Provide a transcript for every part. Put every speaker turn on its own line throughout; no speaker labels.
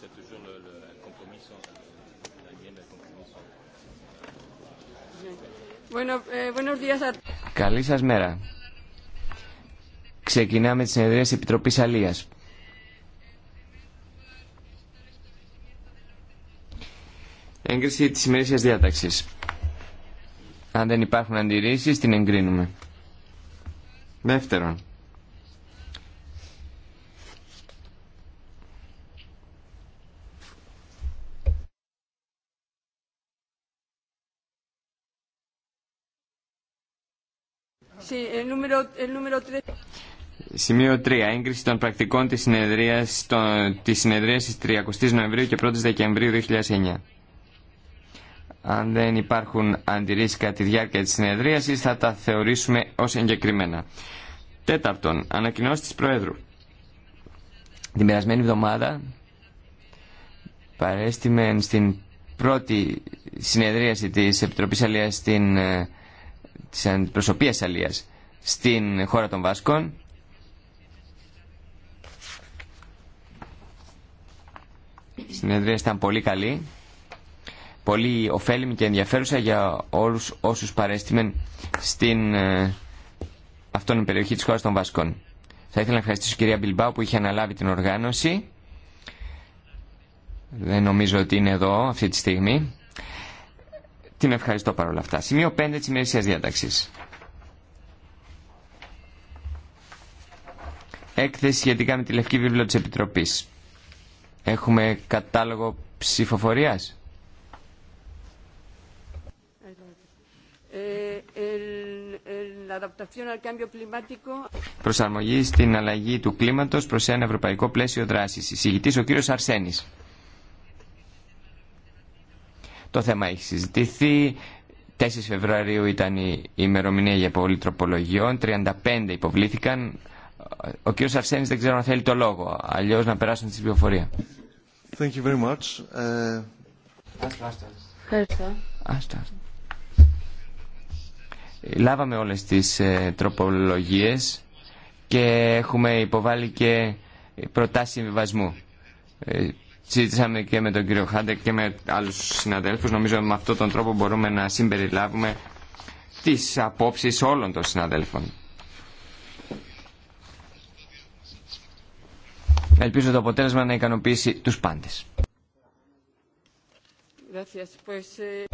c'est toujours le, le compromis sans la mienne, de compromis sans.
Bueno, eh, buenos días a...
Καλή σας μέρα. Ξεκινάμε τις συνεδρίες της Επιτροπής Αλίας. Έγκριση της ημερήσιας διάταξης. Αν δεν υπάρχουν αντιρρήσεις, την εγκρίνουμε. Δεύτερον, Σημείο 3. Έγκριση των πρακτικών της συνεδρίας, το, της συνεδρίας της 30 Νοεμβρίου και 1 Δεκεμβρίου 2009. Αν δεν υπάρχουν αντιρρήσεις κατά τη διάρκεια της συνεδρίασης θα τα θεωρήσουμε ως εγκεκριμένα. Τέταρτον. Ανακοινώσεις της Προέδρου. Την περασμένη εβδομάδα παρέστημε στην πρώτη συνεδρίαση της Επιτροπής Αλίας στην, ε, της Αντιπροσωπείας Αλίας στην χώρα των Βάσκων συνεδρία ήταν πολύ καλή, πολύ ωφέλιμη και ενδιαφέρουσα για όλους όσους παρέστημεν στην ε, αυτόν την περιοχή της χώρας των Βασκών. Θα ήθελα να ευχαριστήσω την κυρία Μπιλμπάου που είχε αναλάβει την οργάνωση. Δεν νομίζω ότι είναι εδώ αυτή τη στιγμή. Την ευχαριστώ παρόλα αυτά. Σημείο 5 της ημερησίας διάταξης. Έκθεση σχετικά με τη Λευκή Βίβλο της Επιτροπής. Έχουμε κατάλογο ψηφοφορίας. Προσαρμογή στην αλλαγή του κλίματος προς ένα ευρωπαϊκό πλαίσιο δράσης. Συγητής ο κύριος Αρσένης. Το θέμα έχει συζητηθεί. 4 Φεβρουαρίου ήταν η ημερομηνία για πολυτροπολογιών. τροπολογιών. 35 υποβλήθηκαν. Ο κύριος Αρσένης δεν ξέρω αν θέλει το λόγο, αλλιώς να περάσουν στην πληροφορία.
Thank you very much. Ε,
Λάβαμε όλες τις ε, τροπολογίες και έχουμε υποβάλει και προτάσεις συμβιβασμού. Ε, συζήτησαμε και με τον κύριο Χάντεκ και με άλλους συναδέλφους. Νομίζω με αυτόν τον τρόπο μπορούμε να συμπεριλάβουμε τις απόψεις όλων των συναδέλφων. Ελπίζω το αποτέλεσμα να ικανοποιήσει τους πάντες.
Ε,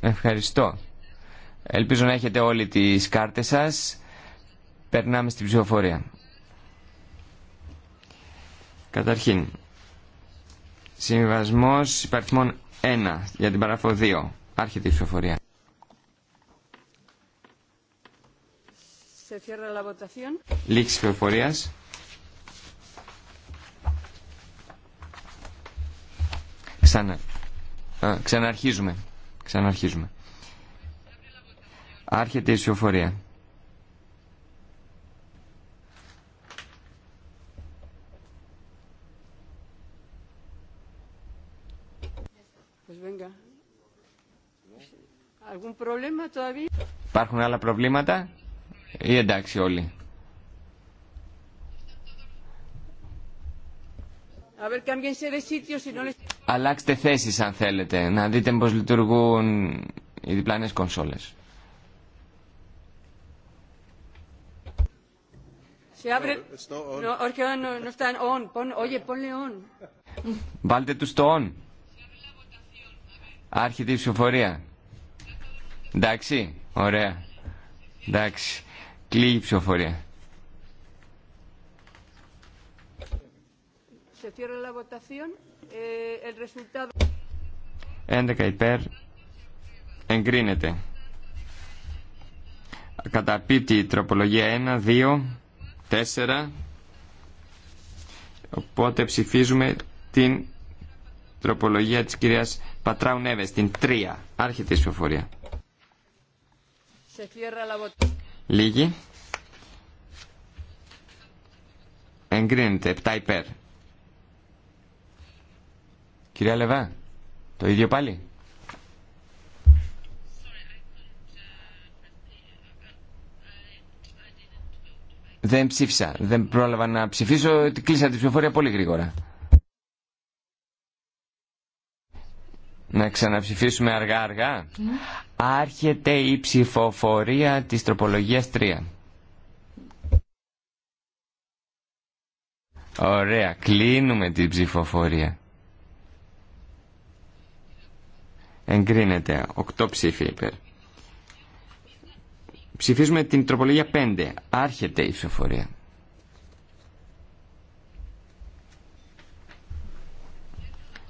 Ευχαριστώ. Ελπίζω να έχετε όλοι τις κάρτες σας. Περνάμε στην ψηφοφορία. Καταρχήν, συμβασμός υπαριθμών 1 για την παράφο 2. Άρχεται η ψηφοφορία. Λήξη ψηφοφορίας. Ξανα... Α, ξαναρχίζουμε. Ξαναρχίζουμε. Άρχεται η ισοφορία. Υπάρχουν άλλα προβλήματα ή εντάξει όλοι.
A ver,
αλλάξτε θέσεις αν θέλετε, να δείτε πώς λειτουργούν οι διπλανές κονσόλες. Βάλτε τους στο on. Άρχεται η ψηφοφορία. Εντάξει, ωραία. Εντάξει, κλείει η ψηφοφορία.
Se cierra la votación.
11 eh, υπέρ. Εγκρίνεται. Καταπίτη τροπολογία 1, 2, 4. Οπότε ψηφίζουμε την τροπολογία της κυρίας Πατράου Νέβες, την 3. Άρχεται η ψηφοφορία. Λίγη. Εγκρίνεται. 7 υπέρ. Κυρία Λεβά, το ίδιο πάλι. Δεν ψήφισα. Δεν πρόλαβα να ψηφίσω. Κλείσα την ψηφοφορία πολύ γρήγορα. Να ξαναψηφίσουμε αργά-αργά. Ναι. Άρχεται η ψηφοφορία της τροπολογίας 3. Ωραία. Κλείνουμε την ψηφοφορία. Εγκρίνεται. Οκτώ ψήφοι υπέρ. Ψηφίζουμε την τροπολογία πέντε. Άρχεται η ψηφοφορία.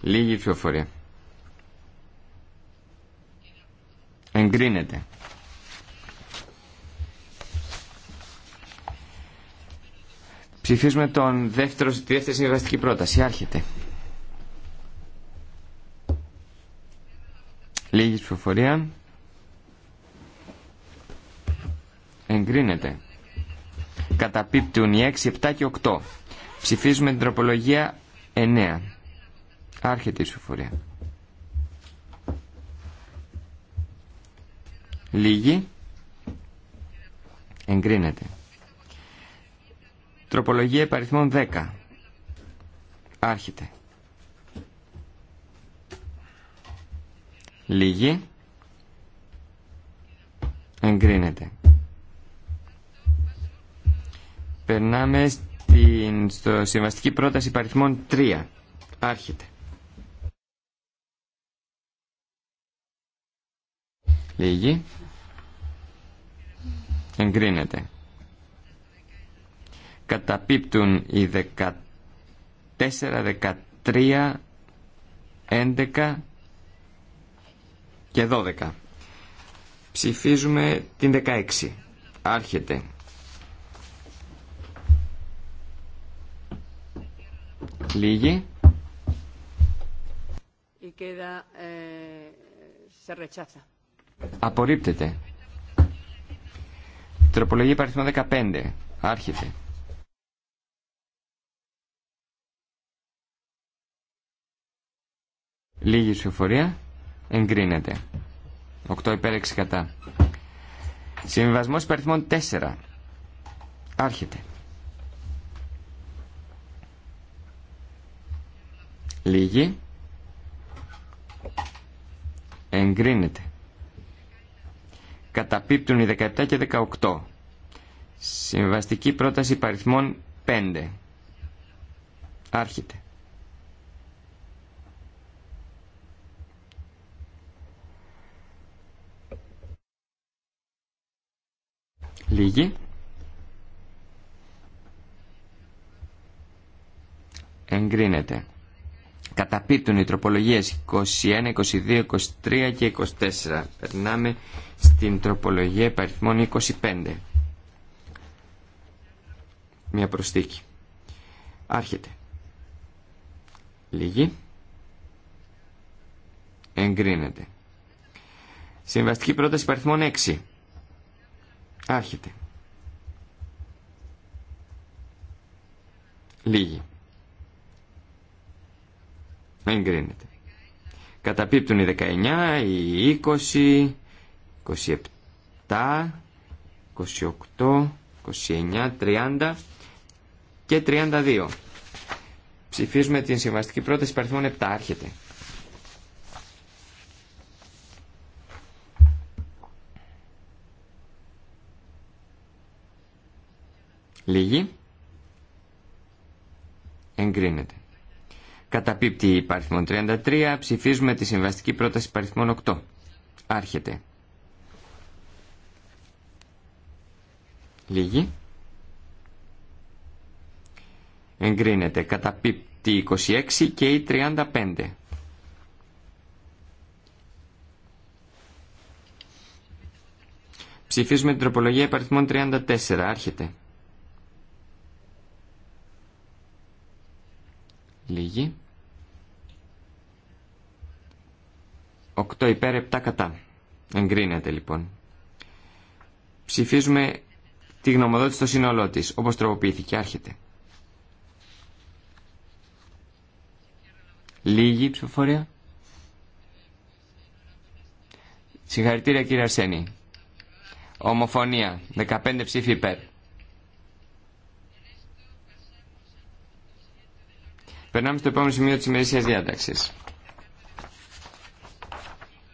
Λίγη ψηφοφορία. Εγκρίνεται. Ψηφίζουμε τον δεύτερο, τη δεύτερη συνεργαστική πρόταση. Άρχεται. Λίγη ψηφοφορία. Εγκρίνεται. Καταπίπτουν οι 6, 7 και 8. Ψηφίζουμε την τροπολογία 9. Άρχεται η ψηφοφορία. Λίγη. Εγκρίνεται. Τροπολογία υπαριθμών 10. Άρχεται. Λίγη. Εγκρίνεται. Περνάμε στο συμβαστική πρόταση παριθμών 3. Άρχεται. Λίγη. Εγκρίνεται. Καταπίπτουν οι 14, 13, 11, και 12. Ψηφίζουμε την 16. Άρχεται. Λίγη.
Ε,
Απορρίπτεται. Τροπολογία παριθμό 15. Άρχεται. Λίγη ψηφοφορία εγκρίνεται. 8 υπέρ 6 κατά. Συμβιβασμό υπαριθμών 4. Άρχεται. Λίγη. Εγκρίνεται. Καταπίπτουν οι 17 και 18. Συμβαστική πρόταση υπαριθμών 5. Άρχεται. Λίγη. Εγκρίνεται. Καταπίπτουν οι τροπολογίες 21, 22, 23 και 24. Περνάμε στην τροπολογία υπαριθμών 25. Μια προστίκη. Άρχεται. Λίγη. Εγκρίνεται. Συμβαστική πρόταση υπαριθμών 6. Άρχεται. Δεν Εγκρίνεται. Καταπίπτουν οι 19, οι 20, 27, 28, 29, 30 και 32. Ψηφίζουμε την συμβαστική πρόταση παριθμών 7. Άρχεται. Λίγη. Εγκρίνεται. Καταπίπτει υπαριθμών 33. Ψηφίζουμε τη συμβαστική πρόταση υπαριθμών 8. Άρχεται. Λίγη. Εγκρίνεται. Καταπίπτει η 26 και η 35. Ψηφίζουμε την τροπολογία υπαριθμών 34. Άρχεται. Λίγη. 8 υπέρ 7 κατά. Εγκρίνεται λοιπόν. Ψηφίζουμε τη γνωμοδότηση στο σύνολό τη όπω τροποποιήθηκε. Άρχεται. Λίγη ψηφοφορία. Συγχαρητήρια κύριε Αρσένη. Ομοφωνία. 15 ψήφοι υπέρ. Περνάμε στο επόμενο σημείο της ημερήσιας διάταξης.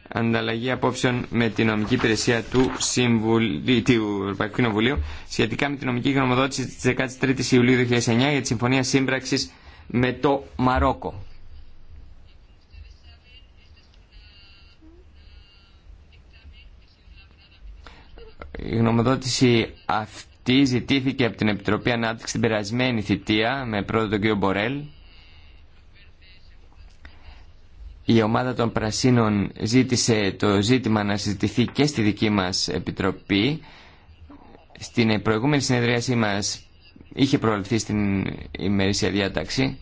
Ανταλλαγή απόψεων με την νομική υπηρεσία του, του Ευρωπαϊκού Κοινοβουλίου σχετικά με την νομική γνωμοδότηση της 13ης Ιουλίου 2009 για τη Συμφωνία Σύμπραξης με το Μαρόκο. Η γνωμοδότηση αυτή ζητήθηκε από την Επιτροπή Ανάπτυξη την περασμένη θητεία με πρόεδρο τον κ. Μπορέλ Η ομάδα των Πρασίνων ζήτησε το ζήτημα να συζητηθεί και στη δική μας Επιτροπή. Στην προηγούμενη συνεδρίασή μας είχε προβληθεί στην ημερήσια διάταξη.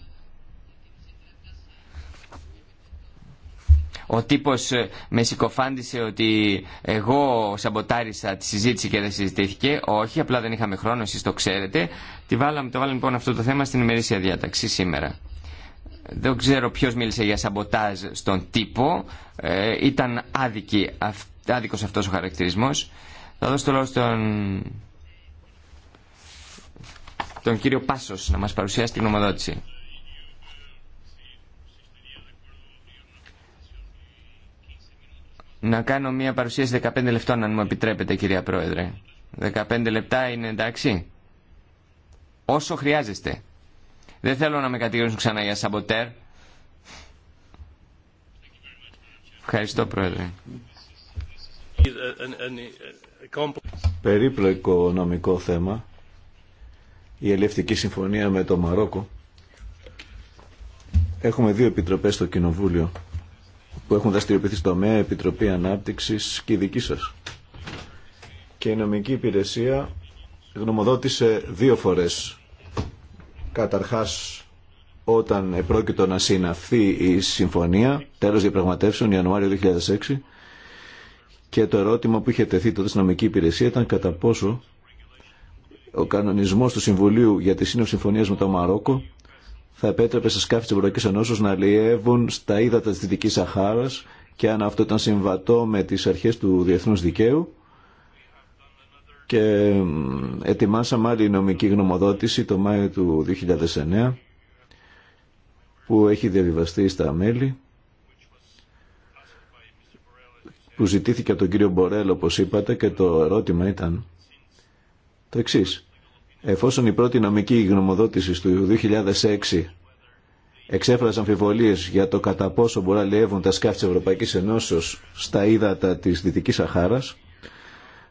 Ο τύπος ε, με συκοφάντησε ότι εγώ σαμποτάρισα τη συζήτηση και δεν συζητήθηκε. Όχι, απλά δεν είχαμε χρόνο, εσείς το ξέρετε. Τη βάλαμε, το βάλαμε λοιπόν αυτό το θέμα στην ημερήσια διάταξη σήμερα. Δεν ξέρω ποιος μίλησε για σαμποτάζ στον τύπο. Ε, ήταν άδικη, αυ, άδικος αυτός ο χαρακτηρισμός. Θα δώσω το λόγο στον, τον κύριο Πάσος να μας παρουσιάσει την ομοδότηση. Να κάνω μια παρουσίαση 15 λεπτών, αν μου επιτρέπετε, κυρία Πρόεδρε. 15 λεπτά είναι εντάξει. Όσο χρειάζεστε. Δεν θέλω να με κατηγορήσουν ξανά για σαμποτέρ. Ευχαριστώ, Πρόεδρε.
Περίπλοκο νομικό θέμα. Η ελευτική συμφωνία με το Μαρόκο. Έχουμε δύο επιτροπές στο Κοινοβούλιο που έχουν δραστηριοποιηθεί στο ΜΕΑ, Επιτροπή Ανάπτυξης και η δική σας. Και η νομική υπηρεσία γνωμοδότησε δύο φορές Καταρχάς, όταν επρόκειτο να συναυθεί η συμφωνία, τέλος διαπραγματεύσεων, Ιανουάριο 2006, και το ερώτημα που είχε τεθεί τότε στην νομική υπηρεσία ήταν κατά πόσο ο κανονισμός του Συμβουλίου για τη Σύνοψη Συμφωνίας με το Μαρόκο θα επέτρεπε σε σκάφη της Ευρωπαϊκής Ενώσεως να αλλιεύουν στα ύδατα της Δυτικής Σαχάρας και αν αυτό ήταν συμβατό με τις αρχές του διεθνούς δικαίου και ετοιμάσαμε άλλη νομική γνωμοδότηση το Μάιο του 2009 που έχει διαβιβαστεί στα μέλη που ζητήθηκε από τον κύριο Μπορέλ όπως είπατε και το ερώτημα ήταν το εξής εφόσον η πρώτη νομική γνωμοδότηση του 2006 εξέφρασαν αμφιβολίες για το κατά πόσο μπορεί να λιεύουν τα σκάφη της Ευρωπαϊκής Ενώσεω στα ύδατα της Δυτικής Σαχάρας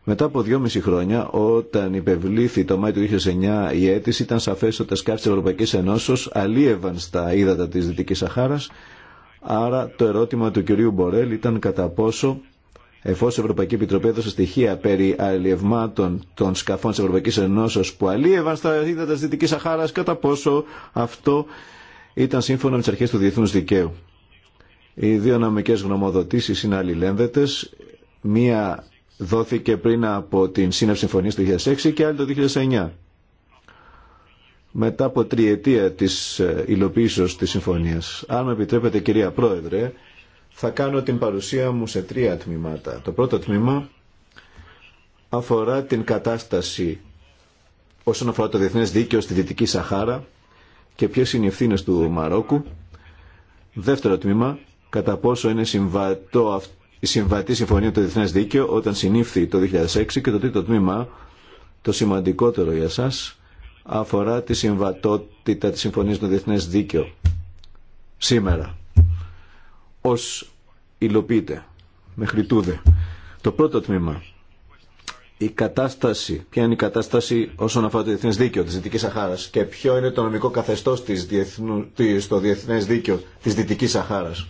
μετά από δυόμιση χρόνια, όταν υπευλήθη το Μάιο του 2009 η αίτηση, ήταν σαφέ ότι τα σκάφη τη Ευρωπαϊκή Ενώσεω αλίευαν στα ύδατα τη Δυτική Σαχάρα. Άρα το ερώτημα του κυρίου Μπορέλ ήταν κατά πόσο, εφόσον η Ευρωπαϊκή Επιτροπή έδωσε στοιχεία περί αλλιευμάτων των σκαφών τη Ευρωπαϊκή Ενώσεω που αλίευαν στα ύδατα τη Δυτική Σαχάρα, κατά πόσο αυτό ήταν σύμφωνα με τι αρχέ του διεθνού δικαίου. Οι δύο νομικέ γνωμοδοτήσει είναι αλληλένδετε. Μία δόθηκε πριν από την Σύνευση συμφωνίας του 2006 και άλλη το 2009. Μετά από τριετία της ε, υλοποίησης της συμφωνίας. Αν με επιτρέπετε κυρία Πρόεδρε, θα κάνω την παρουσία μου σε τρία τμήματα. Το πρώτο τμήμα αφορά την κατάσταση όσον αφορά το διεθνές δίκαιο στη Δυτική Σαχάρα και ποιες είναι οι ευθύνες του Μαρόκου. Δεύτερο τμήμα, κατά πόσο είναι συμβατό αυτό η Συμβατή Συμφωνία του Διεθνές Δίκαιο όταν συνήφθη το 2006 και το τρίτο τμήμα, το σημαντικότερο για σας, αφορά τη συμβατότητα της Συμφωνίας του Διεθνές Δίκαιο σήμερα ως υλοποιείται μέχρι τούδε. Το πρώτο τμήμα, η κατάσταση, ποια είναι η κατάσταση όσον αφορά το διεθνές δίκαιο της Δυτικής Σαχάρας και ποιο είναι το νομικό καθεστώς της διεθνου, στο διεθνές δίκαιο της Δυτικής Σαχάρας.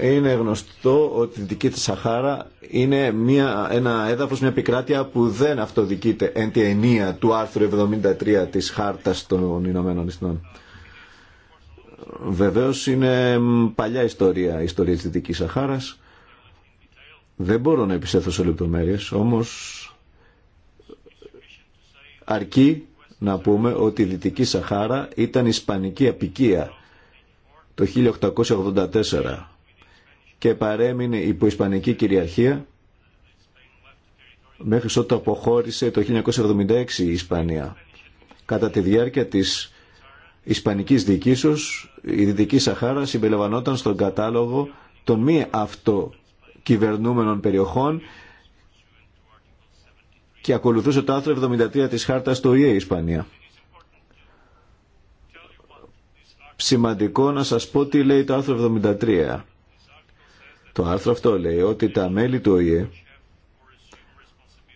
Είναι γνωστό ότι η Δυτική Σαχάρα είναι μια, ένα έδαφος, μια επικράτεια που δεν αυτοδικείται εν τη ενία του άρθρου 73 της Χάρτας των Ηνωμένων Εθνών. Βεβαίως είναι παλιά ιστορία η ιστορία της Δυτικής Σαχάρας. Δεν μπορώ να επισέθω σε λεπτομέρειες, όμως αρκεί να πούμε ότι η Δυτική Σαχάρα ήταν ισπανική απικία το 1884 και παρέμεινε υπό Ισπανική κυριαρχία μέχρι ότου αποχώρησε το 1976 η Ισπανία. Κατά τη διάρκεια της Ισπανικής διοικήσεως, η Δυτική Σαχάρα συμπεριλαμβανόταν στον κατάλογο των μη αυτοκυβερνούμενων περιοχών και ακολουθούσε το άρθρο 73 της χάρτας του ΙΕ Ισπανία. Σημαντικό να σας πω τι λέει το άρθρο 73. Το άρθρο αυτό λέει ότι τα μέλη του ΟΗΕ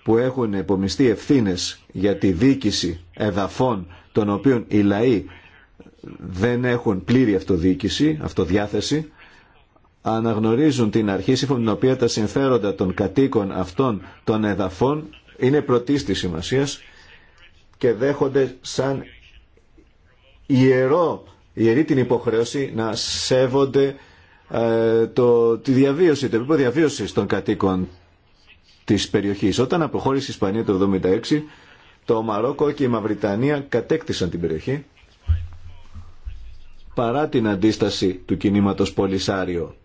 που έχουν υπομειστεί ευθύνες για τη δίκηση εδαφών των οποίων οι λαοί δεν έχουν πλήρη αυτοδιοίκηση, αυτοδιάθεση, αναγνωρίζουν την αρχή σύμφωνα την οποία τα συμφέροντα των κατοίκων αυτών των εδαφών είναι πρωτής σημασία και δέχονται σαν ιερό, ιερή την υποχρέωση να σέβονται ε, το, τη διαβίωση, το επίπεδο διαβίωση των κατοίκων της περιοχής. Όταν αποχώρησε η Ισπανία το 1976, το Μαρόκο και η Μαυριτανία κατέκτησαν την περιοχή παρά την αντίσταση του κινήματος Πολυσάριο.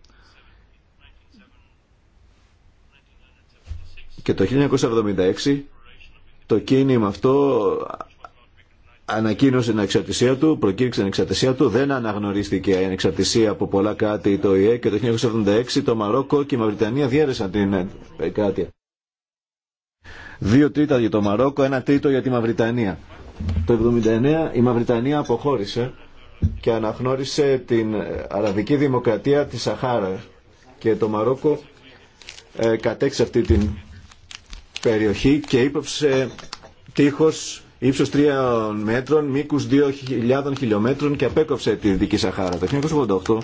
Και το 1976 το κίνημα αυτό ανακοίνωσε την εξαρτησία του, προκήρυξε την εξαρτησία του, δεν αναγνωρίστηκε η ανεξαρτησία από πολλά κράτη το ΙΕ και το 1976 το Μαρόκο και η Μαυριτανία διέρεσαν την ε, κράτη Δύο τρίτα για το Μαρόκο, ένα τρίτο για τη Μαυριτανία. Το 1979 η Μαυριτανία αποχώρησε και αναγνώρισε την ε, Αραβική Δημοκρατία τη Σαχάρα και το Μαρόκο ε, κατέξε αυτή την περιοχή και ύποψε τείχος ύψος 3 μέτρων, μήκους 2.000 χιλιόμετρων και απέκοψε τη δική Σαχάρα. Το 1988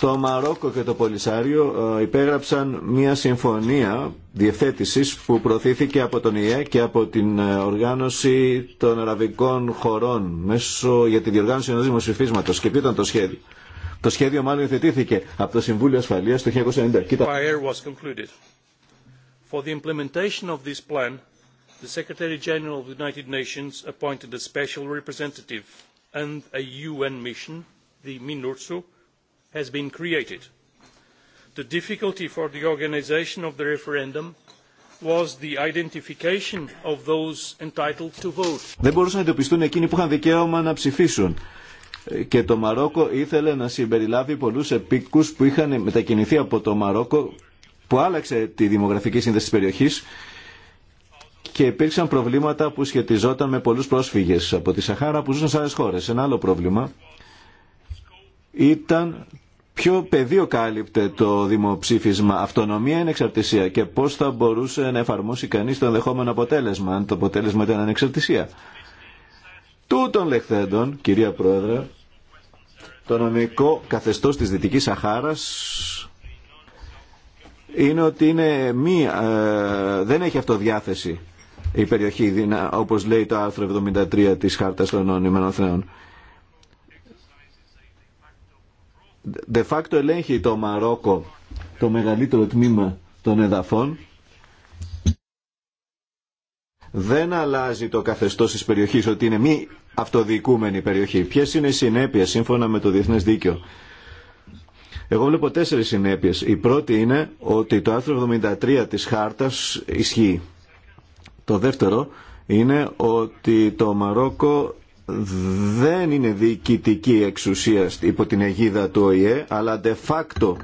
το Μαρόκο και το Πολυσάριο ε, υπέγραψαν μια συμφωνία διευθέτησης που προωθήθηκε από τον ΙΕ και από την ε, οργάνωση των αραβικών χωρών μέσω για τη διοργάνωση ενός δημοσιοφίσματος. Και ποιο ήταν το σχέδιο. Το σχέδιο μάλλον υιοθετήθηκε από το Συμβούλιο Ασφαλείας το 1990. Κοίτα
the Secretary General of the United Nations appointed a special representative and a UN mission, the MINURSO, has been created. The difficulty for the organisation of the referendum was the identification of those entitled to vote.
Δεν μπορούσαν να εντοπιστούν εκείνοι που είχαν δικαίωμα να ψηφίσουν. Και το Μαρόκο ήθελε να συμπεριλάβει πολλούς επίκους που είχαν μετακινηθεί από το Μαρόκο που άλλαξε τη δημογραφική σύνδεση της περιοχής και υπήρξαν προβλήματα που σχετιζόταν με πολλούς πρόσφυγες από τη Σαχάρα που ζούσαν σε άλλες χώρες. Ένα άλλο πρόβλημα ήταν ποιο πεδίο κάλυπτε το δημοψήφισμα, αυτονομία ή ανεξαρτησία και πώς θα μπορούσε να εφαρμόσει κανείς το ενδεχόμενο αποτέλεσμα, αν το αποτέλεσμα ήταν ανεξαρτησία. Τούτων λεχθέντων, κυρία Πρόεδρε, το νομικό καθεστώς της Δυτικής Σαχάρας είναι ότι είναι ε, δεν έχει αυτοδιάθεση η περιοχή, όπως λέει το άρθρο 73 της Χάρτας των Ηνωμένων Θεών. De facto ελέγχει το Μαρόκο το μεγαλύτερο τμήμα των εδαφών. Δεν αλλάζει το καθεστώς της περιοχής ότι είναι μη αυτοδιοικούμενη περιοχή. Ποιες είναι οι συνέπειες σύμφωνα με το Διεθνές Δίκαιο. Εγώ βλέπω τέσσερις συνέπειες. Η πρώτη είναι ότι το άρθρο 73 της χάρτας ισχύει. Το δεύτερο είναι ότι το Μαρόκο δεν είναι διοικητική εξουσία υπό την αιγίδα του ΟΗΕ, αλλά de facto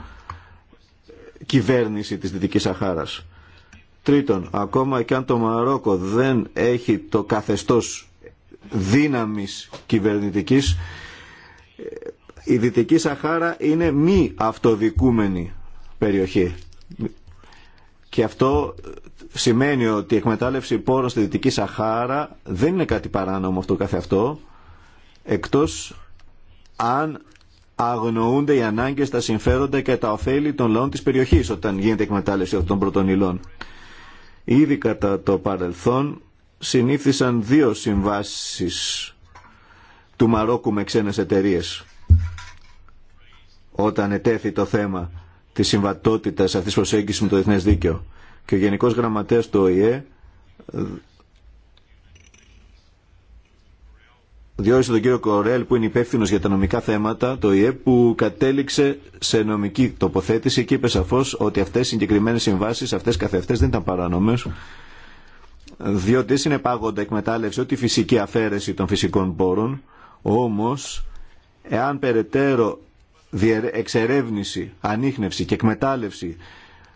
κυβέρνηση της Δυτικής Σαχάρας. Τρίτον, ακόμα και αν το Μαρόκο δεν έχει το καθεστώς δύναμης κυβερνητικής, η Δυτική Σαχάρα είναι μη αυτοδικούμενη περιοχή. Και αυτό σημαίνει ότι η εκμετάλλευση πόρων στη Δυτική Σαχάρα δεν είναι κάτι παράνομο αυτό καθεαυτό, εκτός αν αγνοούνται οι ανάγκες, τα συμφέροντα και τα ωφέλη των λαών της περιοχής όταν γίνεται εκμετάλλευση αυτών των πρώτων Ήδη κατά το παρελθόν συνήθισαν δύο συμβάσεις του Μαρόκου με ξένες εταιρείες όταν ετέθη το θέμα τη συμβατότητα αυτή τη προσέγγιση με το διεθνέ δίκαιο. Και ο Γενικό Γραμματέα του ΟΗΕ διόρισε τον κύριο Κορέλ που είναι υπεύθυνο για τα νομικά θέματα, το ΙΕ, που κατέληξε σε νομική τοποθέτηση και είπε σαφώ ότι αυτέ οι συγκεκριμένε συμβάσει, αυτέ καθεαυτέ δεν ήταν παράνομε, διότι είναι συνεπάγονται εκμετάλλευση ό,τι φυσική αφαίρεση των φυσικών πόρων, όμω εάν περαιτέρω εξερεύνηση, ανείχνευση και εκμετάλλευση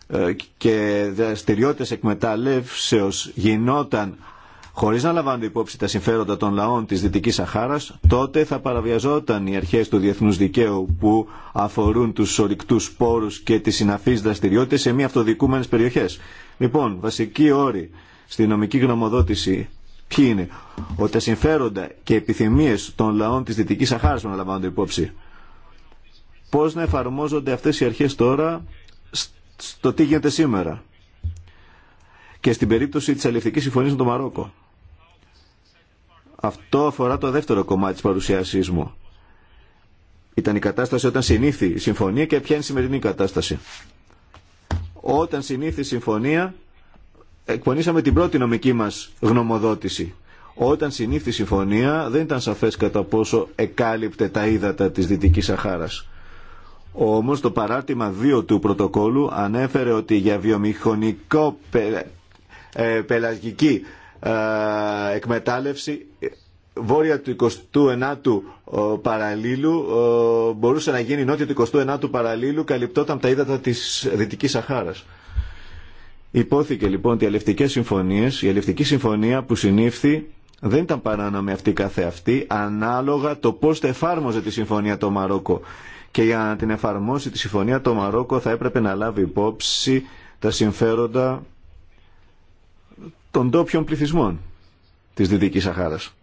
ε, και δραστηριότητε εκμετάλλευσεως γινόταν χωρί να λαμβάνονται υπόψη τα συμφέροντα των λαών τη Δυτική Σαχάρα, τότε θα παραβιαζόταν οι αρχέ του Διεθνού δικαίου που αφορούν του ορυκτού πόρους και τι συναφεί δραστηριότητε σε μη αυτοδικούμενε περιοχέ. Λοιπόν, βασική όρη στη νομική γνωμοδότηση ποιοι είναι, ότι τα συμφέροντα και επιθυμίε των λαών της Δυτικής που να λαμβάνονται υπόψη πώς να εφαρμόζονται αυτές οι αρχές τώρα στο τι γίνεται σήμερα και στην περίπτωση της αλληλευτικής συμφωνίας με το Μαρόκο. Αυτό αφορά το δεύτερο κομμάτι της παρουσιάσής μου. Ήταν η κατάσταση όταν συνήθη η συμφωνία και ποια είναι η σημερινή κατάσταση. Όταν συνήθη η συμφωνία εκπονήσαμε την πρώτη νομική μας γνωμοδότηση. Όταν συνήθη συμφωνία δεν ήταν σαφές κατά πόσο εκάλυπτε τα ύδατα της Δυτικής Σαχάρας. Όμως το παράρτημα 2 του πρωτοκόλου ανέφερε ότι για βιομηχανικό πε, ε, πελαγική ε, εκμετάλλευση ε, βόρεια του 29ου ε, παραλίλου ε, μπορούσε να γίνει νότια του 29ου παραλίλου καλυπτόταν τα ύδατα της Δυτικής Σαχάρας. Υπόθηκε λοιπόν ότι οι αλληλευτικές συμφωνίες, η αλληλευτική συμφωνία που συνήφθη δεν ήταν παράνομη αυτή καθεαυτή, ανάλογα το πώς εφάρμοζε τη συμφωνία το Μαρόκο και για να την εφαρμόσει τη συμφωνία το Μαρόκο θα έπρεπε να λάβει υπόψη τα συμφέροντα των τόπιων πληθυσμών της Δυτικής Σαχάρας.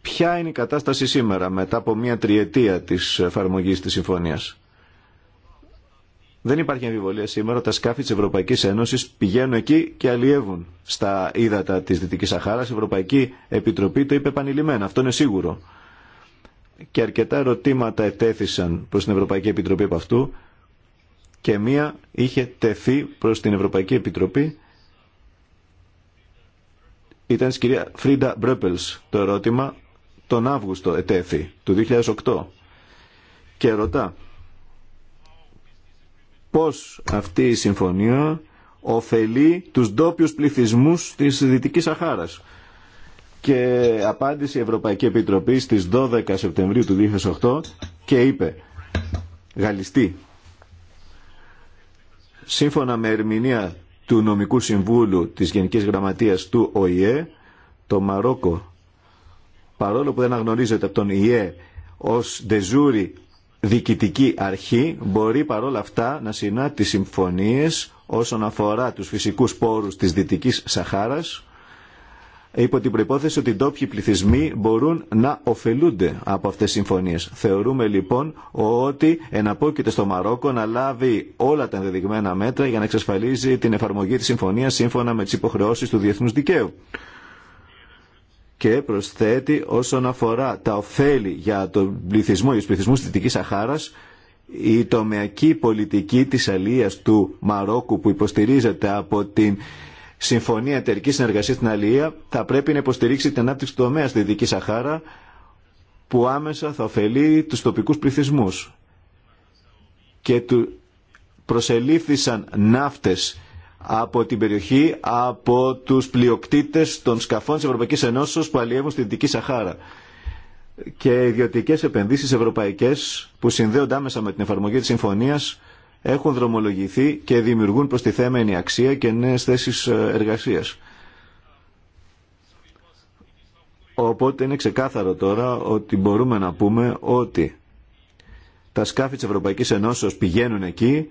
Ποια είναι η κατάσταση σήμερα μετά από μια τριετία της εφαρμογής της συμφωνίας. Δεν υπάρχει αμφιβολία σήμερα τα σκάφη της Ευρωπαϊκής Ένωσης πηγαίνουν εκεί και αλλιεύουν στα ύδατα της Δυτικής Σαχάρας. Η Ευρωπαϊκή Επιτροπή το είπε επανειλημμένα, αυτό είναι σίγουρο και αρκετά ερωτήματα ετέθησαν προς την Ευρωπαϊκή Επιτροπή από αυτού και μία είχε τεθεί προς την Ευρωπαϊκή Επιτροπή ήταν η κυρία Φρίντα Μπρέπελς το ερώτημα τον Αύγουστο ετέθη του 2008 και ρωτά πώς αυτή η συμφωνία ωφελεί τους ντόπιου πληθυσμούς της Δυτικής Σαχάρας και απάντησε η Ευρωπαϊκή Επιτροπή στις 12 Σεπτεμβρίου του 2008 και είπε «Γαλλιστή, σύμφωνα με ερμηνεία του Νομικού Συμβούλου της Γενικής Γραμματείας του ΟΗΕ, το Μαρόκο, παρόλο που δεν αναγνωρίζεται από τον ΙΕ ως δεζούρι διοικητική αρχή, μπορεί παρόλα αυτά να συνά τις συμφωνίες όσον αφορά τους φυσικούς πόρους της Δυτικής Σαχάρας, υπό την προϋπόθεση ότι οι ντόπιοι πληθυσμοί μπορούν να ωφελούνται από αυτές τις συμφωνίες. Θεωρούμε λοιπόν ότι εναπόκειται στο Μαρόκο να λάβει όλα τα ενδεδειγμένα μέτρα για να εξασφαλίζει την εφαρμογή της συμφωνίας σύμφωνα με τις υποχρεώσεις του διεθνούς δικαίου. Και προσθέτει όσον αφορά τα ωφέλη για τον πληθυσμό, για τους πληθυσμούς της Δυτικής Σαχάρας, η τομεακή πολιτική της αλίας του Μαρόκου που υποστηρίζεται από την Συμφωνία Εταιρική Συνεργασία στην Αλία θα πρέπει να υποστηρίξει την ανάπτυξη του τομέα στη Δυτική Σαχάρα που άμεσα θα ωφελεί τους τοπικούς πληθυσμούς και του προσελήφθησαν ναύτες από την περιοχή από τους πλειοκτήτες των σκαφών της ευρωπαϊκή Ενώσεως που αλλιεύουν στη Δυτική Σαχάρα και ιδιωτικέ επενδύσεις ευρωπαϊκές που συνδέονται άμεσα με την εφαρμογή της συμφωνίας έχουν δρομολογηθεί και δημιουργούν προστιθέμενη αξία και νέες θέσεις ε, εργασίας. Οπότε είναι ξεκάθαρο τώρα ότι μπορούμε να πούμε ότι τα σκάφη της Ευρωπαϊκής Ενώσεως πηγαίνουν εκεί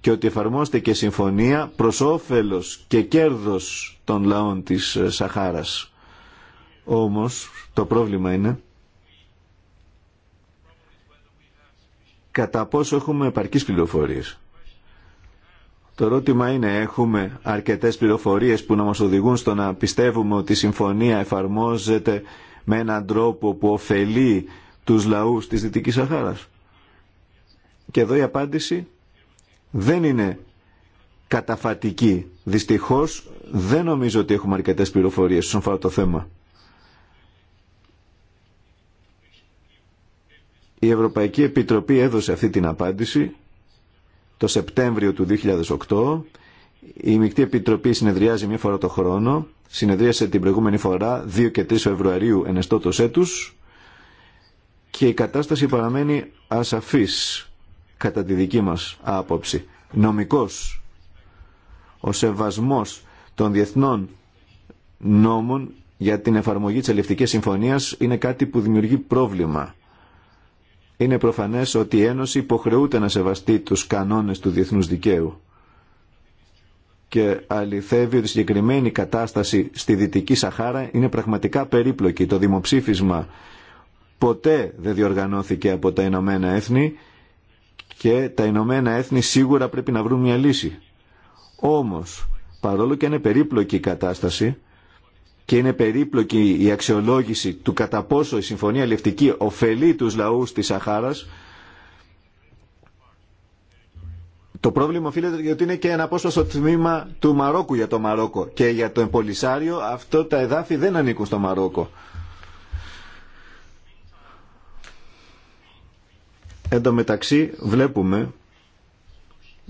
και ότι εφαρμόστε και συμφωνία προς όφελος και κέρδος των λαών της ε, Σαχάρας. Όμως το πρόβλημα είναι κατά πόσο έχουμε επαρκείς πληροφορίες. Το ερώτημα είναι, έχουμε αρκετές πληροφορίες που να μας οδηγούν στο να πιστεύουμε ότι η συμφωνία εφαρμόζεται με έναν τρόπο που ωφελεί τους λαούς της Δυτικής Σαχάρας. Και εδώ η απάντηση δεν είναι καταφατική. Δυστυχώς δεν νομίζω ότι έχουμε αρκετές πληροφορίες στον αφορά το θέμα. Η Ευρωπαϊκή Επιτροπή έδωσε αυτή την απάντηση το Σεπτέμβριο του 2008. Η Μικτή Επιτροπή συνεδριάζει μία φορά το χρόνο. Συνεδρίασε την προηγούμενη φορά 2 και 3 Φεβρουαρίου ενεστώτος έτους και η κατάσταση παραμένει ασαφής κατά τη δική μας άποψη. Νομικός, ο σεβασμός των διεθνών νόμων για την εφαρμογή της Ελευτικής Συμφωνίας είναι κάτι που δημιουργεί πρόβλημα. Είναι προφανές ότι η Ένωση υποχρεούται να σεβαστεί τους κανόνες του διεθνούς δικαίου και αληθεύει ότι η συγκεκριμένη κατάσταση στη Δυτική Σαχάρα είναι πραγματικά περίπλοκη. Το δημοψήφισμα ποτέ δεν διοργανώθηκε από τα Ηνωμένα Έθνη και τα Ηνωμένα Έθνη σίγουρα πρέπει να βρουν μια λύση. Όμως, παρόλο και είναι περίπλοκη η κατάσταση, και είναι περίπλοκη η αξιολόγηση του κατά πόσο η συμφωνία λευτική ωφελεί τους λαούς της Σαχάρας, το πρόβλημα οφείλεται γιατί είναι και ένα απόσπαστο τμήμα του Μαρόκου για το Μαρόκο και για το Εμπολισάριο αυτό τα εδάφη δεν ανήκουν στο Μαρόκο. Εν τω μεταξύ βλέπουμε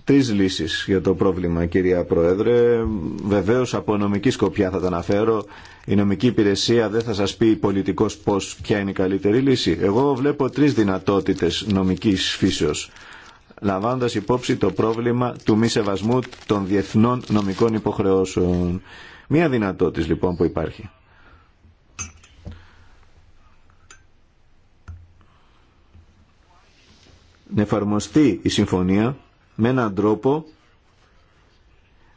τρεις λύσεις για το πρόβλημα κυρία Πρόεδρε. Βεβαίως από νομική σκοπιά θα τα αναφέρω. Η νομική υπηρεσία δεν θα σας πει πολιτικός πώς ποια είναι η καλύτερη λύση. Εγώ βλέπω τρεις δυνατότητες νομικής φύσεως λαμβάνοντας υπόψη το πρόβλημα του μη σεβασμού των διεθνών νομικών υποχρεώσεων. Μία δυνατότητα λοιπόν που υπάρχει. Να εφαρμοστεί η συμφωνία με έναν τρόπο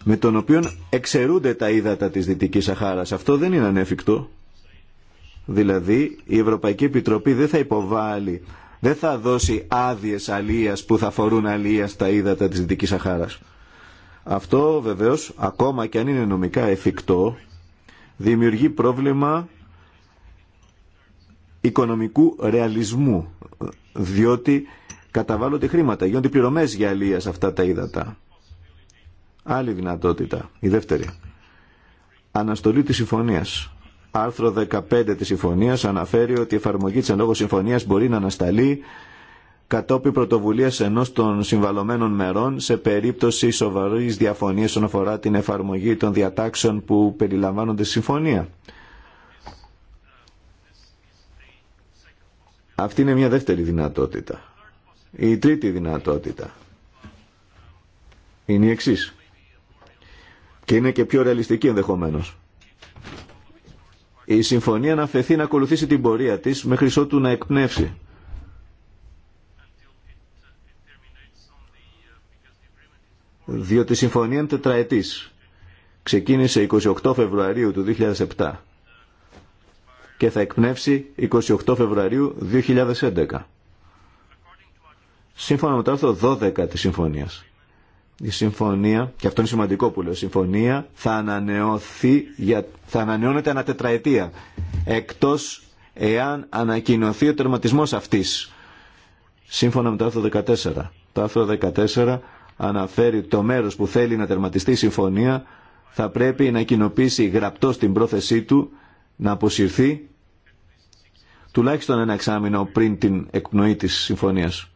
με τον οποίο εξαιρούνται τα ύδατα της Δυτικής Σαχάρας. Αυτό δεν είναι ανέφικτο. Δηλαδή η Ευρωπαϊκή Επιτροπή δεν θα υποβάλει, δεν θα δώσει άδειε αλίας που θα φορούν αλία στα ύδατα της Δυτικής Σαχάρας. Αυτό βεβαίως, ακόμα και αν είναι νομικά εφικτό, δημιουργεί πρόβλημα οικονομικού ρεαλισμού, διότι καταβάλλονται χρήματα, γίνονται πληρωμές για αλεία σε αυτά τα ύδατα. Άλλη δυνατότητα, η δεύτερη. Αναστολή της συμφωνίας. Άρθρο 15 της συμφωνίας αναφέρει ότι η εφαρμογή της εν λόγω συμφωνίας μπορεί να ανασταλεί κατόπιν πρωτοβουλίας ενός των συμβαλωμένων μερών σε περίπτωση σοβαρής διαφωνίας όσον αφορά την εφαρμογή των διατάξεων που περιλαμβάνονται στη συμφωνία. Αυτή είναι μια δεύτερη δυνατότητα. Η τρίτη δυνατότητα είναι η εξή. Και είναι και πιο ρεαλιστική ενδεχομένω. Η συμφωνία να φεθεί να ακολουθήσει την πορεία της μέχρι ότου να εκπνεύσει. Διότι η συμφωνία είναι τετραετής. Ξεκίνησε 28 Φεβρουαρίου του 2007 και θα εκπνεύσει 28 Φεβρουαρίου 2011 σύμφωνα με το άρθρο 12 της συμφωνίας. Η συμφωνία, και αυτό είναι σημαντικό που λέω, η συμφωνία θα, ανανεωθεί, θα ανανεώνεται ανά τετραετία, εκτός εάν ανακοινωθεί ο τερματισμός αυτής, σύμφωνα με το άρθρο 14. Το άρθρο 14 αναφέρει το μέρος που θέλει να τερματιστεί η συμφωνία θα πρέπει να κοινοποιήσει γραπτό στην πρόθεσή του να αποσυρθεί τουλάχιστον ένα εξάμεινο πριν την εκπνοή της συμφωνίας.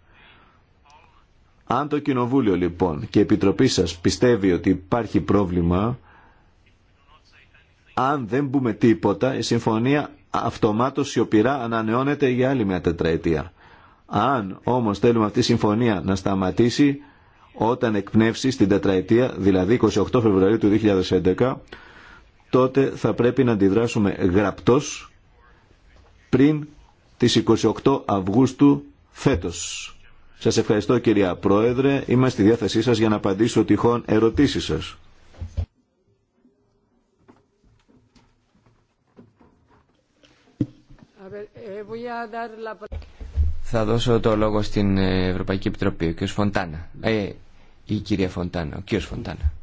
Αν το Κοινοβούλιο λοιπόν και η Επιτροπή σας πιστεύει ότι υπάρχει πρόβλημα, αν δεν πούμε τίποτα, η συμφωνία αυτομάτως σιωπηρά ανανεώνεται για άλλη μια τετραετία. Αν όμως θέλουμε αυτή η συμφωνία να σταματήσει όταν εκπνεύσει στην τετραετία, δηλαδή 28 Φεβρουαρίου του 2011, τότε θα πρέπει να αντιδράσουμε γραπτός πριν τις 28 Αυγούστου φέτος. Σας ευχαριστώ κυρία Πρόεδρε. Είμαι στη διάθεσή σας για να απαντήσω τυχόν ερωτήσεις σας.
Θα δώσω το λόγο στην Ευρωπαϊκή Επιτροπή, ο κ. Φοντάνα. Ε, η κυρία Φοντάνα, ο κ. Φοντάνα.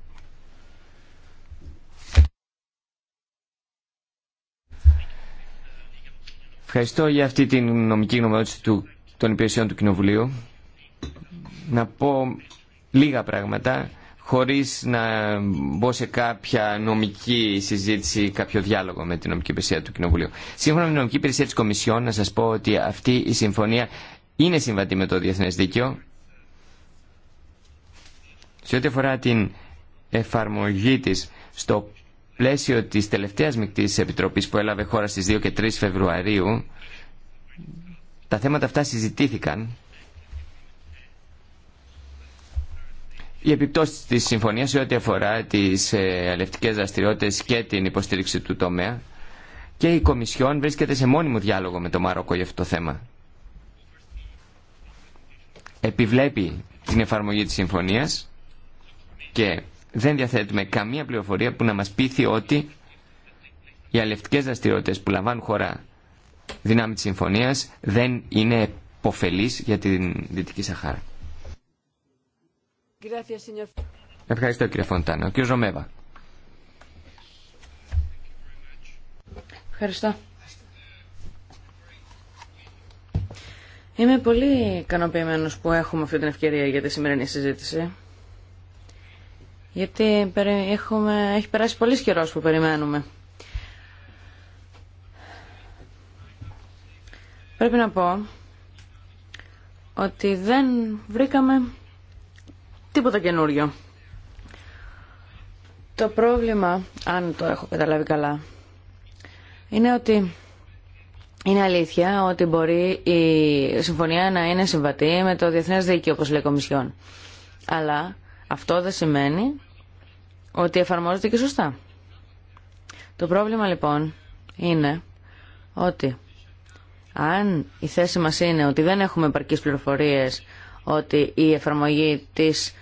Ευχαριστώ για αυτή την νομική γνωμοδότηση των υπηρεσιών του Κοινοβουλίου να πω λίγα πράγματα χωρίς να μπω σε κάποια νομική συζήτηση κάποιο διάλογο με την νομική υπηρεσία του Κοινοβουλίου. Σύμφωνα με την νομική υπηρεσία της Κομισιόν, να σας πω ότι αυτή η συμφωνία είναι συμβατή με το Διεθνές Δίκαιο. Σε ό,τι αφορά την εφαρμογή της στο πλαίσιο της τελευταίας μικτής επιτροπής που έλαβε χώρα στις 2 και 3 Φεβρουαρίου, τα θέματα αυτά συζητήθηκαν Η επιπτώσει τη συμφωνία σε ό,τι αφορά τι ε, αλευτικέ δραστηριότητε και την υποστήριξη του τομέα και η Κομισιόν βρίσκεται σε μόνιμο διάλογο με το Μαρόκο για αυτό το θέμα. Επιβλέπει την εφαρμογή της συμφωνίας και δεν διαθέτουμε καμία πληροφορία που να μας πείθει ότι οι αλευτικές δραστηριότητε που λαμβάνουν χώρα δυνάμει της συμφωνίας δεν είναι υποφελείς για την Δυτική Σαχάρα. Ευχαριστώ κύριε Φοντάνα. Κύριο Ζωμέβα.
Ευχαριστώ. Είμαι πολύ ικανοποιημένο που έχουμε αυτή την ευκαιρία για τη σημερινή συζήτηση. Γιατί έχουμε, έχει περάσει πολύ καιρό που περιμένουμε. Πρέπει να πω ότι δεν βρήκαμε Τίποτα καινούριο. Το πρόβλημα, αν το έχω καταλάβει καλά, είναι ότι είναι αλήθεια ότι μπορεί η συμφωνία να είναι συμβατή με το διεθνές δίκαιο, όπως λέει Κομισιόν. Αλλά αυτό δεν σημαίνει ότι εφαρμόζεται και σωστά. Το πρόβλημα λοιπόν είναι ότι αν η θέση μας είναι ότι δεν έχουμε επαρκείς πληροφορίες ότι η εφαρμογή της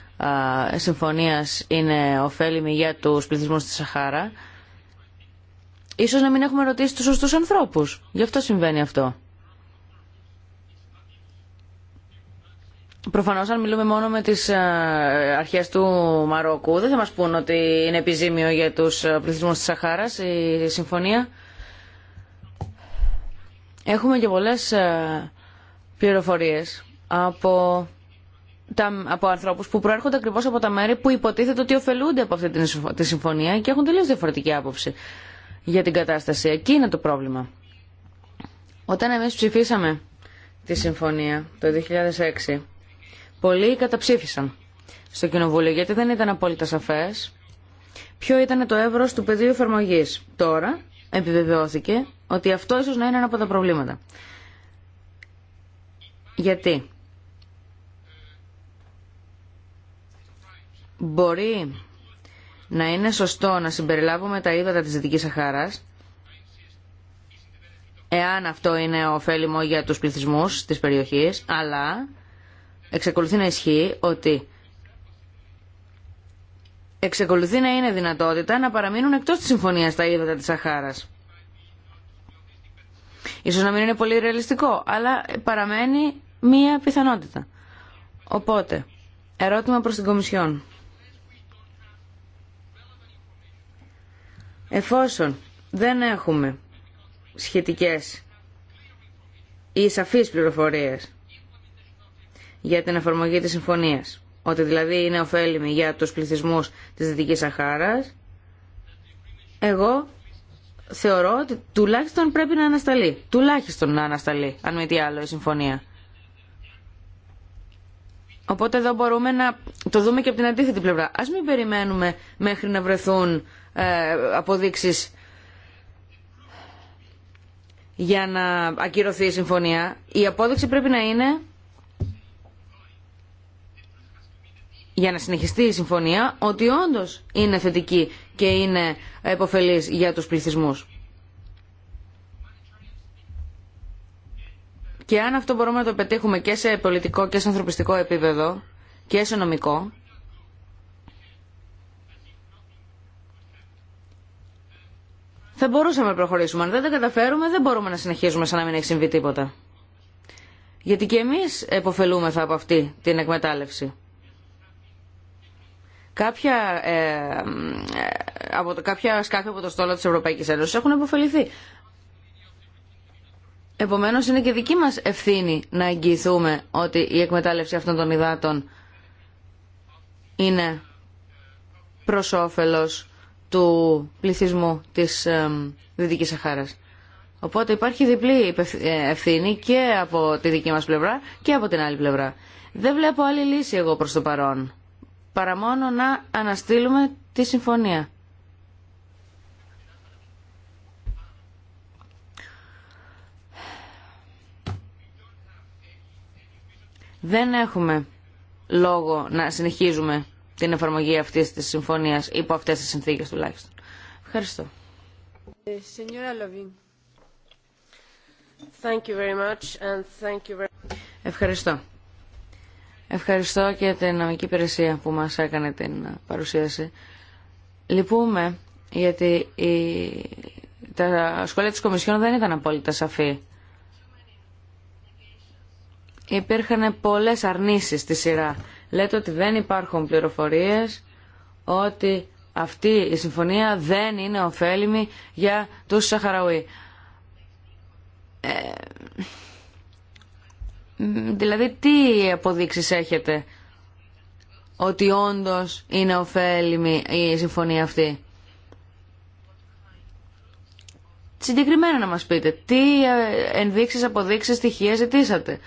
συμφωνίας είναι ωφέλιμη για τους πληθυσμούς της Σαχάρα, ίσως να μην έχουμε ρωτήσει τους σωστούς ανθρώπους. Γι' αυτό συμβαίνει αυτό. Προφανώ, αν μιλούμε μόνο με τι αρχέ του Μαρόκου, δεν θα μα πούν ότι είναι επιζήμιο για του πληθυσμού τη Σαχάρα η συμφωνία. Έχουμε και πολλέ πληροφορίε από από ανθρώπου που προέρχονται ακριβώ από τα μέρη που υποτίθεται ότι ωφελούνται από αυτή τη συμφωνία και έχουν τελείω διαφορετική άποψη για την κατάσταση. Εκεί είναι το πρόβλημα. Όταν εμεί ψηφίσαμε τη συμφωνία το 2006, πολλοί καταψήφισαν στο Κοινοβούλιο γιατί δεν ήταν απόλυτα σαφέ ποιο ήταν το εύρο του πεδίου εφαρμογή. Τώρα επιβεβαιώθηκε ότι αυτό ίσω να είναι ένα από τα προβλήματα. Γιατί μπορεί να είναι σωστό να συμπεριλάβουμε τα ύδατα της Δυτικής Σαχάρας εάν αυτό είναι ωφέλιμο για τους πληθυσμούς της περιοχής αλλά εξακολουθεί να ισχύει ότι εξακολουθεί να είναι δυνατότητα να παραμείνουν εκτός της συμφωνίας τα ύδατα της Σαχάρας. Ίσως να μην είναι πολύ ρεαλιστικό, αλλά παραμένει μία πιθανότητα. Οπότε, ερώτημα προς την Κομισιόν. Εφόσον δεν έχουμε σχετικές ή σαφείς πληροφορίες για την εφαρμογή της συμφωνίας, ότι δηλαδή είναι ωφέλιμη για τους πληθυσμούς της Δυτικής Σαχάρας, εγώ θεωρώ ότι τουλάχιστον πρέπει να ανασταλεί. Τουλάχιστον να ανασταλεί, αν μη τι άλλο, η συμφωνία. Οπότε εδώ μπορούμε να το δούμε και από την αντίθετη πλευρά. Ας μην περιμένουμε μέχρι να βρεθούν ε, αποδείξεις για να ακυρωθεί η συμφωνία. Η απόδειξη πρέπει να είναι για να συνεχιστεί η συμφωνία ότι όντως είναι θετική και είναι επωφελής για τους πληθυσμούς. Και αν αυτό μπορούμε να το πετύχουμε και σε πολιτικό και σε ανθρωπιστικό επίπεδο και σε νομικό, θα μπορούσαμε να προχωρήσουμε. Αν δεν τα καταφέρουμε, δεν μπορούμε να συνεχίζουμε σαν να μην έχει συμβεί τίποτα. Γιατί και εμείς εποφελούμεθα από αυτή την εκμετάλλευση. Κάποια, ε, ε από το, κάποια σκάφη από το στόλο της Ευρωπαϊκής Ένωσης έχουν εποφεληθεί. Επομένως είναι και δική μας ευθύνη να εγγυηθούμε ότι η εκμετάλλευση αυτών των υδάτων είναι προς όφελος του πληθυσμού της Δυτικής Σαχάρας. Οπότε υπάρχει διπλή ε, ευθύνη και από τη δική μας πλευρά και από την άλλη πλευρά. Δεν βλέπω άλλη λύση εγώ προς το παρόν, παρά μόνο να αναστείλουμε τη συμφωνία. Δεν έχουμε λόγο να συνεχίζουμε την εφαρμογή αυτής της συμφωνίας υπό αυτέ τι συνθήκε τουλάχιστον. Ευχαριστώ. Ε, Ευχαριστώ. Ευχαριστώ και την νομική υπηρεσία που μας έκανε την παρουσίαση. Λυπούμε γιατί η... τα σχόλια της Κομισιόν δεν ήταν απόλυτα σαφή. Υπήρχαν πολλές αρνήσεις στη σειρά λέτε ότι δεν υπάρχουν πληροφορίες ότι αυτή η συμφωνία δεν είναι ωφέλιμη για τους Σαχαραούι. Ε, δηλαδή τι αποδείξεις έχετε ότι όντως είναι ωφέλιμη η συμφωνία αυτή. Συγκεκριμένα να μας πείτε, τι ε, ενδείξεις, αποδείξεις, στοιχεία ζητήσατε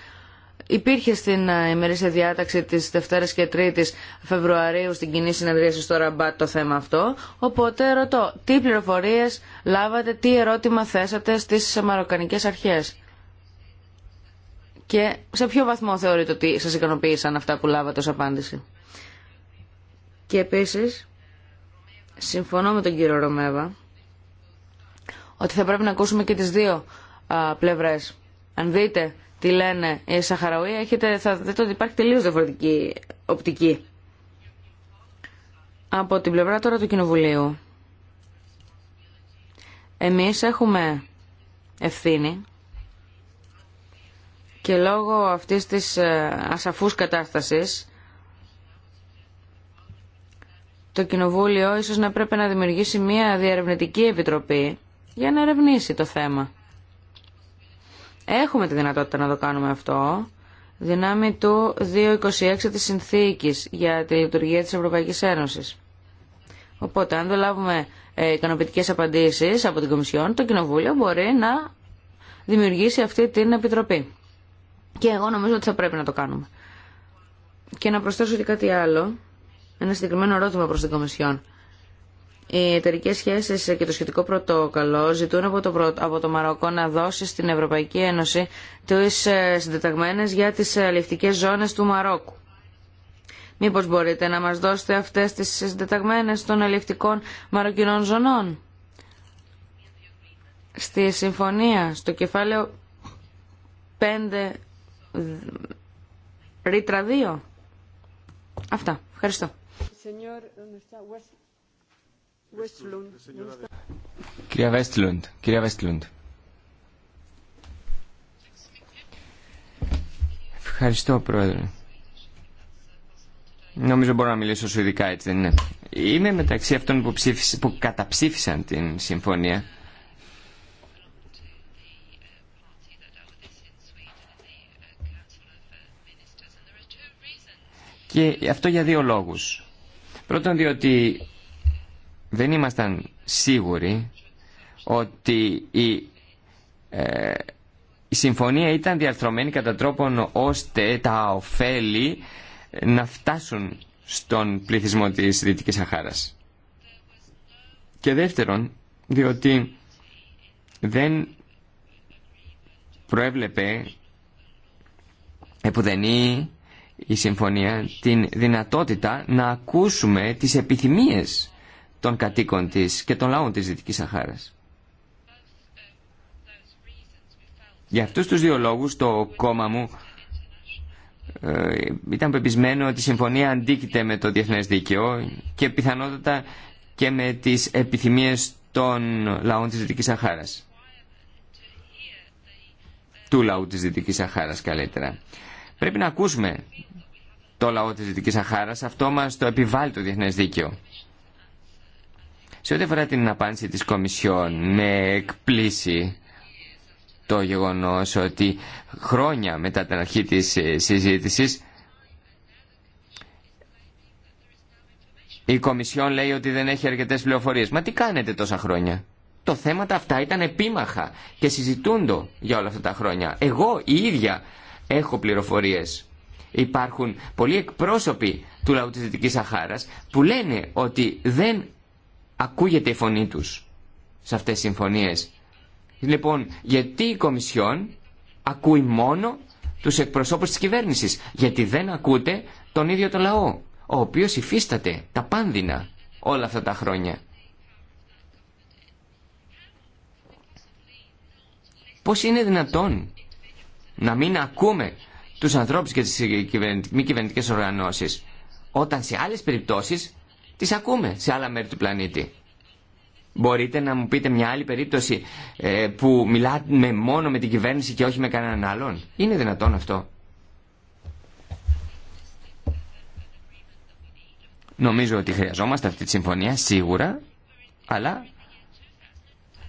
υπήρχε στην ε, ημερήσια διάταξη της Δευτέρας και Τρίτης Φεβρουαρίου στην κοινή συνεδρίαση στο Ραμπάτ το θέμα αυτό. Οπότε ρωτώ, τι πληροφορίες λάβατε, τι ερώτημα θέσατε στις μαροκανικές αρχές. Και σε ποιο βαθμό θεωρείτε ότι σας ικανοποίησαν αυτά που λάβατε ως απάντηση. Και επίσης, συμφωνώ με τον κύριο Ρωμέβα, ότι θα πρέπει να ακούσουμε και τις δύο πλευρέ. πλευρές. Αν δείτε τι λένε οι Σαχαραοί, έχετε, θα δείτε ότι υπάρχει τελείως διαφορετική οπτική. Από την πλευρά τώρα του Κοινοβουλίου, εμείς έχουμε ευθύνη και λόγω αυτής της ε, ασαφούς κατάστασης το Κοινοβούλιο ίσως να πρέπει να δημιουργήσει μια διαρευνητική επιτροπή για να ερευνήσει το θέμα. Έχουμε τη δυνατότητα να το κάνουμε αυτό δυνάμει του 226 της συνθήκης για τη λειτουργία της Ευρωπαϊκής Ένωσης. Οπότε, αν δεν λάβουμε ε, ικανοποιητικές απαντήσεις από την Κομισιόν, το Κοινοβούλιο μπορεί να δημιουργήσει αυτή την Επιτροπή. Και εγώ νομίζω ότι θα πρέπει να το κάνουμε. Και να προσθέσω και κάτι άλλο, ένα συγκεκριμένο ερώτημα προς την Κομισιόν. Οι εταιρικέ σχέσει και το σχετικό πρωτόκολλο ζητούν από το, από το Μαροκό να δώσει στην Ευρωπαϊκή Ένωση τι ε, συντεταγμένε για τι ληφτικέ ζώνε του Μαρόκου. Μήπω μπορείτε να μα δώσετε αυτέ τι συντεταγμένε των ληφτικών μαροκινών ζωνών. Στη συμφωνία, στο κεφάλαιο 5 ρήτρα 2.
Αυτά. Ευχαριστώ. Κυρία Βέστλουντ, Ευχαριστώ, Πρόεδρε. Νομίζω μπορώ να μιλήσω σου ειδικά, έτσι δεν είναι. Είμαι μεταξύ αυτών που, που καταψήφισαν την συμφωνία. Και αυτό για δύο λόγους. Πρώτον, διότι δεν ήμασταν σίγουροι ότι ε, η, συμφωνία ήταν διαρθρωμένη κατά τρόπον ώστε τα ωφέλη να φτάσουν στον πληθυσμό της Δυτικής Σαχάρας. Και δεύτερον, διότι δεν προέβλεπε επουδενή η συμφωνία την δυνατότητα να ακούσουμε τις επιθυμίες των κατοίκων της και των λαών της Δυτικής Σαχάρας. Για αυτούς τους δύο λόγους το κόμμα μου ε, ήταν πεπισμένο ότι η συμφωνία αντίκειται με το διεθνές δίκαιο και πιθανότατα και με τις επιθυμίες των λαών της Δυτικής Σαχάρας. Του λαού της Δυτικής Σαχάρας καλύτερα. Πρέπει να ακούσουμε το λαό της Δυτικής Σαχάρας, αυτό μας το επιβάλλει το διεθνές δίκαιο. Σε ό,τι αφορά την απάντηση της Κομισιόν, με εκπλήσει το γεγονός ότι χρόνια μετά την αρχή της ε, συζήτησης η Κομισιόν λέει ότι δεν έχει αρκετές πληροφορίες. Μα τι κάνετε τόσα χρόνια. Το θέματα αυτά ήταν επίμαχα και συζητούντο για όλα αυτά τα χρόνια. Εγώ η ίδια έχω πληροφορίες. Υπάρχουν πολλοί εκπρόσωποι του λαού της Δυτικής Σαχάρας που λένε ότι δεν Ακούγεται η φωνή τους σε αυτές τις συμφωνίες. Λοιπόν, γιατί η Κομισιόν ακούει μόνο τους εκπροσώπους της κυβέρνησης, γιατί δεν ακούτε τον ίδιο το λαό, ο οποίος υφίσταται τα πάνδυνα όλα αυτά τα χρόνια. Πώς είναι δυνατόν να μην ακούμε τους ανθρώπους και τις μη κυβερνητικές οργανώσεις, όταν σε άλλες περιπτώσεις τις ακούμε σε άλλα μέρη του πλανήτη. Μπορείτε να μου πείτε μια άλλη περίπτωση ε, που μιλάμε μόνο με την κυβέρνηση και όχι με κανέναν άλλον. Είναι δυνατόν αυτό. Νομίζω ότι χρειαζόμαστε αυτή τη συμφωνία σίγουρα, αλλά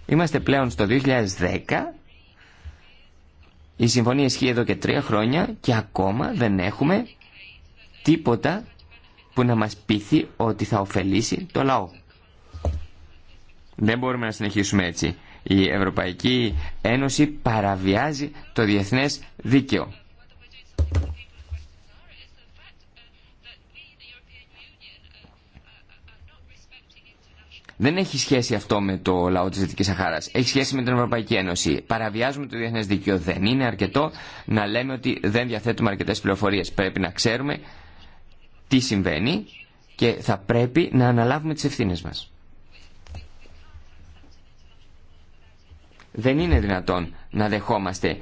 είμαστε πλέον στο 2010. Η συμφωνία ισχύει εδώ και τρία χρόνια και ακόμα δεν έχουμε τίποτα που να μας πείθει ότι θα ωφελήσει το λαό. Δεν μπορούμε να συνεχίσουμε έτσι. Η Ευρωπαϊκή Ένωση παραβιάζει το διεθνές δίκαιο. Δεν έχει σχέση αυτό με το λαό της Δυτικής Σαχάρας. Έχει σχέση με την Ευρωπαϊκή Ένωση. Παραβιάζουμε το διεθνές δίκαιο. Δεν είναι αρκετό να λέμε ότι δεν διαθέτουμε αρκετέ πληροφορίες. Πρέπει να ξέρουμε τι συμβαίνει και θα πρέπει να αναλάβουμε τις ευθύνες μας. Δεν είναι δυνατόν να δεχόμαστε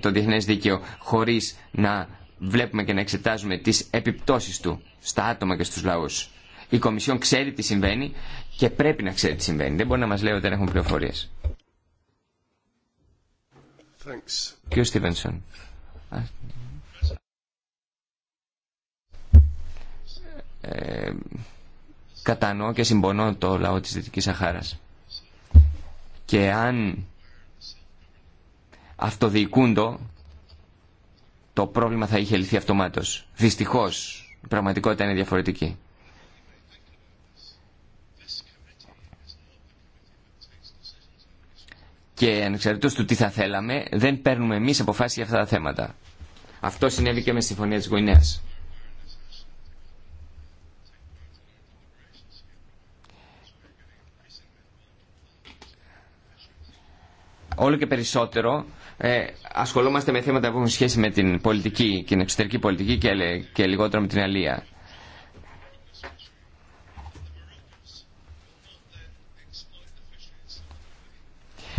το διεθνές δίκαιο χωρίς να βλέπουμε και να εξετάζουμε τις επιπτώσεις του στα άτομα και στους λαούς. Η Κομισιόν ξέρει τι συμβαίνει και πρέπει να ξέρει τι συμβαίνει. Δεν μπορεί να μας λέει ότι δεν έχουμε πληροφορίες. Κύριο Στίβενσον. κατανοώ και συμπονώ το λαό της Δυτικής Σαχάρας. Και αν αυτοδιοικούντο, το πρόβλημα θα είχε λυθεί αυτομάτως. Δυστυχώς, η πραγματικότητα είναι διαφορετική. Και ανεξαρτήτως του τι θα θέλαμε, δεν παίρνουμε εμείς αποφάσεις για αυτά τα θέματα. Αυτό συνέβη και με τη Συμφωνία της Γουινέας. όλο και περισσότερο ε, ασχολούμαστε με θέματα που έχουν σχέση με την πολιτική και την εξωτερική πολιτική και, και λιγότερο με την αλία.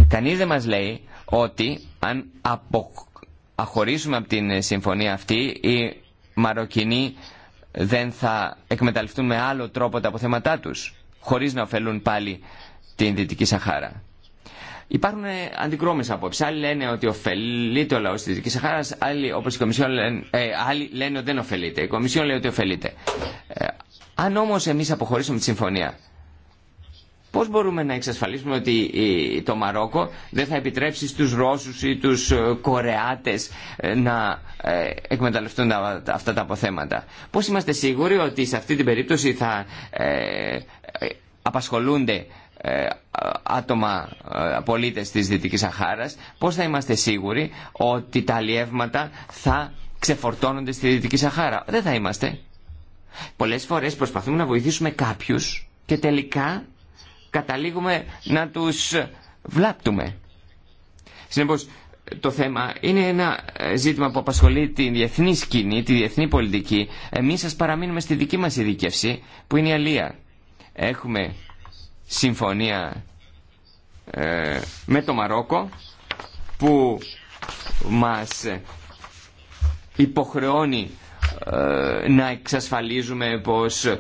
Κανείς δεν μας λέει ότι αν απο... αχωρήσουμε από την συμφωνία αυτή οι Μαροκινοί δεν θα εκμεταλλευτούν με άλλο τρόπο τα αποθέματά τους χωρίς να ωφελούν πάλι την Δυτική Σαχάρα. Υπάρχουν ε, αντικρώμε απόψει. Άλλοι λένε ότι ωφελείται ο λαό τη Δυτική Σαχάρα, άλλοι, όπω η Κομισιόν, λένε, ε, άλλοι λένε ότι δεν ωφελείται. Η Κομισιόν λέει ότι ωφελείται. Ε, αν όμω εμεί αποχωρήσουμε τη συμφωνία, πώ μπορούμε να εξασφαλίσουμε ότι το Μαρόκο δεν θα επιτρέψει στου Ρώσου ή του Κορεάτε να εκμεταλλευτούν αυτά τα αποθέματα. Πώ είμαστε σίγουροι ότι σε αυτή την περίπτωση θα απασχολούνται ε, άτομα, ε, πολίτες της Δυτικής Σαχάρας, πώς θα είμαστε σίγουροι ότι τα αλλιεύματα θα ξεφορτώνονται στη Δυτική Σαχάρα. Δεν θα είμαστε. Πολλές φορές προσπαθούμε να βοηθήσουμε κάποιους και τελικά καταλήγουμε να τους βλάπτουμε. Συνεπώς, το θέμα είναι ένα ε, ζήτημα που απασχολεί τη διεθνή σκηνή, τη διεθνή πολιτική. Εμείς σας παραμείνουμε στη δική μας ειδικεύση, που είναι η αλία. Έχουμε συμφωνία ε, με το Μαρόκο που μας υποχρεώνει ε, να εξασφαλίζουμε πως ε,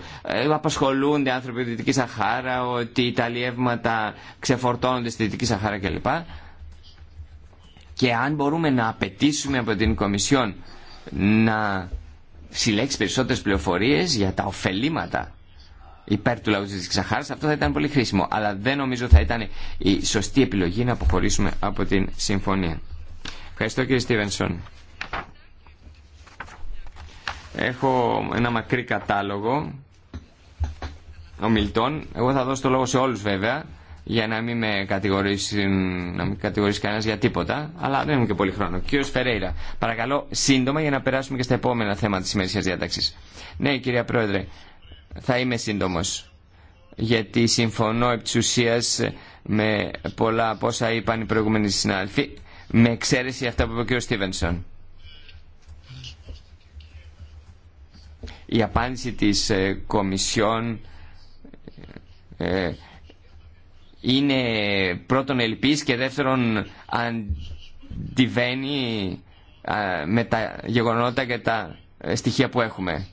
απασχολούνται άνθρωποι στη Δυτική Σαχάρα, ότι τα λιεύματα ξεφορτώνονται στη Δυτική Σαχάρα κλπ. Και αν μπορούμε να απαιτήσουμε από την Κομισιόν να συλλέξει περισσότερες πληροφορίες για τα ωφελήματα υπέρ του λαού τη Ξαχάρα, αυτό θα ήταν πολύ χρήσιμο. Αλλά δεν νομίζω θα ήταν η σωστή επιλογή να αποχωρήσουμε από την συμφωνία. Ευχαριστώ κύριε Στίβενσον. Έχω ένα μακρύ κατάλογο ομιλητών. Εγώ θα δώσω το λόγο σε όλους βέβαια για να μην με κατηγορήσει, να μην κατηγορήσει κανένα για τίποτα, αλλά δεν έχουμε και πολύ χρόνο. Κύριο Φερέιρα, παρακαλώ σύντομα για να περάσουμε και στα επόμενα θέματα τη ημερησία διάταξη. Ναι, κυρία Πρόεδρε, θα είμαι σύντομος, γιατί συμφωνώ επί με πολλά από όσα είπαν οι προηγούμενοι συνάδελφοι, με εξαίρεση αυτά που είπε ο κ. Στίβενσον. Η απάντηση της ε, Κομισιόν ε, είναι πρώτον ελπίς και δεύτερον αντιβαίνει με τα γεγονότα και τα ε, στοιχεία που έχουμε.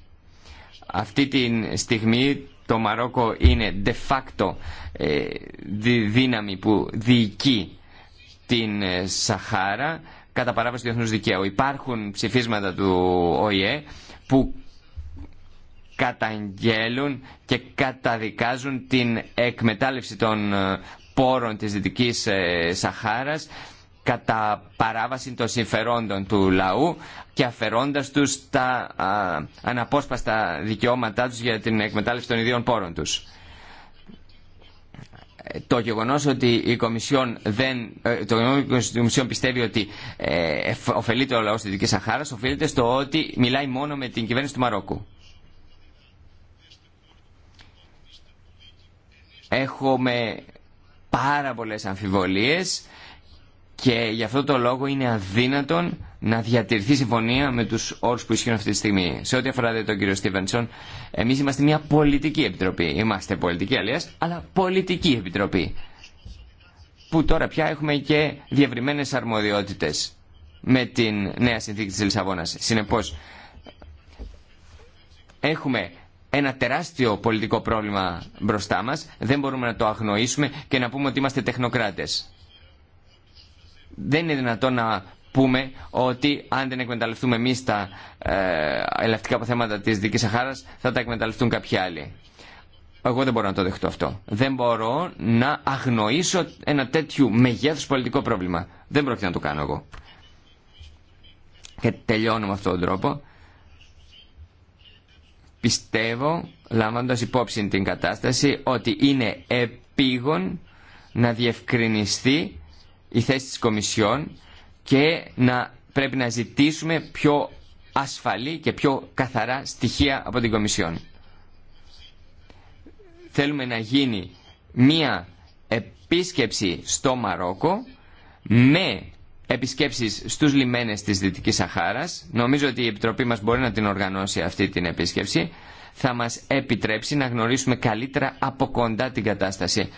Αυτή τη στιγμή το Μαρόκο είναι de facto ε, δύναμη που διοικεί την ε, Σαχάρα κατά παράβαση του διεθνούς δικαίου. Υπάρχουν ψηφίσματα του ΟΗΕ που καταγγέλουν και καταδικάζουν την εκμετάλλευση των ε, πόρων της Δυτικής Σαχάρας κατά παράβαση των συμφερόντων του λαού και αφαιρώντας τους τα αναπόσπαστα δικαιώματά τους για την εκμετάλλευση των ιδίων πόρων τους. Το γεγονός ότι η Κομισιόν, δεν, ε, το γεγονός ότι η Κομισιόν πιστεύει ότι ε, ωφελείται ο λαός της Δυτικής Σαχάρας οφείλεται στο ότι μιλάει μόνο με την κυβέρνηση του Μαρόκου. Έχουμε πάρα πολλές αμφιβολίες και γι' αυτό το λόγο είναι αδύνατον να διατηρηθεί συμφωνία με του όρου που ισχύουν αυτή τη στιγμή. Σε ό,τι αφορά τον κύριο Στίβενσον, εμεί είμαστε μια πολιτική επιτροπή. Είμαστε πολιτική αλλιώ, αλλά πολιτική επιτροπή. Που τώρα πια έχουμε και διευρυμένε αρμοδιότητε με την νέα συνθήκη τη Λισαβόνα. Συνεπώ, έχουμε ένα τεράστιο πολιτικό πρόβλημα μπροστά μα. Δεν μπορούμε να το αγνοήσουμε και να πούμε ότι είμαστε τεχνοκράτες δεν είναι δυνατόν να πούμε ότι αν δεν εκμεταλλευτούμε εμεί τα ε, ελευθερικά αποθέματα τη Δική σαχάρας, θα τα εκμεταλλευτούν κάποιοι άλλοι. Εγώ δεν μπορώ να το δεχτώ αυτό. Δεν μπορώ να αγνοήσω ένα τέτοιο μεγέθους πολιτικό πρόβλημα. Δεν πρόκειται να το κάνω εγώ. Και τελειώνω με αυτόν τον τρόπο. Πιστεύω, λάμβαντας υπόψη την κατάσταση, ότι είναι επίγον να διευκρινιστεί η θέση της Κομισιόν και να πρέπει να ζητήσουμε πιο ασφαλή και πιο καθαρά στοιχεία από την Κομισιόν. Θέλουμε να γίνει μία επίσκεψη στο Μαρόκο με επισκέψεις στους λιμένες της Δυτικής Σαχάρας. Νομίζω ότι η Επιτροπή μας μπορεί να την οργανώσει αυτή την επίσκεψη. Θα μας επιτρέψει να γνωρίσουμε καλύτερα από κοντά την κατάσταση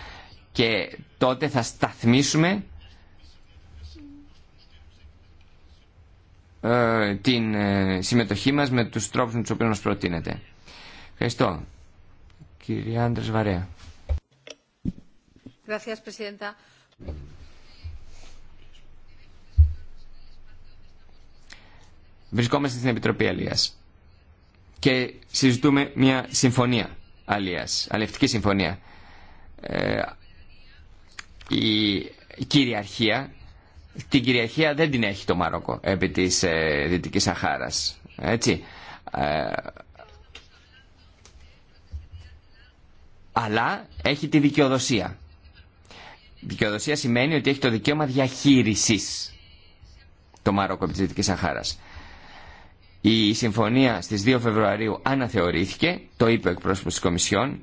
και τότε θα σταθμίσουμε Ε, την ε, συμμετοχή μας με τους τρόπους με τους οποίους μας προτείνετε. Ευχαριστώ. Κυρία Άντρες Βαρέα. Βρισκόμαστε στην Επιτροπή Αλίας και συζητούμε μια συμφωνία Αλίας, αλευτική συμφωνία. Ε, η κυριαρχία την κυριαρχία δεν την έχει το Μαρόκο επί της ε, Δυτικής Σαχάρας. Έτσι. Ε, αλλά έχει τη δικαιοδοσία. Δικαιοδοσία σημαίνει ότι έχει το δικαίωμα διαχείρισης το Μαρόκο επί της Δυτικής Σαχάρας. Η συμφωνία στις 2 Φεβρουαρίου αναθεωρήθηκε, το είπε ο εκπρόσωπος της Κομισιόν,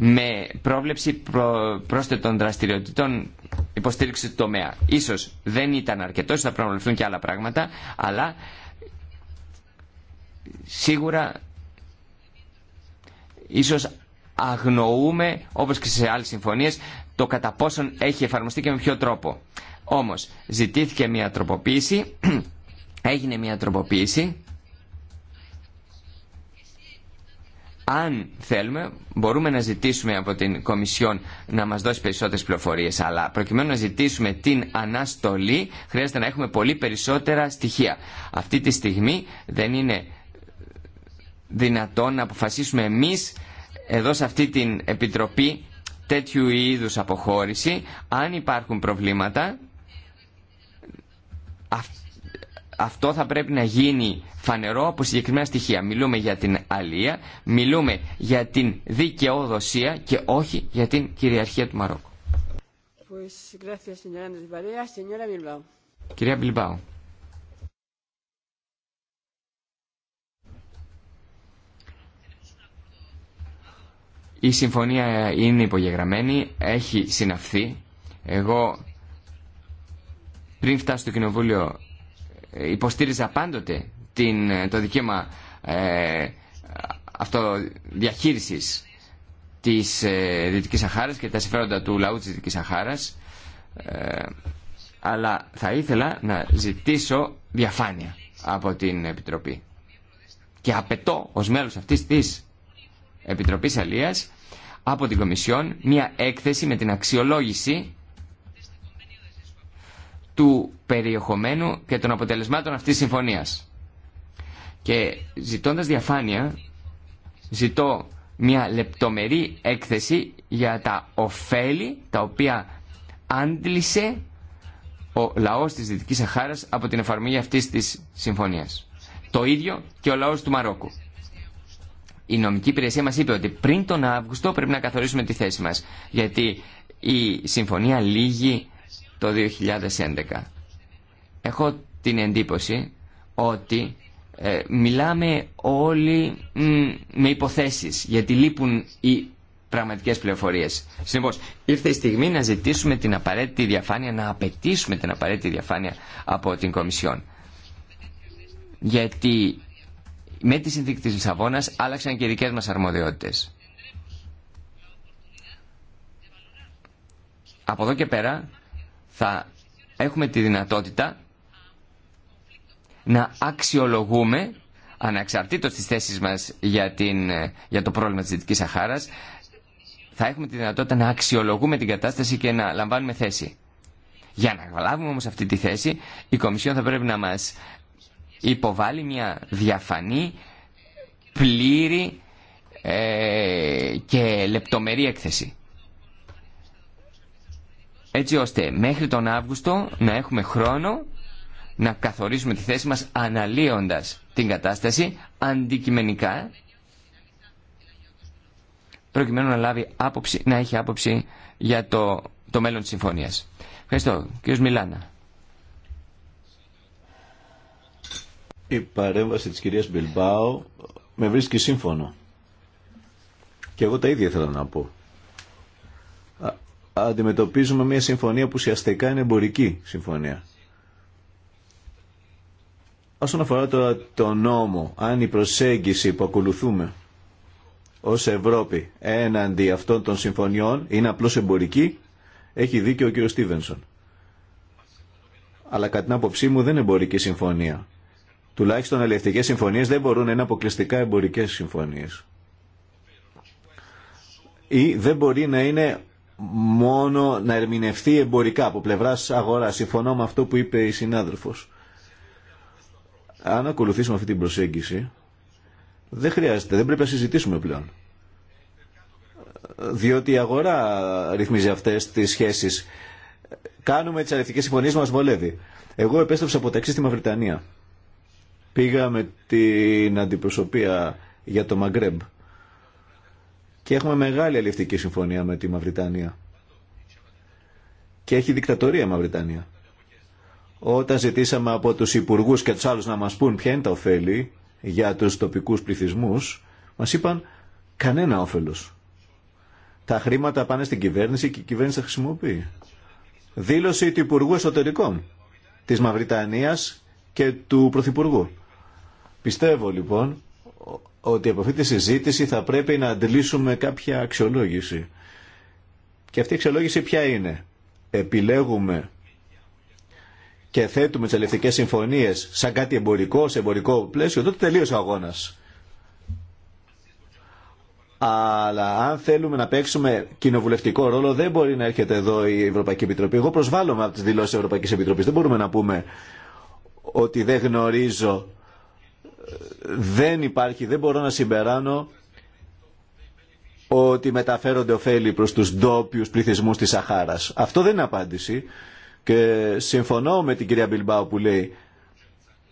με πρόβλεψη προ, πρόσθετων δραστηριοτήτων υποστήριξη του τομέα. Ίσως δεν ήταν αρκετό, θα προβλεφθούν και άλλα πράγματα, αλλά σίγουρα ίσως αγνοούμε, όπως και σε άλλες συμφωνίες, το κατά πόσον έχει εφαρμοστεί και με ποιο τρόπο. Όμως, ζητήθηκε μια τροποποίηση, έγινε μια τροποποίηση Αν θέλουμε, μπορούμε να ζητήσουμε από την Κομισιόν να μας δώσει περισσότερες πληροφορίες, αλλά προκειμένου να ζητήσουμε την αναστολή, χρειάζεται να έχουμε πολύ περισσότερα στοιχεία. Αυτή τη στιγμή δεν είναι δυνατόν να αποφασίσουμε εμείς εδώ σε αυτή την Επιτροπή τέτοιου είδους αποχώρηση, αν υπάρχουν προβλήματα, αυτό θα πρέπει να γίνει φανερό από συγκεκριμένα στοιχεία. Μιλούμε για την αλία, μιλούμε για την δικαιοδοσία και όχι για την κυριαρχία του Μαρόκου. Κυρία Μπιλμπάου. Η συμφωνία είναι υπογεγραμμένη, έχει συναυθεί. Εγώ πριν φτάσω στο Κοινοβούλιο υποστήριζα πάντοτε την, το δικαίωμα ε, αυτοδιαχείρισης της ε, Δυτικής και τα συμφέροντα του λαού τη Δυτικής Σαχάρας ε, αλλά θα ήθελα να ζητήσω διαφάνεια από την Επιτροπή και απαιτώ ως μέλος αυτής της Επιτροπής Αλίας από την Κομισιόν μια έκθεση με την αξιολόγηση του περιεχομένου και των αποτελεσμάτων αυτής της συμφωνίας. Και ζητώντας διαφάνεια, ζητώ μια λεπτομερή έκθεση για τα ωφέλη τα οποία άντλησε ο λαός της Δυτικής Σαχάρας από την εφαρμογή αυτής της συμφωνίας. Το ίδιο και ο λαός του Μαρόκου. Η νομική υπηρεσία μας είπε ότι πριν τον Αύγουστο πρέπει να καθορίσουμε τη θέση μας, γιατί η συμφωνία λύγει το 2011. Έχω την εντύπωση ότι ε, μιλάμε όλοι με υποθέσεις γιατί λείπουν οι πραγματικές πληροφορίες. Συνεπώς, ήρθε η στιγμή να ζητήσουμε την απαραίτητη διαφάνεια, να απαιτήσουμε την απαραίτητη διαφάνεια από την Κομισιόν. Γιατί με τη συνθήκη της Λισαβόνας άλλαξαν και οι δικές μας αρμοδιότητες. Από εδώ και πέρα θα έχουμε τη δυνατότητα να αξιολογούμε αναξαρτήτως της θέσης μας για, την, για το πρόβλημα της Δυτικής Σαχάρας θα έχουμε τη δυνατότητα να αξιολογούμε την κατάσταση και να λαμβάνουμε θέση. Για να λάβουμε όμως αυτή τη θέση η Κομισιόν θα πρέπει να μας υποβάλει μια διαφανή, πλήρη ε, και λεπτομερή έκθεση έτσι ώστε μέχρι τον Αύγουστο να έχουμε χρόνο να καθορίσουμε τη θέση μας αναλύοντας την κατάσταση αντικειμενικά προκειμένου να, λάβει άποψη, να έχει άποψη για το, το μέλλον της συμφωνίας. Ευχαριστώ. Κύριος Μιλάνα.
Η παρέμβαση της κυρίας Μπιλμπάου με βρίσκει σύμφωνο. Και εγώ τα ίδια ήθελα να πω αντιμετωπίζουμε μια συμφωνία που ουσιαστικά είναι εμπορική συμφωνία. Όσον αφορά το, το νόμο, αν η προσέγγιση που ακολουθούμε ως Ευρώπη έναντι αυτών των συμφωνιών είναι απλώς εμπορική, έχει δίκιο ο κύριος Στίβενσον. Αλλά κατά την άποψή μου δεν είναι εμπορική συμφωνία. Τουλάχιστον αλληλευτικές συμφωνίες δεν μπορούν να είναι αποκλειστικά εμπορικές συμφωνίες. Ή δεν μπορεί να είναι μόνο να ερμηνευτεί εμπορικά από πλευρά αγορά Συμφωνώ με αυτό που είπε η συνάδελφο. Αν ακολουθήσουμε αυτή την προσέγγιση, δεν χρειάζεται, δεν πρέπει να συζητήσουμε πλέον. Διότι η αγορά ρυθμίζει αυτέ τι σχέσει. Κάνουμε τι αλευτικές συμφωνίε μα βολεύει. Εγώ επέστρεψα από ταξί στη Μαυριτανία. Πήγα με την αντιπροσωπεία για το Μαγκρέμπ και έχουμε μεγάλη αλληλευτική συμφωνία με τη Μαυριτανία. Και έχει δικτατορία η Μαυριτανία. Όταν ζητήσαμε από τους υπουργούς και τους άλλους να μας πούν ποια είναι τα ωφέλη για τους τοπικούς πληθυσμούς, μας είπαν κανένα όφελος. Τα χρήματα πάνε στην κυβέρνηση και η κυβέρνηση τα χρησιμοποιεί. Δήλωση του Υπουργού Εσωτερικών της Μαυριτανίας και του Πρωθυπουργού. Πιστεύω λοιπόν ότι από αυτή τη συζήτηση θα πρέπει να αντιλήσουμε κάποια αξιολόγηση. Και αυτή η αξιολόγηση ποια είναι. Επιλέγουμε και θέτουμε τι ελευθερικέ συμφωνίε σαν κάτι εμπορικό, σε εμπορικό πλαίσιο, τότε τελείωσε ο αγώνα. Αλλά αν θέλουμε να παίξουμε κοινοβουλευτικό ρόλο, δεν μπορεί να έρχεται εδώ η Ευρωπαϊκή Επιτροπή. Εγώ προσβάλλομαι από τι δηλώσει τη Ευρωπαϊκή Επιτροπή. Δεν μπορούμε να πούμε ότι δεν γνωρίζω δεν υπάρχει, δεν μπορώ να συμπεράνω ότι μεταφέρονται ωφέλη προς τους ντόπιου πληθυσμού της Σαχάρας. Αυτό δεν είναι απάντηση και συμφωνώ με την κυρία Μπιλμπάου που λέει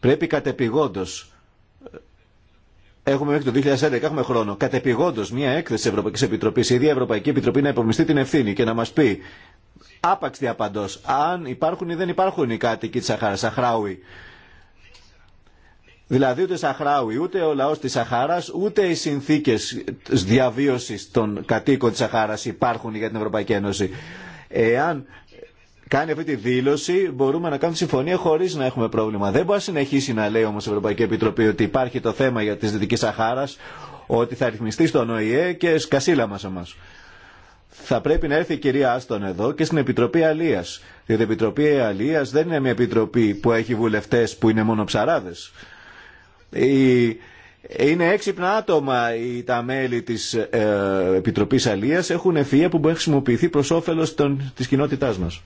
πρέπει κατεπηγόντως Έχουμε μέχρι το 2011, έχουμε χρόνο. Κατεπηγόντω, μια έκθεση Ευρωπαϊκή Επιτροπή, η ίδια Ευρωπαϊκή Επιτροπή να υπομειστεί την ευθύνη και να μα πει άπαξ διαπαντό αν υπάρχουν ή δεν υπάρχουν οι κάτοικοι τη Σαχάρα, Σαχράουι, Δηλαδή ούτε Σαχράουι, ούτε ο λαός της Σαχάρας, ούτε οι συνθήκες διαβίωσης των κατοίκων της Σαχάρας υπάρχουν για την Ευρωπαϊκή Ένωση. Εάν κάνει αυτή τη δήλωση, μπορούμε να κάνουμε συμφωνία χωρίς να έχουμε πρόβλημα. Δεν μπορεί να συνεχίσει να λέει όμως η Ευρωπαϊκή Επιτροπή ότι υπάρχει το θέμα για τη δυτική Σαχάρας, ότι θα ρυθμιστεί στον ΟΗΕ και σκασίλα μας εμάς. Θα πρέπει να έρθει η κυρία Άστον εδώ και στην Επιτροπή Αλίας. Διότι η Επιτροπή Αλίας δεν είναι μια επιτροπή που έχει βουλευτές που είναι μόνο είναι έξυπνα άτομα τα μέλη της ε, Επιτροπής Αλίας έχουν ευφυΐα που μπορεί να χρησιμοποιηθεί προ όφελο τη της κοινότητάς μας.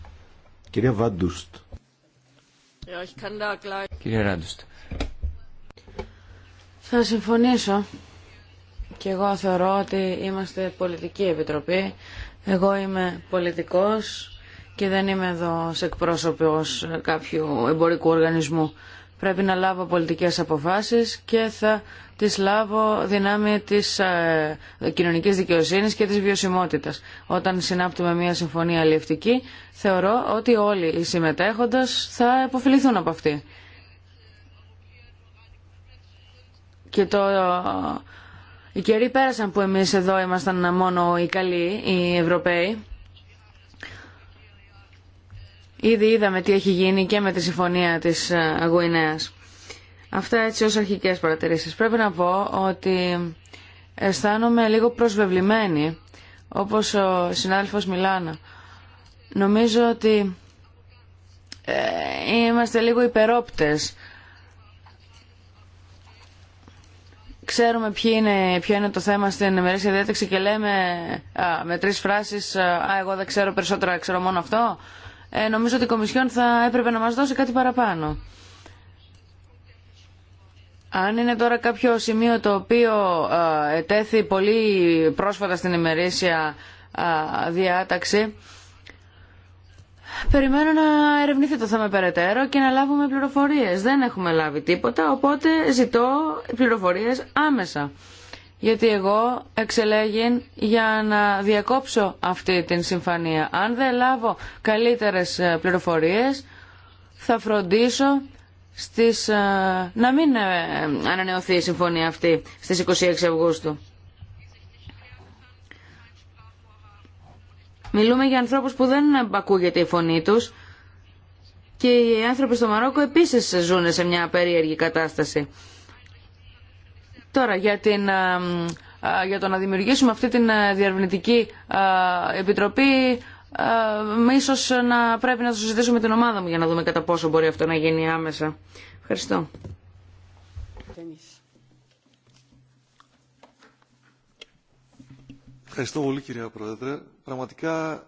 Κυρία Βαντούστ.
Ε,
Κυρία Ράντουστ.
Θα συμφωνήσω. Και εγώ θεωρώ ότι είμαστε πολιτική επιτροπή. Εγώ είμαι πολιτικός και δεν είμαι εδώ σε εκπρόσωπος κάποιου εμπορικού οργανισμού πρέπει να λάβω πολιτικές αποφάσεις και θα τις λάβω δυνάμει της ε, κοινωνικής δικαιοσύνης και της βιωσιμότητας. Όταν συνάπτουμε μια συμφωνία αλληλευτική, θεωρώ ότι όλοι οι συμμετέχοντες θα επωφεληθούν από αυτή. Και το... Ε, οι καιροί πέρασαν που εμείς εδώ ήμασταν μόνο οι καλοί, οι Ευρωπαίοι, Ήδη είδαμε τι έχει γίνει και με τη συμφωνία της ε, Γουινέας. Αυτά έτσι ως αρχικές παρατηρήσεις. Πρέπει να πω ότι αισθάνομαι λίγο προσβεβλημένη, όπως ο συνάδελφος Μιλάνα. Νομίζω ότι ε, είμαστε λίγο υπερόπτες. Ξέρουμε ποιο είναι, το θέμα στην ημερήσια διάταξη και λέμε με τρεις φράσεις «Α, εγώ δεν ξέρω περισσότερα, ξέρω μόνο αυτό» ε, νομίζω ότι η Κομισιόν θα έπρεπε να μας δώσει κάτι παραπάνω. Αν είναι τώρα κάποιο σημείο το οποίο ε, ετέθη πολύ πρόσφατα στην ημερήσια ε, διάταξη, περιμένω να ερευνηθεί το θέμα περαιτέρω και να λάβουμε πληροφορίες. Δεν έχουμε λάβει τίποτα, οπότε ζητώ πληροφορίες άμεσα γιατί εγώ εξελέγην για να διακόψω αυτή την συμφωνία. Αν δεν λάβω καλύτερες ε, πληροφορίες, θα φροντίσω στις, ε, να μην ε, ανανεωθεί η συμφωνία αυτή στις 26 Αυγούστου. Μιλούμε για ανθρώπους που δεν ακούγεται η φωνή τους και οι άνθρωποι στο Μαρόκο επίσης ζουν σε μια περίεργη κατάσταση. Τώρα για, την, ε, ε, για το να δημιουργήσουμε αυτή την ε, διαρευνητική επιτροπή ίσως να πρέπει να το συζητήσουμε με την ομάδα μου για να δούμε κατά πόσο μπορεί αυτό να γίνει άμεσα. Ευχαριστώ.
Ευχαριστώ πολύ κυρία Πρόεδρε. Πραγματικά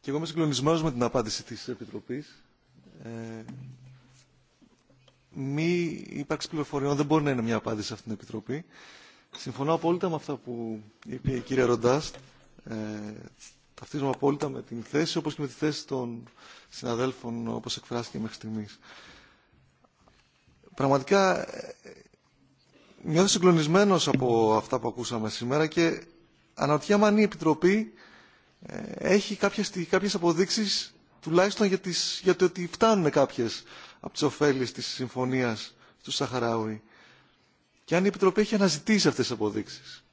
και εγώ είμαι συγκλονισμένος με την απάντηση της Επιτροπής. Ε, μη ύπαρξη πληροφοριών δεν μπορεί να είναι μια απάντηση σε αυτήν την Επιτροπή. Συμφωνώ απόλυτα με αυτά που είπε η κυρία Ροντάς. Ε, ταυτίζομαι απόλυτα με την θέση, όπως και με τη θέση των συναδέλφων, όπως εκφράστηκε μέχρι στιγμής. Πραγματικά ε, νιώθω συγκλονισμένος από αυτά που ακούσαμε σήμερα και αναρωτιέμαι αν η Επιτροπή ε, έχει κάποιες, κάποιες αποδείξεις τουλάχιστον για, τις, για το ότι φτάνουν κάποιες από τις ωφέλεις της συμφωνίας του Σαχαράουι και αν η Επιτροπή έχει αναζητήσει αυτές τις αποδείξεις.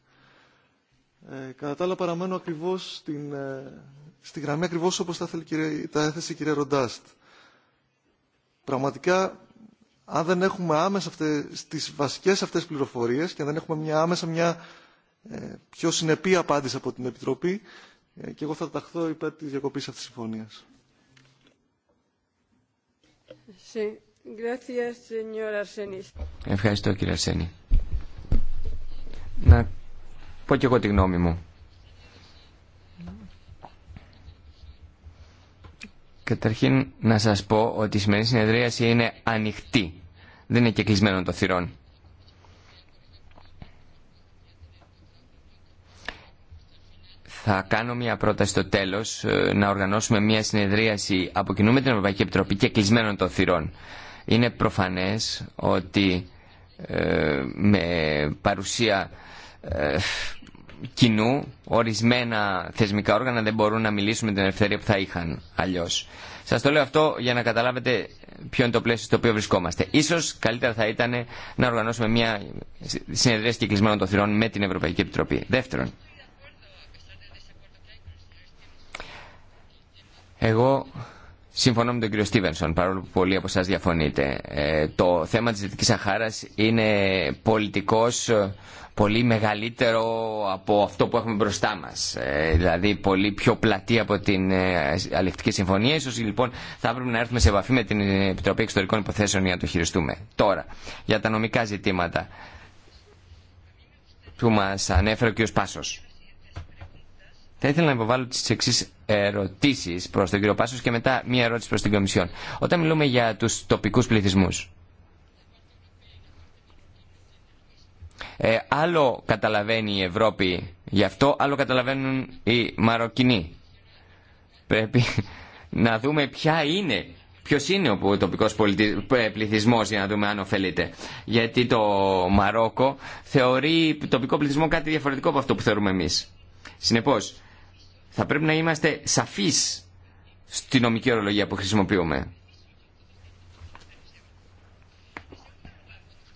Ε, κατά τα άλλα παραμένω ακριβώς στην, ε, στη γραμμή ακριβώς όπως τα, έθεσε η κυρία Ροντάστ. Πραγματικά, αν δεν έχουμε άμεσα αυτές, τις βασικές αυτές πληροφορίες και αν δεν έχουμε μια, άμεσα μια ε, πιο συνεπή απάντηση από την Επιτροπή, ε, και εγώ θα ταχθώ υπέρ της διακοπής αυτής της συμφωνίας.
Ευχαριστώ κύριε Αρσένη. Να πω και εγώ τη γνώμη μου. Καταρχήν να σας πω ότι η σημερινή συνεδρίαση είναι ανοιχτή. Δεν είναι και κλεισμένο το θυρών. Θα κάνω μια πρόταση στο τέλος ε, να οργανώσουμε μια συνεδρίαση από κοινού με την Ευρωπαϊκή Επιτροπή και κλεισμένων των θυρών. Είναι προφανές ότι ε, με παρουσία ε, κοινού ορισμένα θεσμικά όργανα δεν μπορούν να μιλήσουν με την ελευθερία που θα είχαν αλλιώς. Σας το λέω αυτό για να καταλάβετε ποιο είναι το πλαίσιο στο οποίο βρισκόμαστε. Ίσως καλύτερα θα ήταν να οργανώσουμε μια συνεδρία κλεισμένων των θυρών με την Ευρωπαϊκή Επιτροπή. Δεύτερον, Εγώ συμφωνώ με τον κύριο Στίβενσον, παρόλο που πολλοί από εσά διαφωνείτε. Ε, το θέμα της Δυτικής Σαχάρα είναι πολιτικός ε, πολύ μεγαλύτερο από αυτό που έχουμε μπροστά μας. Ε, δηλαδή πολύ πιο πλατή από την ε, Συμφωνία. Ίσως λοιπόν θα έπρεπε να έρθουμε σε επαφή με την Επιτροπή Εξωτερικών Υποθέσεων για να το χειριστούμε. Τώρα, για τα νομικά ζητήματα που μας ανέφερε ο κ. Πάσος. Θα ήθελα να υποβάλω τι εξή ερωτήσει προ τον κύριο Πάσο και μετά μία ερώτηση προ την Κομισιόν. Όταν μιλούμε για του τοπικού πληθυσμού, ε, άλλο καταλαβαίνει η Ευρώπη γι' αυτό, άλλο καταλαβαίνουν οι Μαροκινοί. Πρέπει να δούμε ποια είναι, ποιος είναι ο τοπικός ε, πληθυσμός για να δούμε αν ωφελείται. Γιατί το Μαρόκο θεωρεί τοπικό πληθυσμό κάτι διαφορετικό από αυτό που θεωρούμε εμείς. Συνεπώς, θα πρέπει να είμαστε σαφείς στη νομική ορολογία που χρησιμοποιούμε.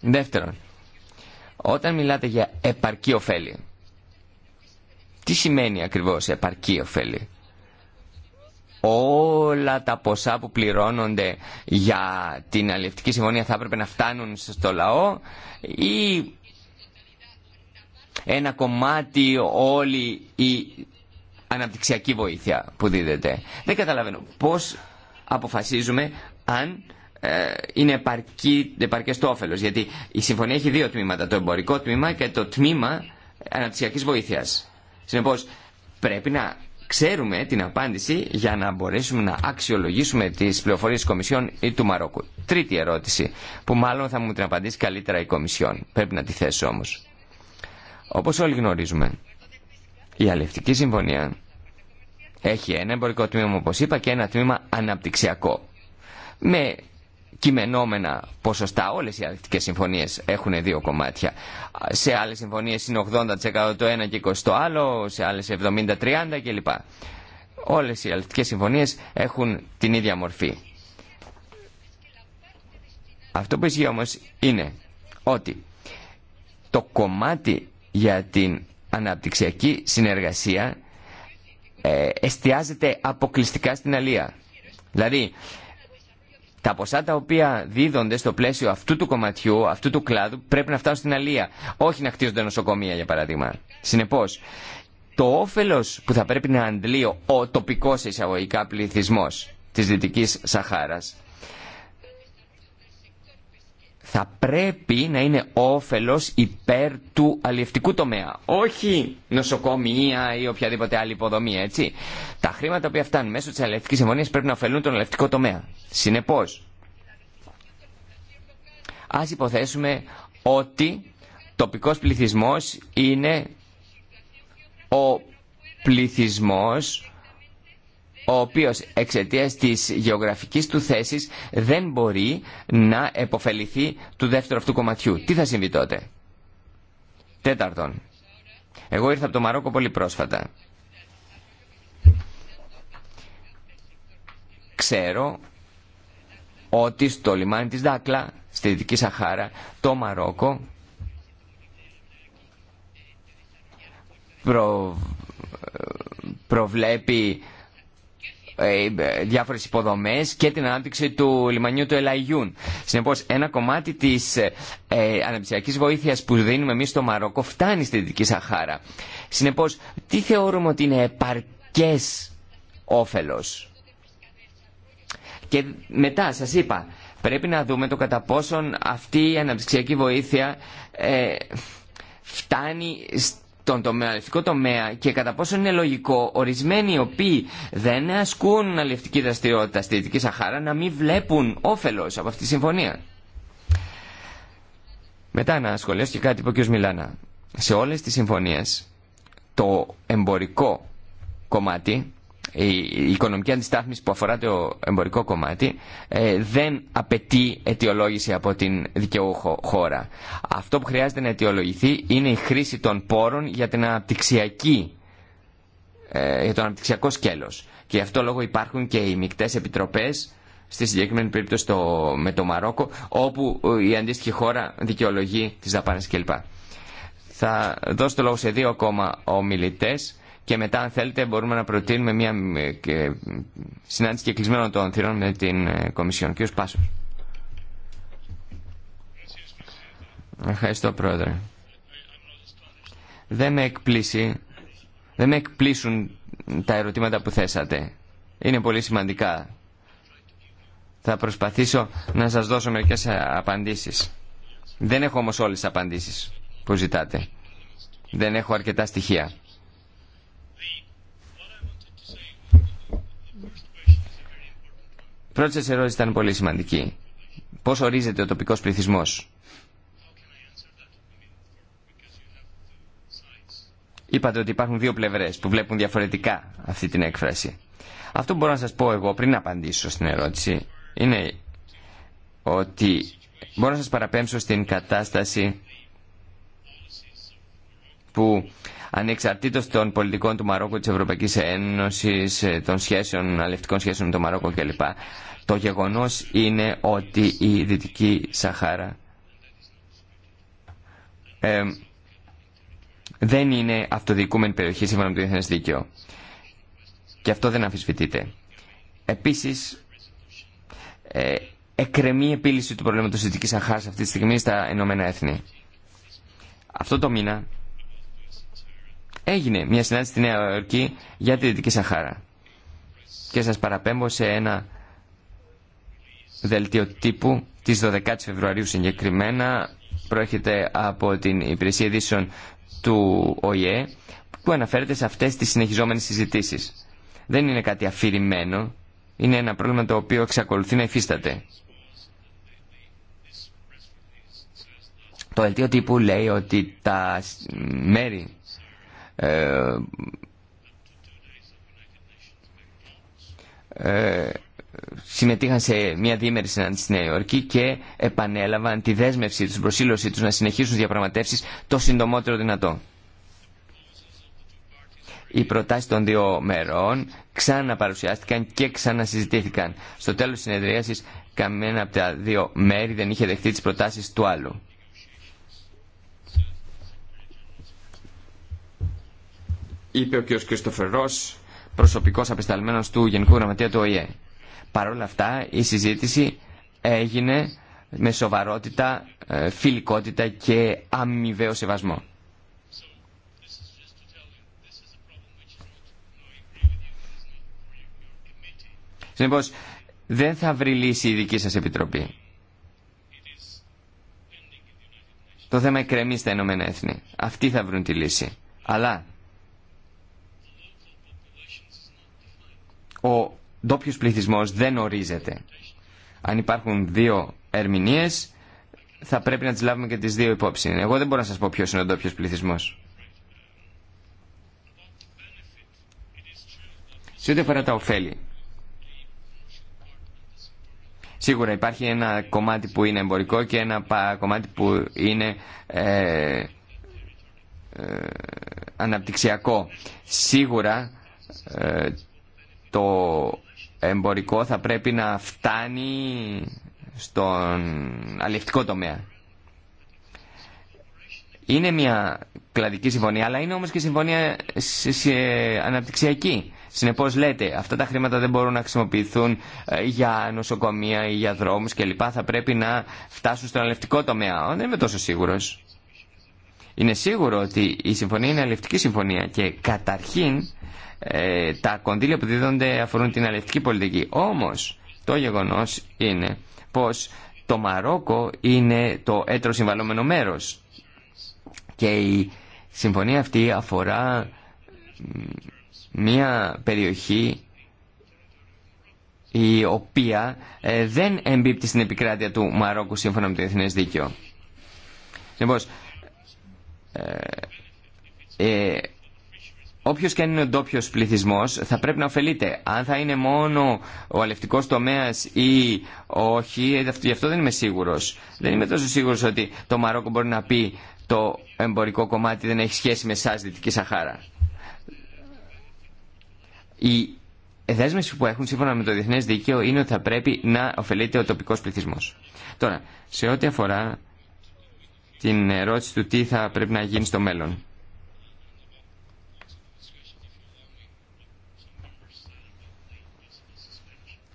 Δεύτερον, όταν μιλάτε για επαρκή ωφέλη, τι σημαίνει ακριβώς επαρκή ωφέλη. Όλα τα ποσά που πληρώνονται για την αλληλευτική συμφωνία θα έπρεπε να φτάνουν στο λαό ή ένα κομμάτι όλη η ενα κομματι όλοι η αναπτυξιακή βοήθεια που δίδεται. Δεν καταλαβαίνω πώς αποφασίζουμε αν ε, είναι επαρκέ επαρκές το όφελος. Γιατί η συμφωνία έχει δύο τμήματα. Το εμπορικό τμήμα και το τμήμα αναπτυξιακής βοήθειας. Συνεπώς πρέπει να ξέρουμε την απάντηση για να μπορέσουμε να αξιολογήσουμε τις πληροφορίες της Κομισιόν ή του Μαρόκου. Τρίτη ερώτηση που μάλλον θα μου την απαντήσει καλύτερα η Κομισιόν. Πρέπει να τη θέσω όμως. Όπως όλοι γνωρίζουμε, η αλευτική Συμφωνία έχει ένα εμπορικό τμήμα, όπως είπα, και ένα τμήμα αναπτυξιακό. Με κειμενόμενα ποσοστά, όλες οι αλευτικές συμφωνίες έχουν δύο κομμάτια. Σε άλλες συμφωνίες είναι 80% το ένα και 20% το άλλο, σε άλλες 70-30% κλπ. Όλες οι αλευτικές συμφωνίες έχουν την ίδια μορφή. Αυτό που ισχύει όμως είναι ότι το κομμάτι για την αναπτυξιακή συνεργασία ε, εστιάζεται αποκλειστικά στην αλία. Δηλαδή, τα ποσά τα οποία δίδονται στο πλαίσιο αυτού του κομματιού, αυτού του κλάδου, πρέπει να φτάσουν στην αλία. Όχι να χτίζονται νοσοκομεία, για παράδειγμα. Συνεπώ, το όφελο που θα πρέπει να αντλεί ο τοπικό εισαγωγικά πληθυσμό τη Δυτική Σαχάρα θα πρέπει να είναι όφελος υπέρ του αλλιευτικού τομέα. Όχι νοσοκομεία ή οποιαδήποτε άλλη υποδομή, έτσι. Τα χρήματα που φτάνουν μέσω της αλλιευτικής συμφωνίας πρέπει να ωφελούν τον αλλιευτικό τομέα. Συνεπώς, ας υποθέσουμε ότι τοπικός πληθυσμός είναι ο πληθυσμός ο οποίος εξαιτίας της γεωγραφικής του θέσης δεν μπορεί να επωφεληθεί του δεύτερου αυτού κομματιού. Τι θα συμβεί τότε. Τέταρτον, εγώ ήρθα από το Μαρόκο πολύ πρόσφατα. Ξέρω ότι στο λιμάνι της Δάκλα, στη Δυτική Σαχάρα, το Μαρόκο προβλέπει ε, διάφορες υποδομές και την ανάπτυξη του λιμανιού του Ελαϊγιούν. Συνεπώς ένα κομμάτι της ε, αναπτυξιακής βοήθειας που δίνουμε εμείς στο Μαρόκο φτάνει στη Δυτική Σαχάρα. Συνεπώς τι θεωρούμε ότι είναι επαρκές όφελος. Και μετά σας είπα πρέπει να δούμε το κατά πόσον αυτή η αναπτυξιακή βοήθεια ε, φτάνει τον αλληλευτικό τομέα και κατά πόσο είναι λογικό ορισμένοι οι οποίοι δεν ασκούν αλληλευτική δραστηριότητα στη Δυτική Σαχάρα να μην βλέπουν όφελος από αυτή τη συμφωνία. Μετά να σχολιάσω και κάτι που ο κ. Μιλάνα. Σε όλες τις συμφωνίες το εμπορικό κομμάτι η οικονομική αντιστάθμιση που αφορά το εμπορικό κομμάτι ε, δεν απαιτεί αιτιολόγηση από την δικαιούχο χώρα. Αυτό που χρειάζεται να αιτιολογηθεί είναι η χρήση των πόρων για, την αναπτυξιακή, ε, για το αναπτυξιακό σκέλος. Και γι' αυτό λόγο υπάρχουν και οι μικτές επιτροπές στη συγκεκριμένη περίπτωση το, με το Μαρόκο, όπου ε, η αντίστοιχη χώρα δικαιολογεί τις δαπάνες κλπ. Θα δώσω το λόγο σε δύο ακόμα ομιλητές και μετά αν θέλετε μπορούμε να προτείνουμε μια ε, συνάντηση και κλεισμένων των θυρών με την ε, Κομισιόν. Κύριος Πάσος. Ευχαριστώ Πρόεδρε. Δεν με εκπλήσει, δεν με εκπλήσουν τα ερωτήματα που θέσατε. Είναι πολύ σημαντικά. Θα προσπαθήσω να σας δώσω μερικές ε, απαντήσεις. Δεν έχω όμως όλες τις απαντήσεις που ζητάτε. Δεν έχω αρκετά στοιχεία. πρώτη σα ερώτηση ήταν πολύ σημαντική. Πώ ορίζεται ο τοπικό πληθυσμό, Είπατε ότι υπάρχουν δύο πλευρές που βλέπουν διαφορετικά αυτή την έκφραση. Αυτό που μπορώ να σα πω εγώ πριν απαντήσω στην ερώτηση είναι ότι μπορώ να σα παραπέμψω στην κατάσταση που ανεξαρτήτως των πολιτικών του Μαρόκου, της Ευρωπαϊκής Ένωσης, ε, των σχέσεων, αλευτικών σχέσεων με το Μαρόκο κλπ. Το γεγονός είναι ότι η Δυτική Σαχάρα ε, δεν είναι αυτοδιοικούμενη περιοχή σύμφωνα με το διεθνές δίκαιο. Και αυτό δεν αμφισβητείται. Επίσης, ε, εκκρεμεί επίλυση του προβλήματος της Δυτικής Σαχάρας αυτή τη στιγμή στα Ηνωμένα Έθνη. Αυτό το μήνα έγινε μια συνάντηση στη Νέα Υόρκη για τη Δυτική Σαχάρα. Και σας παραπέμπω σε ένα δελτίο τύπου της 12 Φεβρουαρίου συγκεκριμένα προέρχεται από την Υπηρεσία Ειδήσεων του ΟΗΕ που αναφέρεται σε αυτές τις συνεχιζόμενες συζητήσεις. Δεν είναι κάτι αφηρημένο, είναι ένα πρόβλημα το οποίο εξακολουθεί να υφίσταται. Το δελτίο τύπου λέει ότι τα μέρη ε, ε, συμμετείχαν σε μια διήμερη συνάντηση στη Νέα Υόρκη και επανέλαβαν τη δέσμευσή τους, την προσήλωσή τους να συνεχίσουν διαπραγματεύσεις το συντομότερο δυνατό. Οι προτάσει των δύο μερών ξαναπαρουσιάστηκαν και ξανασυζητήθηκαν. Στο τέλος της συνεδρίασης, καμία από τα δύο μέρη δεν είχε δεχτεί τις προτάσεις του άλλου. είπε ο κ. Ρο, προσωπικό απεσταλμένο του Γενικού Γραμματεία του ΟΗΕ. Παρ' όλα αυτά η συζήτηση έγινε με σοβαρότητα, ε, φιλικότητα και αμοιβαίο σεβασμό. Συνεπώ, δεν θα βρει λύση η δική σα Επιτροπή. Το θέμα εκκρεμεί στα Ηνωμένα Έθνη. Αυτοί θα βρουν τη λύση. Αλλά ο ντόπιο πληθυσμό δεν ορίζεται. Αν υπάρχουν δύο ερμηνείε, θα πρέπει να τι λάβουμε και τι δύο υπόψη. Εγώ δεν μπορώ να σα πω ποιο είναι ο ντόπιο πληθυσμό. Σε ό,τι αφορά τα ωφέλη. Σίγουρα υπάρχει ένα κομμάτι που είναι εμπορικό και ένα κομμάτι που είναι ε, ε, αναπτυξιακό. Σίγουρα ε, το εμπορικό θα πρέπει να φτάνει στον αλληλευτικό τομέα. Είναι μια κλαδική συμφωνία, αλλά είναι όμως και συμφωνία αναπτυξιακή. Συνεπώς λέτε, αυτά τα χρήματα δεν μπορούν να χρησιμοποιηθούν ε, για νοσοκομεία ή για δρόμους κλπ. Θα πρέπει να φτάσουν στον αλληλευτικό τομέα. Δεν είμαι τόσο σίγουρος. Είναι σίγουρο ότι η συμφωνία είναι αλληλευτική συμφωνία και καταρχήν ε, τα κονδύλια που δίδονται αφορούν την αλευτική πολιτική. Όμως το γεγονός είναι πως το Μαρόκο είναι το έτρο συμβαλόμενο μέρος και η συμφωνία αυτή αφορά μια περιοχή η οποία ε, δεν εμπίπτει στην επικράτεια του Μαρόκου σύμφωνα με το Εθνές Δίκαιο. Λοιπόν, ε, ε Όποιο και αν είναι ο ντόπιο πληθυσμό θα πρέπει να ωφελείται. Αν θα είναι μόνο ο αλευτικό τομέα ή όχι, ε, γι' αυτό δεν είμαι σίγουρο. Δεν είμαι τόσο σίγουρο ότι το Μαρόκο μπορεί να πει το εμπορικό κομμάτι δεν έχει σχέση με εσά, Δυτική Σαχάρα. Οι δέσμευση που έχουν σύμφωνα με το διεθνέ δίκαιο είναι ότι θα πρέπει να ωφελείται ο τοπικό πληθυσμό. Τώρα, σε ό,τι αφορά την ερώτηση του τι θα πρέπει να γίνει στο μέλλον.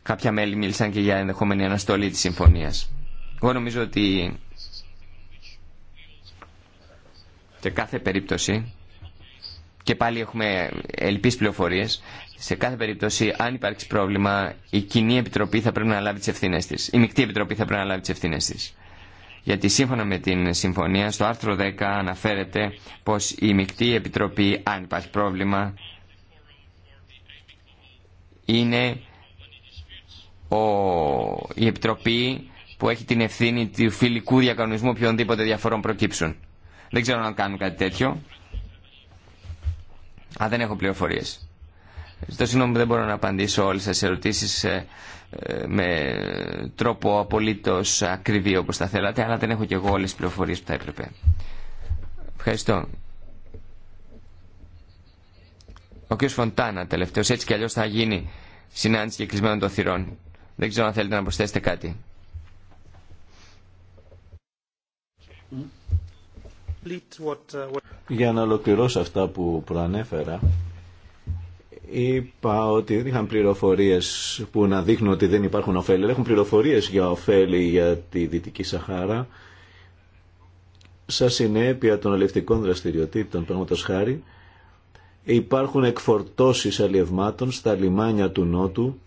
Κάποια μέλη μίλησαν και για ενδεχόμενη αναστολή της συμφωνίας. Εγώ νομίζω ότι σε κάθε περίπτωση και πάλι έχουμε ελπίς πληροφορίες σε κάθε περίπτωση αν υπάρξει πρόβλημα η κοινή επιτροπή θα πρέπει να λάβει τις ευθύνες της η μεικτή επιτροπή θα πρέπει να λάβει τις ευθύνες της γιατί σύμφωνα με την συμφωνία στο άρθρο 10 αναφέρεται πως η μεικτή επιτροπή αν υπάρχει πρόβλημα είναι ο, η Επιτροπή που έχει την ευθύνη του φιλικού διακανονισμού οποιονδήποτε διαφορών προκύψουν. Δεν ξέρω αν κάνουν κάτι τέτοιο. Α, δεν έχω πληροφορίε. Ζητώ συγγνώμη δεν μπορώ να απαντήσω όλες τις ερωτήσεις ε, ε, με τρόπο απολύτως ακριβή όπως θα θέλατε, αλλά δεν έχω και εγώ όλες τις πληροφορίες που θα έπρεπε. Ευχαριστώ. Ο κ. Φοντάνα τελευταίος, έτσι κι αλλιώς θα γίνει συνάντηση και κλεισμένο των θυρών. Δεν ξέρω αν θέλετε να προσθέσετε κάτι.
Για να ολοκληρώσω αυτά που προανέφερα, είπα ότι δεν είχαν πληροφορίες που να δείχνουν ότι δεν υπάρχουν ωφέλη. Έχουν πληροφορίες για ωφέλη για τη Δυτική Σαχάρα. Σαν συνέπεια των αλληλευτικών δραστηριοτήτων, πράγματος χάρη, υπάρχουν εκφορτώσεις αλλιευμάτων στα λιμάνια του Νότου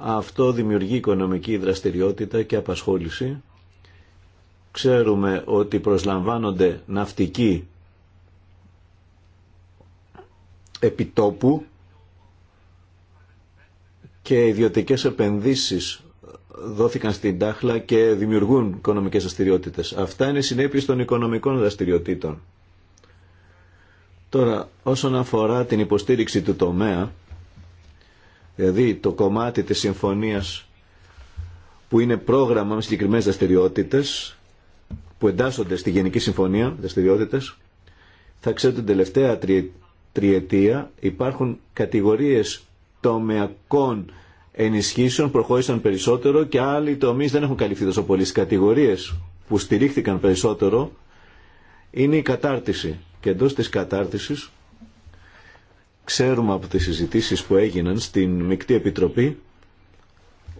αυτό δημιουργεί οικονομική δραστηριότητα και απασχόληση. Ξέρουμε ότι προσλαμβάνονται ναυτικοί επιτόπου και ιδιωτικές επενδύσεις δόθηκαν στην τάχλα και δημιουργούν οικονομικές δραστηριότητε. Αυτά είναι συνέπειες των οικονομικών δραστηριοτήτων. Τώρα, όσον αφορά την υποστήριξη του τομέα, Δηλαδή το κομμάτι της συμφωνίας που είναι πρόγραμμα με συγκεκριμένε δραστηριότητε που εντάσσονται στη Γενική Συμφωνία δραστηριότητε, θα ξέρετε την τελευταία τριετία υπάρχουν κατηγορίες τομεακών ενισχύσεων προχώρησαν περισσότερο και άλλοι τομεί δεν έχουν καλυφθεί τόσο πολύ. κατηγορίε που στηρίχθηκαν περισσότερο είναι η κατάρτιση. Και εντό τη κατάρτιση Ξέρουμε από τις συζητήσεις που έγιναν στην Μικτή Επιτροπή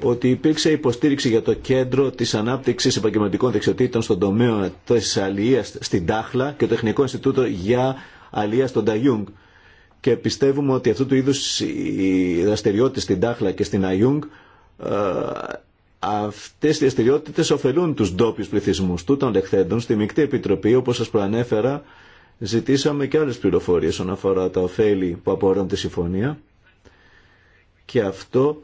ότι υπήρξε υποστήριξη για το κέντρο της ανάπτυξης επαγγελματικών δεξιοτήτων στον τομέα της αλίας στην Τάχλα και το Τεχνικό Ινστιτούτο για Αλληλία στον Ταγιούγκ. Και πιστεύουμε ότι αυτού του είδους οι δραστηριότητες στην Τάχλα και στην Αγιούγκ ε, αυτές οι δραστηριότητε ωφελούν τους ντόπιου πληθυσμούς του των λεχθέντων στη Μικτή Επιτροπή όπως σας προανέφερα Ζητήσαμε και άλλες πληροφορίες όσον αφορά τα ωφέλη που απορρέουν τη συμφωνία και αυτό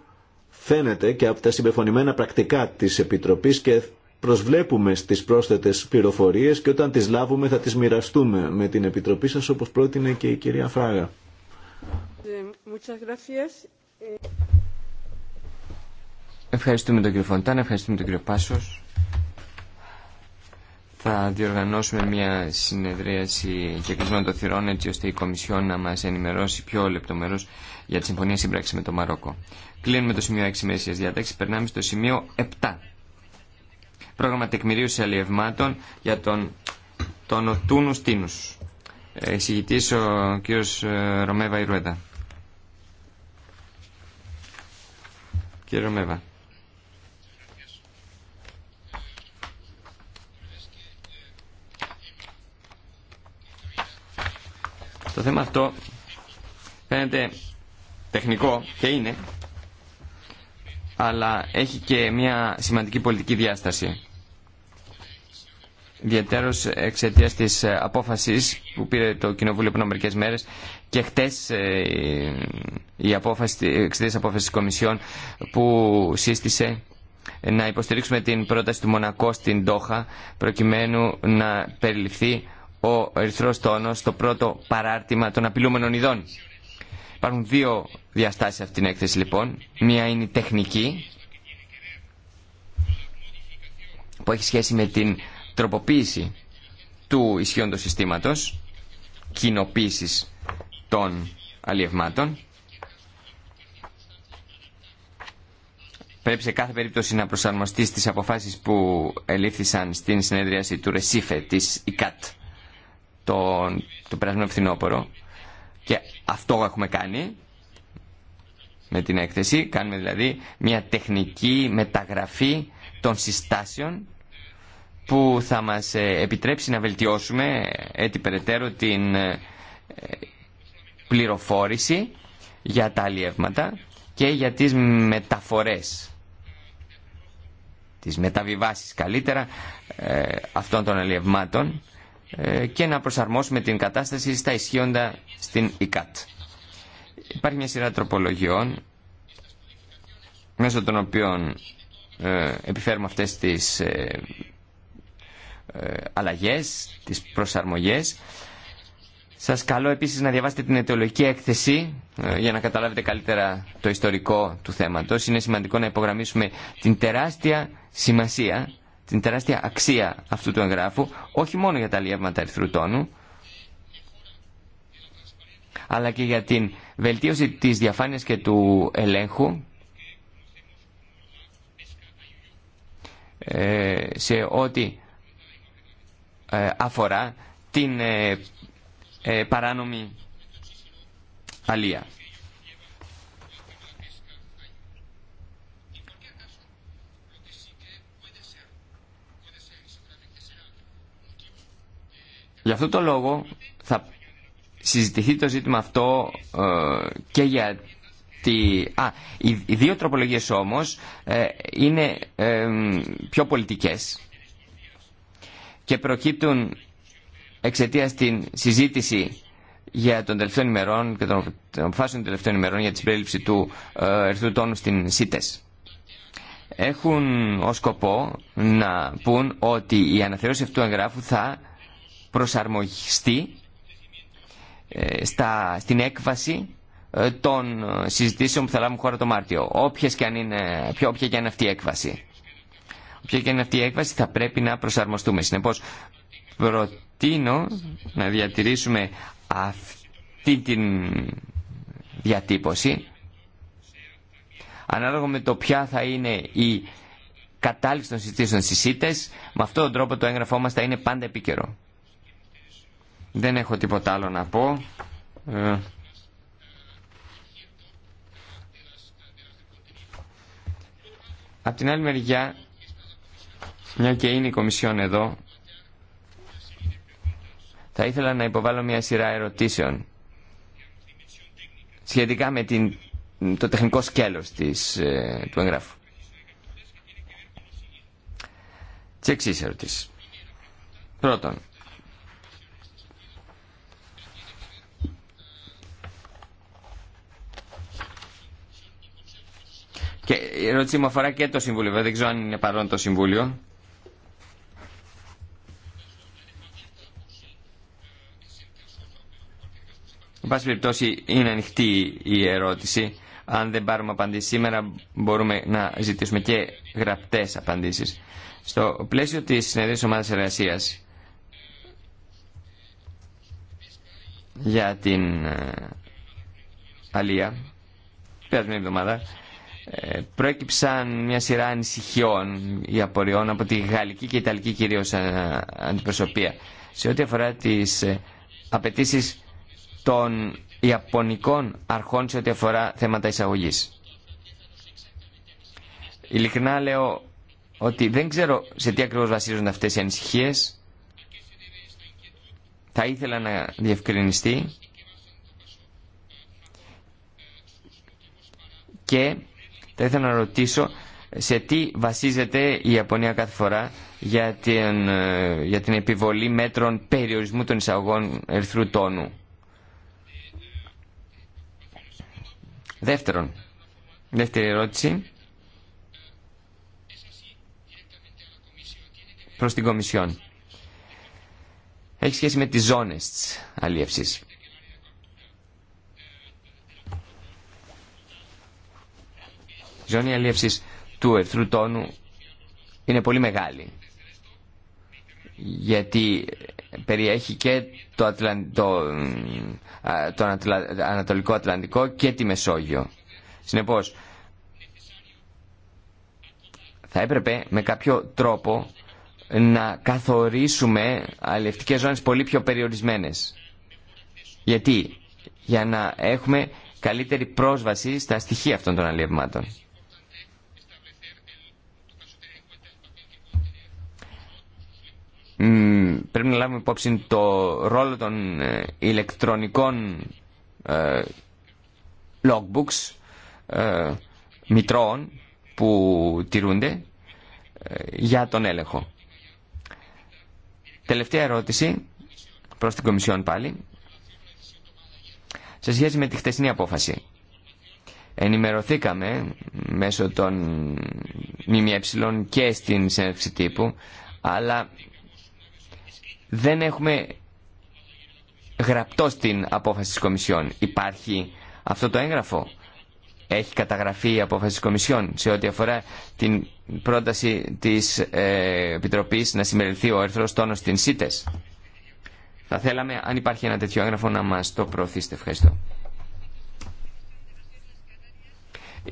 φαίνεται και από τα συμπεφωνημένα πρακτικά της Επιτροπής και προσβλέπουμε στις πρόσθετες πληροφορίες και όταν τις λάβουμε θα τις μοιραστούμε με την Επιτροπή σας όπως πρότεινε και η κυρία
Φράγα. Ευχαριστούμε τον κύριο Φοντάν, ευχαριστούμε τον κύριο Πάσος θα διοργανώσουμε μια συνεδρίαση και κλεισμένο των θυρών έτσι ώστε η Κομισιόν να μας ενημερώσει πιο λεπτομερώς για τη συμφωνία σύμπραξη με το Μαρόκο. Κλείνουμε το σημείο 6 μέσης διάταξης, περνάμε στο σημείο 7. Πρόγραμμα τεκμηρίωσης αλλιευμάτων για τον, τον Τούνους Τίνους. Ε, εισηγητής ο κ. Ε, Ρωμέβα Ιρουέδα. Κύριε Ρωμέβα. Το θέμα αυτό φαίνεται τεχνικό και είναι, αλλά έχει και μια σημαντική πολιτική διάσταση. Ιδιαίτερω εξαιτία τη ε, απόφαση που πήρε το Κοινοβούλιο πριν μερικέ μέρε και χτε ε, η απόφαση, εξαιτία τη Κομισιόν που σύστησε να υποστηρίξουμε την πρόταση του Μονακό στην Τόχα προκειμένου να περιληφθεί ο ερυθρό τόνο στο πρώτο παράρτημα των απειλούμενων ειδών. Υπάρχουν δύο διαστάσεις αυτήν την έκθεση λοιπόν. Μία είναι η τεχνική που έχει σχέση με την τροποποίηση του ισχύοντος συστήματο, κοινοποίηση των αλλιευμάτων. Πρέπει σε κάθε περίπτωση να προσαρμοστεί στις αποφάσεις που ελήφθησαν στην συνέδριαση του Ρεσίφε της ΙΚΑΤ τον, το περασμένο φθινόπωρο και αυτό έχουμε κάνει με την έκθεση. Κάνουμε δηλαδή μια τεχνική μεταγραφή των συστάσεων που θα μας ε, επιτρέψει να βελτιώσουμε έτσι περαιτέρω την ε, πληροφόρηση για τα αλλιεύματα και για τις μεταφορές τις μεταβιβάσεις καλύτερα ε, αυτών των αλλιευμάτων ε, και να προσαρμόσουμε την κατάσταση στα ισχύοντα στην ΙΚΑΤ. Υπάρχει μια σειρά τροπολογιών μέσω των οποίων ε, επιφέρουμε αυτές τις ε, αλλαγές, τις προσαρμογές. Σας καλώ επίσης να διαβάσετε την αιτιολογική έκθεση για να καταλάβετε καλύτερα το ιστορικό του θέματος. Είναι σημαντικό να υπογραμμίσουμε την τεράστια σημασία την τεράστια αξία αυτού του εγγράφου, όχι μόνο για τα αλλιεύματα ερθρού αλλά και για την βελτίωση της διαφάνειας και του ελέγχου ε, σε ό,τι ε, αφορά την ε, παράνομη αλία. Γι' αυτό το λόγο θα συζητηθεί το ζήτημα αυτό ε, και για τη... Α, οι, δύο τροπολογίες όμως ε, είναι ε, πιο πολιτικές και προκύπτουν εξαιτίας την συζήτηση για τον τελευταίο ημερών και των αποφάσεων των τελευταίων ημερών για την συμπέληψη του Ερθού τόνου στην ΣΥΤΕΣ. Έχουν ως σκοπό να πούν ότι η αναθεώρηση αυτού του εγγράφου θα προσαρμογιστεί ε, στην έκβαση ε, των συζητήσεων που θα λάβουν χώρα το Μάρτιο. και αν είναι, όποια και αν είναι αυτή η έκβαση. Όποια και αν είναι αυτή η έκβαση θα πρέπει να προσαρμοστούμε. Συνεπώ, προτείνω να διατηρήσουμε αυτή την διατύπωση ανάλογα με το ποια θα είναι η κατάληξη των συζητήσεων στις ΣΥΤΕΣ με αυτόν τον τρόπο το έγγραφό μας θα είναι πάντα επίκαιρο. Δεν έχω τίποτα άλλο να πω. Ε, απ' την άλλη μεριά, μια και είναι η Κομισιόν εδώ, θα ήθελα να υποβάλω μια σειρά ερωτήσεων σχετικά με την, το τεχνικό σκέλος της, ε, του εγγράφου. Τι εξής ερωτήσεις. Πρώτον, η ερώτησή μου αφορά και το Συμβούλιο. Δεν ξέρω αν είναι παρόν το Συμβούλιο. Εν πάση περιπτώσει είναι ανοιχτή η ερώτηση. Αν δεν πάρουμε απαντήσει σήμερα μπορούμε να ζητήσουμε και γραπτές απαντήσεις. Στο πλαίσιο της συνεδρίας ομάδας εργασίας για την ε, Αλία, περασμένη εβδομάδα, ε, προέκυψαν μια σειρά ανησυχιών ή απορριών από τη γαλλική και ιταλική κυρίω ε, αντιπροσωπεία σε ό,τι αφορά τις ε, απαιτήσει των ιαπωνικών αρχών σε ό,τι αφορά θέματα εισαγωγής. Ειλικρινά λέω ότι δεν ξέρω σε τι ακριβώς βασίζονται αυτές οι ανησυχίες. Θα ήθελα να διευκρινιστεί και θα ήθελα να ρωτήσω σε τι βασίζεται η Ιαπωνία κάθε φορά για την, ε, την επιβολή μέτρων περιορισμού των εισαγωγών ερθρού τόνου. Δεύτερον, δεύτερη ερώτηση προς την Κομισιόν. Έχει σχέση με τις ζώνες της αλίευσης. Η ζώνη αλίευσης του ερθρού τόνου είναι πολύ μεγάλη γιατί περιέχει και το, Ανατολικό Ατλαντικό και τη Μεσόγειο. Συνεπώς, θα έπρεπε με κάποιο τρόπο να καθορίσουμε αλλιευτικές ζώνες πολύ πιο περιορισμένες. Γιατί? Για να έχουμε καλύτερη πρόσβαση στα στοιχεία αυτών των αλλιευμάτων. πρέπει να λάβουμε υπόψη το ρόλο των ε, ηλεκτρονικών ε, logbooks ε, μητρώων που τηρούνται για τον έλεγχο. Τελευταία ερώτηση προς την Κομισιόν πάλι. Σε σχέση με τη χτεσινή απόφαση. Ενημερωθήκαμε μέσω των ΜΜΕ και στην συνέντευξη τύπου, αλλά δεν έχουμε γραπτό στην απόφαση της Κομισιόν. Υπάρχει αυτό το έγγραφο. Έχει καταγραφεί η απόφαση της Κομισιόν σε ό,τι αφορά την πρόταση της ε, Επιτροπής να συμμεριθεί ο έρθρος τόνος στην ΣΥΤΕΣ. Θα θέλαμε, αν υπάρχει ένα τέτοιο έγγραφο, να μας το προωθήσετε. Ευχαριστώ.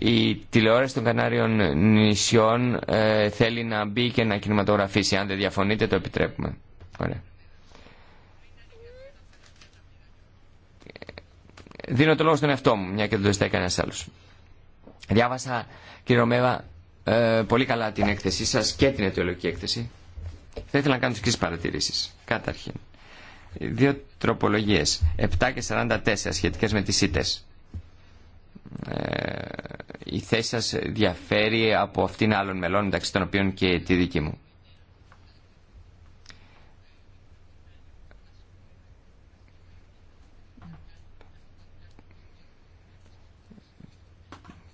Η τηλεόραση των Κανάριων νησιών ε, θέλει να μπει και να κινηματογραφήσει. Αν δεν διαφωνείτε, το επιτρέπουμε. Ωραία. Δίνω το λόγο στον εαυτό μου, μια και δεν το ζητάει κανένα άλλο. Διάβασα, κύριε Ρωμέβα, ε, πολύ καλά την έκθεσή σα και την αιτιολογική έκθεση. Θα ήθελα να κάνω τι εξή παρατηρήσει. Καταρχήν, δύο τροπολογίε, 7 και 44, σχετικέ με τι ΣΥΤΕ. Ε, η θέση σα διαφέρει από αυτήν άλλων μελών μεταξύ των οποίων και τη δική μου.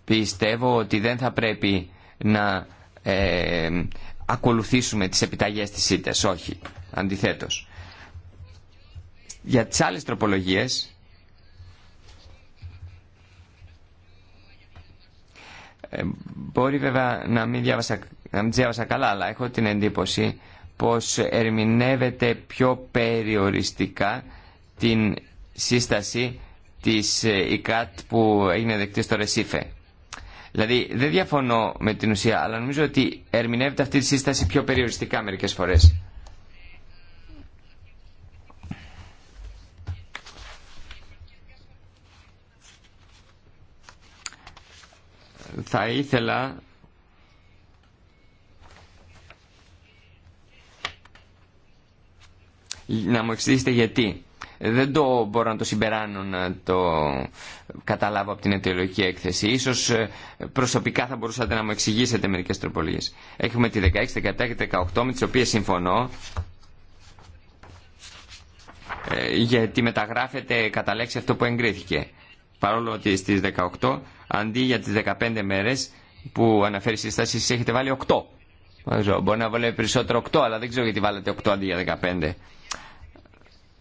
πιστεύω ότι δεν θα πρέπει να ε, ακολουθήσουμε τις επιταγές της ΣΥΤΕΣ, όχι, αντιθέτως. Για τις άλλες τροπολογίες, ε, μπορεί βέβαια να μην, διάβασα, διάβασα καλά, αλλά έχω την εντύπωση πως ερμηνεύεται πιο περιοριστικά την σύσταση της ε, ΙΚΑΤ που έγινε δεκτή στο Ρεσίφε. Δηλαδή δεν διαφωνώ με την ουσία, αλλά νομίζω ότι ερμηνεύεται αυτή τη σύσταση πιο περιοριστικά μερικές φορές. Θα ήθελα να μου εξηγήσετε γιατί δεν το μπορώ να το συμπεράνω να το καταλάβω από την αιτιολογική έκθεση. Ίσως ε, προσωπικά θα μπορούσατε να μου εξηγήσετε μερικές τροπολογίες. Έχουμε τη 16, 17 και 18 με τις οποίες συμφωνώ ε, γιατί μεταγράφεται κατά λέξη αυτό που εγκρίθηκε. Παρόλο ότι στις 18 αντί για τις 15 μέρες που αναφέρει στις σύσταση, έχετε βάλει 8. Μπορεί να βάλει περισσότερο 8 αλλά δεν ξέρω γιατί βάλετε 8 αντί για 15.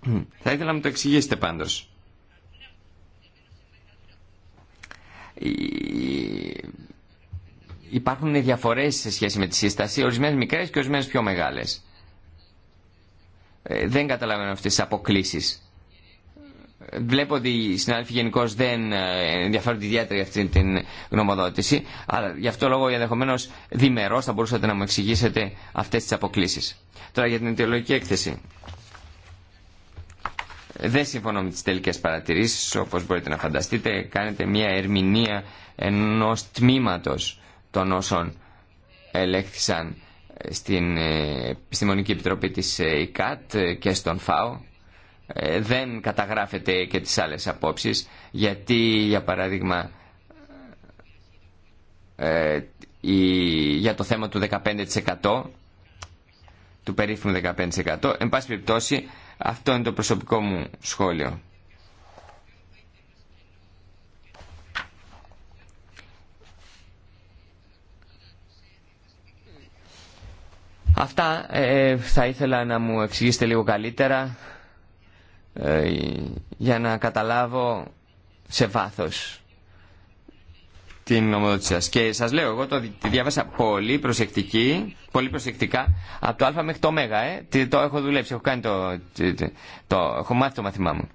Θα ήθελα να μου το εξηγήσετε πάντως. Υπάρχουν διαφορές σε σχέση με τη σύσταση, ορισμένες μικρές και ορισμένες πιο μεγάλες. Ε, δεν καταλαβαίνω αυτές τις αποκλήσεις. Βλέπω ότι οι συνάδελφοι γενικώ δεν ε, ενδιαφέρονται ιδιαίτερα για αυτή την γνωμοδότηση, αλλά γι' αυτό λόγο ενδεχομένω διμερό θα μπορούσατε να μου εξηγήσετε αυτέ τι αποκλήσει. Τώρα για την αιτιολογική έκθεση. Δεν συμφωνώ με τις τελικές παρατηρήσεις, όπως μπορείτε να φανταστείτε. Κάνετε μια ερμηνεία ενός τμήματος των όσων ελέγχθησαν στην Επιστημονική Επιτροπή της ΕΚΑΤ ε, και στον ΦΑΟ. Ε, δεν καταγράφεται και τις άλλες απόψεις, γιατί, για παράδειγμα, ε, για το θέμα του 15%, του περίφημου 15%, εν πάση περιπτώσει, αυτό είναι το προσωπικό μου σχόλιο. Αυτά ε, ε, θα ήθελα να μου εξηγήσετε λίγο καλύτερα ε, για να καταλάβω σε βάθος την σα. Και σα λέω, εγώ το, τη διάβασα πολύ, προσεκτική, πολύ προσεκτικά, από το α μέχρι το ω, ε. το έχω δουλέψει, έχω, κάνει το, έχω μάθει το μαθημά μου.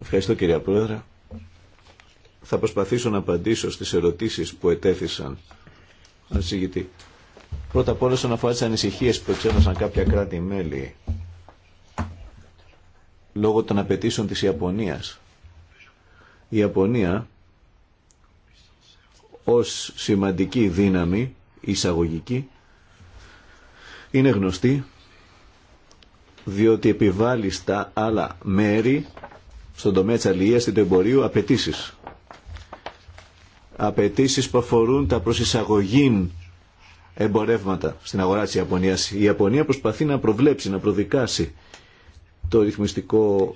Ευχαριστώ κυρία Πρόεδρε. Θα προσπαθήσω να απαντήσω στις ερωτήσεις που ετέθησαν Πρώτα απ' όλα όσον αφορά τι ανησυχίε που εξέφρασαν κάποια κράτη-μέλη λόγω των απαιτήσεων τη Ιαπωνίας. Η Ιαπωνία ως σημαντική δύναμη εισαγωγική είναι γνωστή διότι επιβάλλει στα άλλα μέρη στον τομέα της αλληλείας, του εμπορίου, απαιτήσει απαιτήσει που αφορούν τα προσεισαγωγήν εμπορεύματα στην αγορά της Ιαπωνίας. Η Ιαπωνία προσπαθεί να προβλέψει, να προδικάσει το ρυθμιστικό,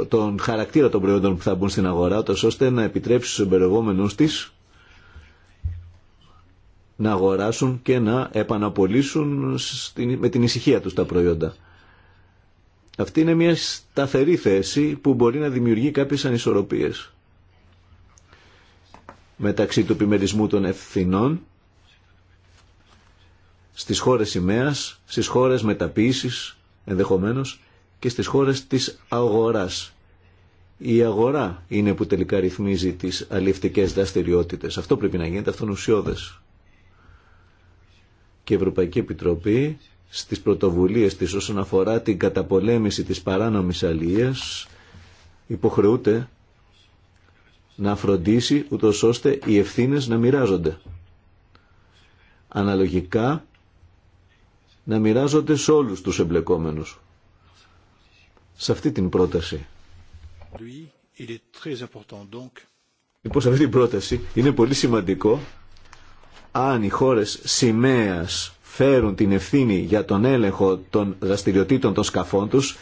ε, τον χαρακτήρα των προϊόντων που θα μπουν στην αγορά, ώστε να επιτρέψει στους εμπερευόμενους της να αγοράσουν και να επαναπολύσουν με την ησυχία τους τα προϊόντα. Αυτή είναι μια σταθερή θέση που μπορεί να δημιουργεί κάποιες ανισορροπίες μεταξύ του επιμερισμού των ευθυνών στις χώρες σημαίας, στις χώρες μεταποίησης ενδεχομένως και στις χώρες της αγοράς. Η αγορά είναι που τελικά ρυθμίζει τις αληφτικές δραστηριότητε. Αυτό πρέπει να γίνεται, αυτό ουσιώδες. Και η Ευρωπαϊκή Επιτροπή στις πρωτοβουλίες της όσον αφορά την καταπολέμηση της παράνομης αλληλείας υποχρεούται να φροντίσει ούτως ώστε οι ευθύνες να μοιράζονται. Αναλογικά να μοιράζονται σε όλους τους εμπλεκόμενους. Σε αυτή την πρόταση. Λοιπόν, σε αυτή την πρόταση είναι πολύ σημαντικό αν οι χώρες σημαίας φέρουν την ευθύνη για τον έλεγχο των δραστηριοτήτων των σκαφών τους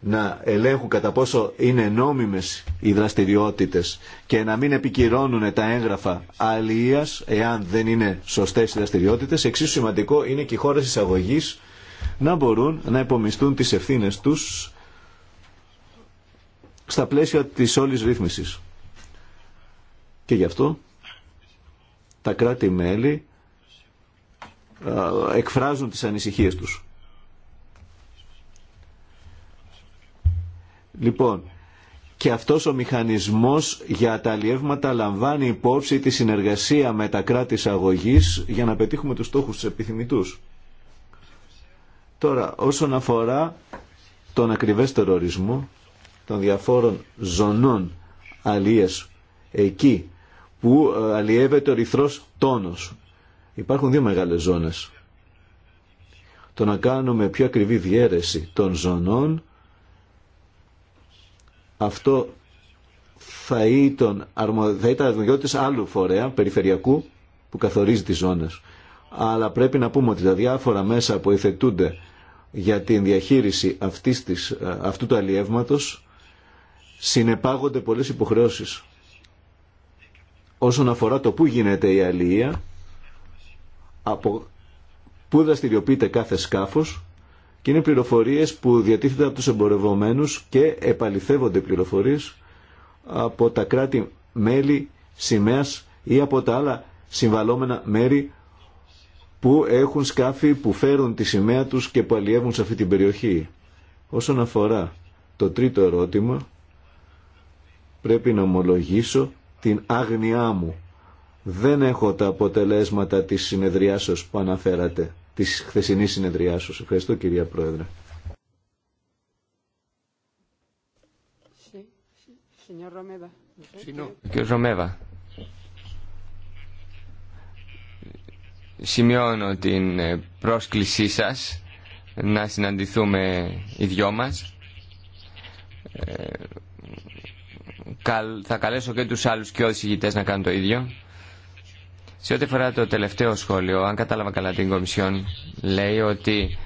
να ελέγχουν κατά πόσο είναι νόμιμες οι δραστηριότητες και να μην επικυρώνουν τα έγγραφα αλληλείας εάν δεν είναι σωστές οι δραστηριότητες. Εξίσου σημαντικό είναι και οι χώρες εισαγωγής να μπορούν να υπομισθούν τις ευθύνες τους στα πλαίσια της όλης ρύθμισης. Και γι' αυτό τα κράτη-μέλη εκφράζουν τις ανησυχίες τους. Λοιπόν, και αυτός ο μηχανισμός για τα αλλιεύματα λαμβάνει υπόψη τη συνεργασία με τα κράτη αγωγής για να πετύχουμε τους στόχους τους επιθυμητούς. Τώρα, όσον αφορά τον ακριβέστερο ορισμό των διαφόρων ζωνών αλλίες εκεί που ε, αλλιεύεται ο ρηθρός τόνος. Υπάρχουν δύο μεγάλες ζώνες. Το να κάνουμε πιο ακριβή διαίρεση των ζωνών αυτό θα ήταν, θα αρμοδιότητα άλλου φορέα, περιφερειακού, που καθορίζει τις ζώνες. Αλλά πρέπει να πούμε ότι τα διάφορα μέσα που εθετούνται για την διαχείριση αυτής ε, αυτού του αλλιεύματος συνεπάγονται πολλές υποχρεώσεις. Όσον αφορά το πού γίνεται η αλληλεία, από πού δραστηριοποιείται κάθε σκάφος, και είναι πληροφορίες που διατίθεται από του εμπορευομένους και επαληθεύονται πληροφορίες από τα κράτη-μέλη σημαία ή από τα άλλα συμβαλόμενα μέρη που έχουν σκάφη που φέρουν τη σημαία τους και που αλλιεύουν σε αυτή την περιοχή. Όσον αφορά το τρίτο ερώτημα, πρέπει να ομολογήσω την άγνοιά μου. Δεν έχω τα αποτελέσματα της συνεδριάσεως που αναφέρατε της χθεσινής συνεδριάς σας. Ευχαριστώ κυρία Πρόεδρε.
Κύριε Ρωμέβα, σημειώνω την ε, πρόσκλησή σας να συναντηθούμε οι δυο μας. Ε, θα καλέσω και τους άλλους και όλους να κάνουν το ίδιο. Σε ό,τι αφορά το τελευταίο σχόλιο, αν κατάλαβα καλά την Κομισιόν, λέει ότι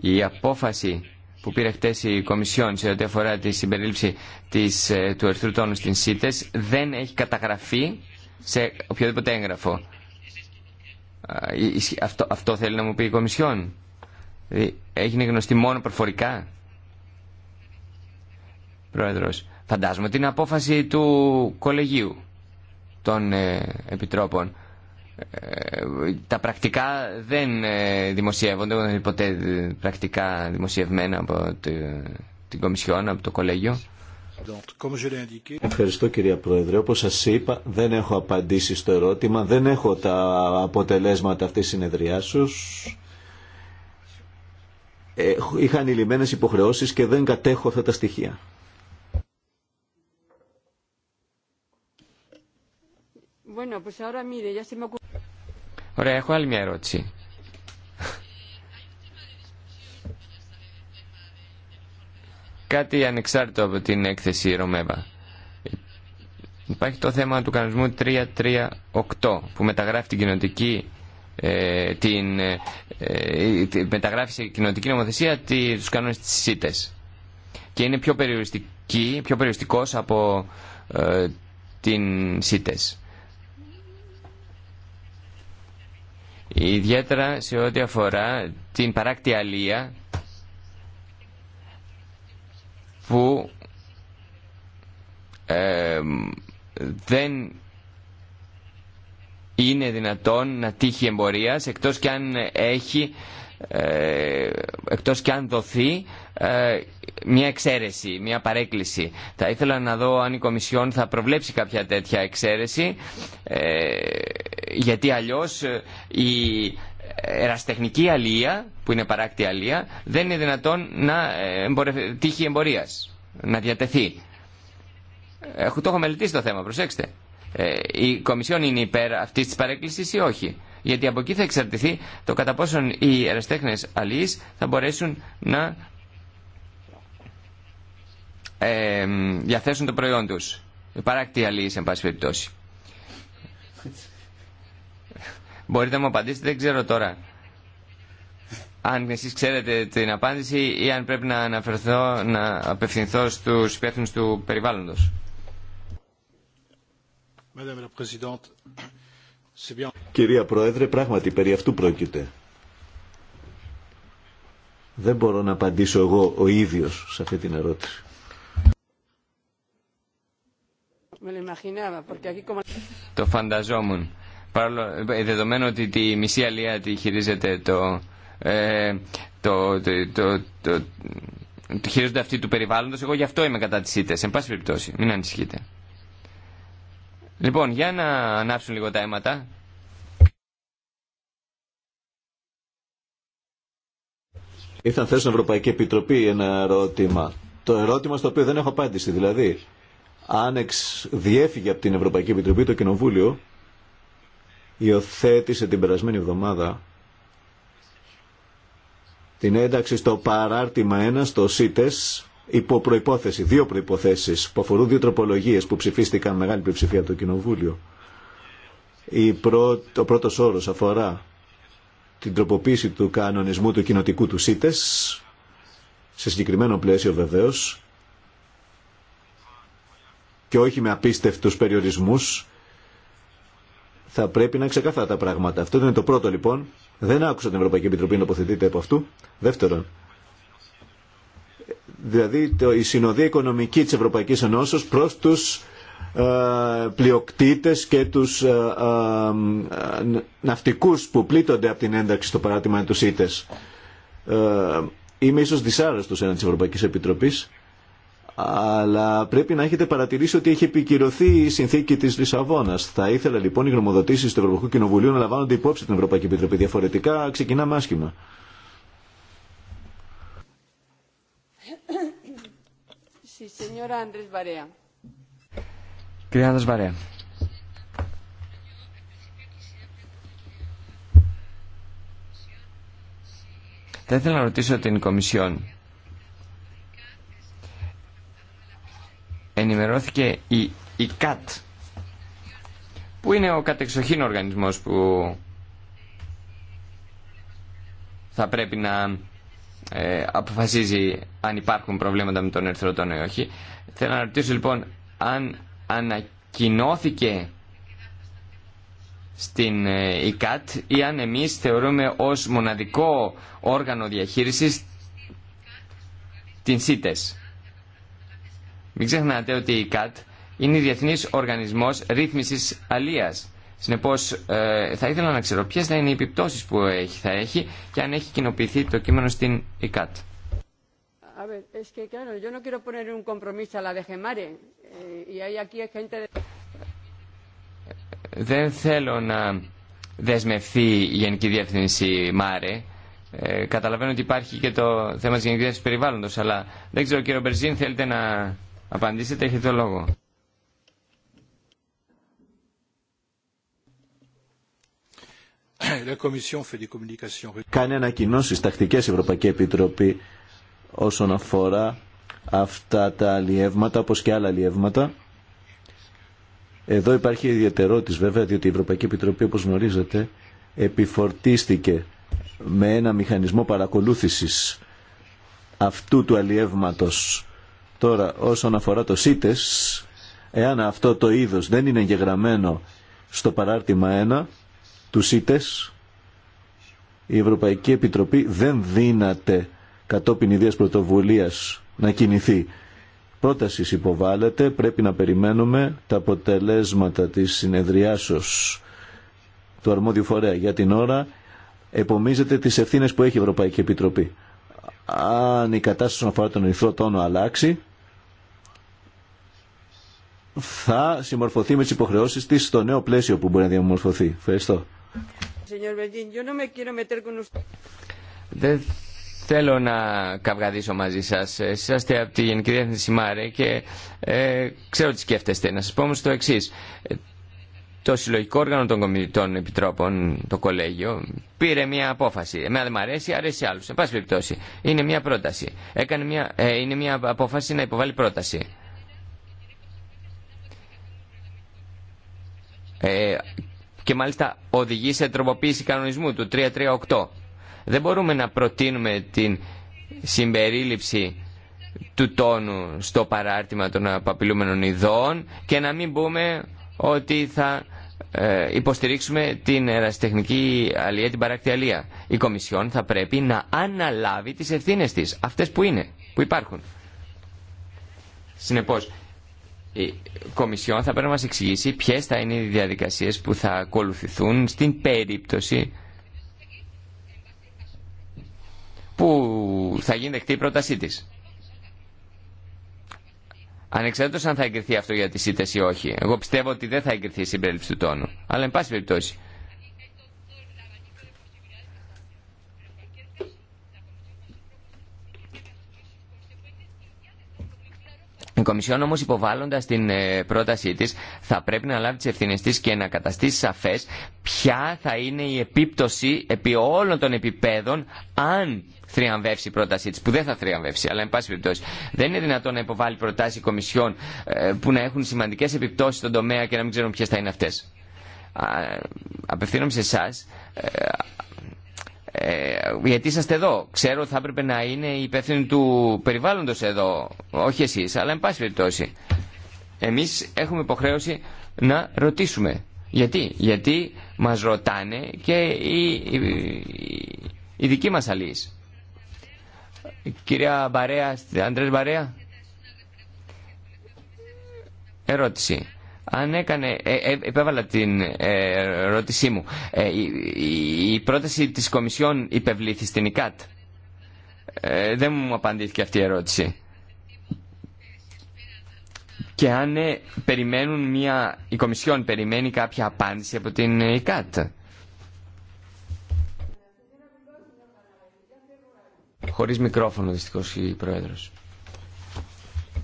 η απόφαση που πήρε χτε η Κομισιόν σε ό,τι αφορά τη συμπερίληψη της, ε, του ερθρού τόνου στην ΣΥΤΕΣ δεν έχει καταγραφεί σε οποιοδήποτε έγγραφο. Αυτό, θέλει να μου πει η Κομισιόν. Δηλαδή, έχει γνωστή μόνο προφορικά. Πρόεδρος. Φαντάζομαι την απόφαση του κολεγίου των ε, επιτρόπων. Ε, τα πρακτικά δεν ε, δημοσιεύονται, δεν ποτέ πρακτικά δημοσιευμένα από την Κομισιόν, από το κολέγιο.
Ευχαριστώ κυρία Πρόεδρε. Όπως σας είπα δεν έχω απαντήσει στο ερώτημα, δεν έχω τα αποτελέσματα αυτής της συνεδριάσεως. Είχαν ανηλυμένες υποχρεώσεις και δεν κατέχω αυτά τα στοιχεία.
Ωραία, έχω άλλη μια ερώτηση. Κάτι ανεξάρτητο από την έκθεση Ρωμέβα. Υπάρχει το θέμα του κανονισμού 338 που μεταγράφει την κοινοτική ε, την, ε, ε, μεταγράφει σε κοινοτική νομοθεσία τη, τους κανόνες της ΣΥΤΕΣ και είναι πιο περιοριστική, πιο περιοριστικός από ε, την ΣΥΤΕΣ. Ιδιαίτερα σε ό,τι αφορά την παράκτη αλία που δεν είναι δυνατόν να τύχει εμπορίας εκτός και αν έχει ε, εκτός και αν δοθεί ε, μια εξαίρεση, μια παρέκκληση. Θα ήθελα να δω αν η Κομισιόν θα προβλέψει κάποια τέτοια εξαίρεση ε, γιατί αλλιώς η εραστεχνική αλία που είναι παράκτη αλία δεν είναι δυνατόν να τύχει εμπορίας, να διατεθεί. Έχω, το έχω μελετήσει το θέμα, προσέξτε. η Κομισιόν είναι υπέρ αυτής της παρέκκλησης ή όχι. Γιατί από εκεί θα εξαρτηθεί το κατά πόσον οι εραστέχνες αλληλείς θα μπορέσουν να ε, διαθέσουν το προϊόν τους. Οι παράκτη αλληλείς, εν πάση περιπτώσει. Μπορείτε να μου απαντήσετε, δεν ξέρω τώρα αν εσείς ξέρετε την απάντηση ή αν πρέπει να αναφερθώ, να απευθυνθώ στους υπεύθυνους του περιβάλλοντος.
Κυρία Πρόεδρε, πράγματι περί αυτού πρόκειται. Δεν μπορώ να απαντήσω εγώ ο ίδιος σε αυτή την ερώτηση.
Το φανταζόμουν. Παρόλο, ε, δεδομένου ότι τη μισή αλία τη χειρίζεται το, ε, το, το, το, το, το χειρίζονται αυτοί του περιβάλλοντος, εγώ γι' αυτό είμαι κατά της ήττες. Εν πάση περιπτώσει, μην ανησυχείτε. Λοιπόν, για να ανάψουν λίγο τα αίματα.
Ήρθα να στην Ευρωπαϊκή Επιτροπή ένα ερώτημα. Το ερώτημα στο οποίο δεν έχω απάντηση. Δηλαδή, αν διέφυγε από την Ευρωπαϊκή Επιτροπή το Κοινοβούλιο, υιοθέτησε την περασμένη εβδομάδα την ένταξη στο παράρτημα 1 στο ΣΥΤΕΣ υπό προϋπόθεση, δύο προϋποθέσεις που αφορούν δύο τροπολογίες που ψηφίστηκαν μεγάλη πλειοψηφία από το Κοινοβούλιο. Η πρω... Ο πρώτος όρος αφορά την τροποποίηση του κανονισμού του κοινοτικού του ΣΥΤΕΣ, σε συγκεκριμένο πλαίσιο βεβαίως, και όχι με απίστευτους περιορισμούς, θα πρέπει να είναι ξεκάθαρα τα πράγματα. Αυτό είναι το πρώτο λοιπόν. Δεν άκουσα την Ευρωπαϊκή Επιτροπή να τοποθετείται από αυτού. Δεύτερον, δηλαδή το, η συνοδεία οικονομική της Ευρωπαϊκής Ενώσεως προς τους ε, πλειοκτήτες και τους ε, ε ναυτικούς που πλήττονται από την ένταξη στο παράδειγμα του ΣΥΤΕΣ. Ε, είμαι ίσως δυσάρεστος έναν της Ευρωπαϊκής Επιτροπής, αλλά πρέπει να έχετε παρατηρήσει ότι έχει επικυρωθεί η συνθήκη της Λισαβόνας. Θα ήθελα λοιπόν οι γνωμοδοτήσεις του Ευρωπαϊκού Κοινοβουλίου να λαμβάνονται υπόψη την Ευρωπαϊκή Επιτροπή. Διαφορετικά ξεκινάμε άσχημα.
Η señora Andrés Barea.
Κυρία Άνδρες Βαρέα. Θα ήθελα να ρωτήσω την Κομισιόν. Ενημερώθηκε η, η ΚΑΤ, που είναι ο κατεξοχήν οργανισμός που θα πρέπει να ε, αποφασίζει αν υπάρχουν προβλήματα με τον ερθροτόνο ή όχι. Θέλω να ρωτήσω λοιπόν αν ανακοινώθηκε στην ε, ΙΚΑΤ ή αν εμείς θεωρούμε ως μοναδικό όργανο διαχείρισης την ΣΥΤΕΣ. Μην ξεχνάτε ότι η ΙΚΑΤ είναι η Διεθνής Οργανισμός Ρύθμισης Αλίας Συνεπώς ε, θα ήθελα να ξέρω ποιε θα είναι οι επιπτώσει που έχει, θα έχει και αν έχει κοινοποιηθεί το κείμενο στην ΕΚΑΤ. Eh, δεν θέλω να δεσμευθεί η Γενική Διεύθυνση ΜΑΡΕ. Ε, καταλαβαίνω ότι υπάρχει και το θέμα της Γενικής Διεύθυνσης Περιβάλλοντος, αλλά δεν ξέρω, κύριο Μπερζίν, θέλετε να απαντήσετε, έχετε το λόγο.
κάνει ανακοινώσεις τακτικές η Ευρωπαϊκή Επιτροπή όσον αφορά αυτά τα αλλιεύματα όπως και άλλα αλλιεύματα. Εδώ υπάρχει ιδιαιτερότης βέβαια διότι η Ευρωπαϊκή Επιτροπή όπως γνωρίζετε επιφορτίστηκε με ένα μηχανισμό παρακολούθησης αυτού του αλλιεύματος. Τώρα όσον αφορά το ΣΥΤΕΣ, εάν αυτό το είδος δεν είναι εγγεγραμμένο στο παράρτημα 1, τους ΣΥΤΕΣ, η Ευρωπαϊκή Επιτροπή δεν δύναται κατόπιν ιδίας πρωτοβουλίας να κινηθεί. Πρόταση υποβάλλεται, πρέπει να περιμένουμε τα αποτελέσματα της συνεδριάσεως του αρμόδιου φορέα. Για την ώρα επομίζεται τις ευθύνες που έχει η Ευρωπαϊκή Επιτροπή. Αν η κατάσταση όσον αφορά τον ερυθρό τόνο αλλάξει, θα συμμορφωθεί με τις υποχρεώσεις της στο νέο πλαίσιο που μπορεί να διαμορφωθεί.
Ευχαριστώ. Δεν θέλω να καυγαδίσω μαζί σα. Σας από τη Γενική Διεύθυνση ΜΑΡΕ και ε, ξέρω τι σκέφτεστε. Να σα πω όμω το εξή. Το συλλογικό όργανο των, των επιτρόπων, το κολέγιο, πήρε μια απόφαση. Εμένα δεν μου αρέσει, αρέσει άλλου. Εν πάση περιπτώσει, είναι μια πρόταση. Έκανε μια, ε, είναι μια απόφαση να υποβάλει πρόταση. Ε, και μάλιστα οδηγεί σε τροποποίηση κανονισμού του 338. Δεν μπορούμε να προτείνουμε την συμπερίληψη του τόνου στο παράρτημα των απαπειλούμενων ειδών και να μην πούμε ότι θα ε, υποστηρίξουμε την ερασιτεχνική αλία, την παράκτη αλία. Η Κομισιόν θα πρέπει να αναλάβει τις ευθύνες της, αυτές που είναι, που υπάρχουν. Συνεπώς, η Κομισιόν θα πρέπει να μας εξηγήσει ποιες θα είναι οι διαδικασίες που θα ακολουθηθούν στην περίπτωση που θα γίνει δεκτή η πρότασή της. Ανεξάρτητος αν θα εγκριθεί αυτό για τις ΣΥΤΕΣ e ή όχι. Εγώ πιστεύω ότι δεν θα εγκριθεί η συμπερίληψη του τόνου. Αλλά, εν πάση περιπτώσει, Η Κομισιόν όμως υποβάλλοντας την ε, πρότασή της θα πρέπει να λάβει τι ευθύνε τη και να καταστήσει σαφές ποια θα είναι η επίπτωση επί όλων των επιπέδων αν θριαμβεύσει η πρότασή τη, που δεν θα θριαμβεύσει, αλλά εν πάση περιπτώσει. Δεν είναι δυνατόν να υποβάλει προτάσει η Κομισιόν ε, που να έχουν σημαντικές επιπτώσει στον τομέα και να μην ξέρουν ποιε θα είναι αυτέ. Απευθύνομαι σε εσά ε, ε, γιατί είσαστε εδώ. Ξέρω ότι θα έπρεπε να είναι η υπεύθυνη του περιβάλλοντο εδώ, όχι εσεί. αλλά εν πάση περιπτώσει. Εμεί έχουμε υποχρέωση να ρωτήσουμε. Γιατί, γιατί μας ρωτάνε και οι, οι, δικοί μας αλλοί. Κυρία Μπαρέα, Αντρέ Μπαρέα, ερώτηση αν έκανε, ε, ε, επέβαλα την ε, ερώτησή μου. η, πρόταση της Κομισιόν υπευλήθη στην ΙΚΑΤ. δεν μου απαντήθηκε αυτή η ερώτηση. Και αν περιμένουν μια, η Κομισιόν περιμένει κάποια απάντηση από την ΙΚΑΤ. Χωρίς μικρόφωνο δυστυχώς η Πρόεδρος.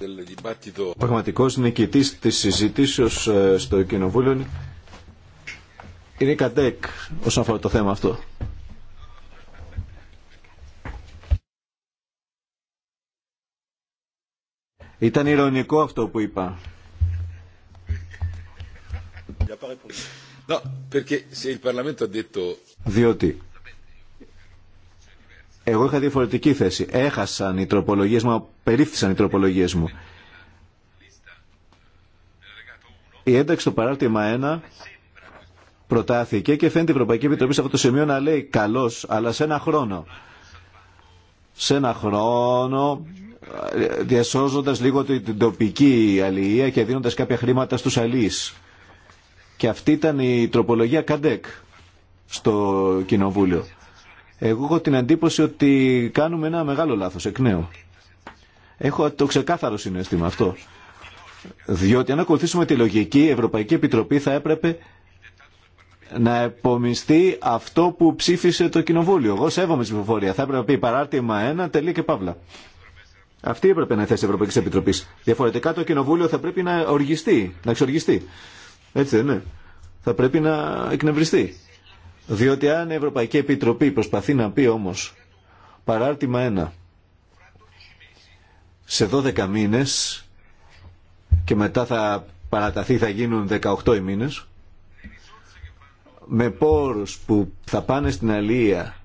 Πραγματικό πραγματικός
νικητής της συζήτησης ε, στο Κοινοβούλιο είναι η ΚΑΤΕΚ όσον αφορά το θέμα αυτό. Ήταν ηρωνικό αυτό που είπα. Διότι εγώ είχα διαφορετική θέση. Έχασαν οι τροπολογίε μου, περίφθησαν οι τροπολογίε μου. Η ένταξη στο παράρτημα 1 προτάθηκε και φαίνεται η Ευρωπαϊκή Επιτροπή σε αυτό το σημείο να λέει καλώ, αλλά σε ένα χρόνο. Σε ένα χρόνο διασώζοντας λίγο την τοπική αλληλεία και δίνοντας κάποια χρήματα στους αλληλείς. Και αυτή ήταν η τροπολογία Καντέκ στο Κοινοβούλιο. Εγώ έχω την αντίποση ότι κάνουμε ένα μεγάλο λάθος εκ νέου. Έχω το ξεκάθαρο συνέστημα αυτό. Διότι αν ακολουθήσουμε τη λογική, η Ευρωπαϊκή Επιτροπή θα έπρεπε να επομιστεί αυτό που ψήφισε το Κοινοβούλιο. Εγώ σέβομαι την ψηφοφορία. Θα έπρεπε να πει παράρτημα 1, τελεί και παύλα. Αυτή έπρεπε να είναι η θέση Ευρωπαϊκή Επιτροπή. Διαφορετικά το Κοινοβούλιο θα πρέπει να οργιστεί, να εξοργιστεί. Έτσι δεν είναι. Θα πρέπει να εκνευριστεί. Διότι αν η Ευρωπαϊκή Επιτροπή προσπαθεί να πει όμως παράρτημα ένα σε 12 μήνες και μετά θα παραταθεί θα γίνουν 18 οι μήνες με πόρους που θα πάνε στην αλία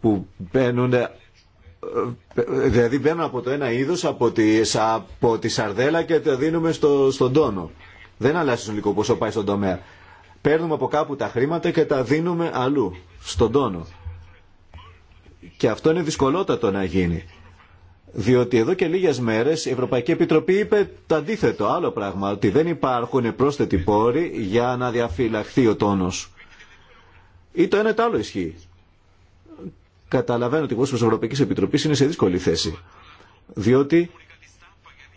που μπαίνουν δηλαδή μπαίνουν από το ένα είδος από τη, από τη σαρδέλα και τα δίνουμε στο, στον τόνο δεν αλλάζει ο πόσο πάει στον τομέα Παίρνουμε από κάπου τα χρήματα και τα δίνουμε αλλού, στον τόνο. Και αυτό είναι δυσκολότατο να γίνει. Διότι εδώ και λίγες μέρες η Ευρωπαϊκή Επιτροπή είπε το αντίθετο, άλλο πράγμα, ότι δεν υπάρχουν πρόσθετοι πόροι για να διαφυλαχθεί ο τόνος. Ή το ένα το άλλο ισχύει. Καταλαβαίνω ότι η κόσμος Ευρωπαϊκή Ευρωπαϊκής είναι σε δύσκολη θέση. Διότι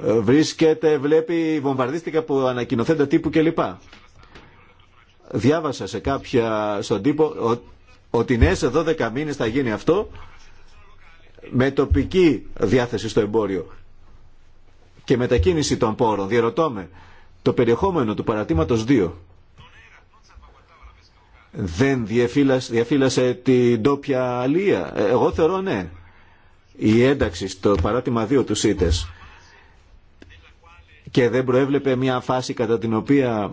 ε, βρίσκεται, βλέπει, βομβαρδίστηκε από ανακοινωθέντα τύπου κλπ διάβασα σε κάποια, στον τύπο ότι ναι, σε 12 μήνες θα γίνει αυτό με τοπική διάθεση στο εμπόριο και μετακίνηση των πόρων. Διερωτώ το περιεχόμενο του παρατήματος 2 δεν διαφύλασε, διαφύλασε την τόπια αλία. Ε, εγώ θεωρώ ναι. Η ένταξη στο παράτημα 2 του ΣΥΤΕΣ και δεν προέβλεπε μια φάση κατά την οποία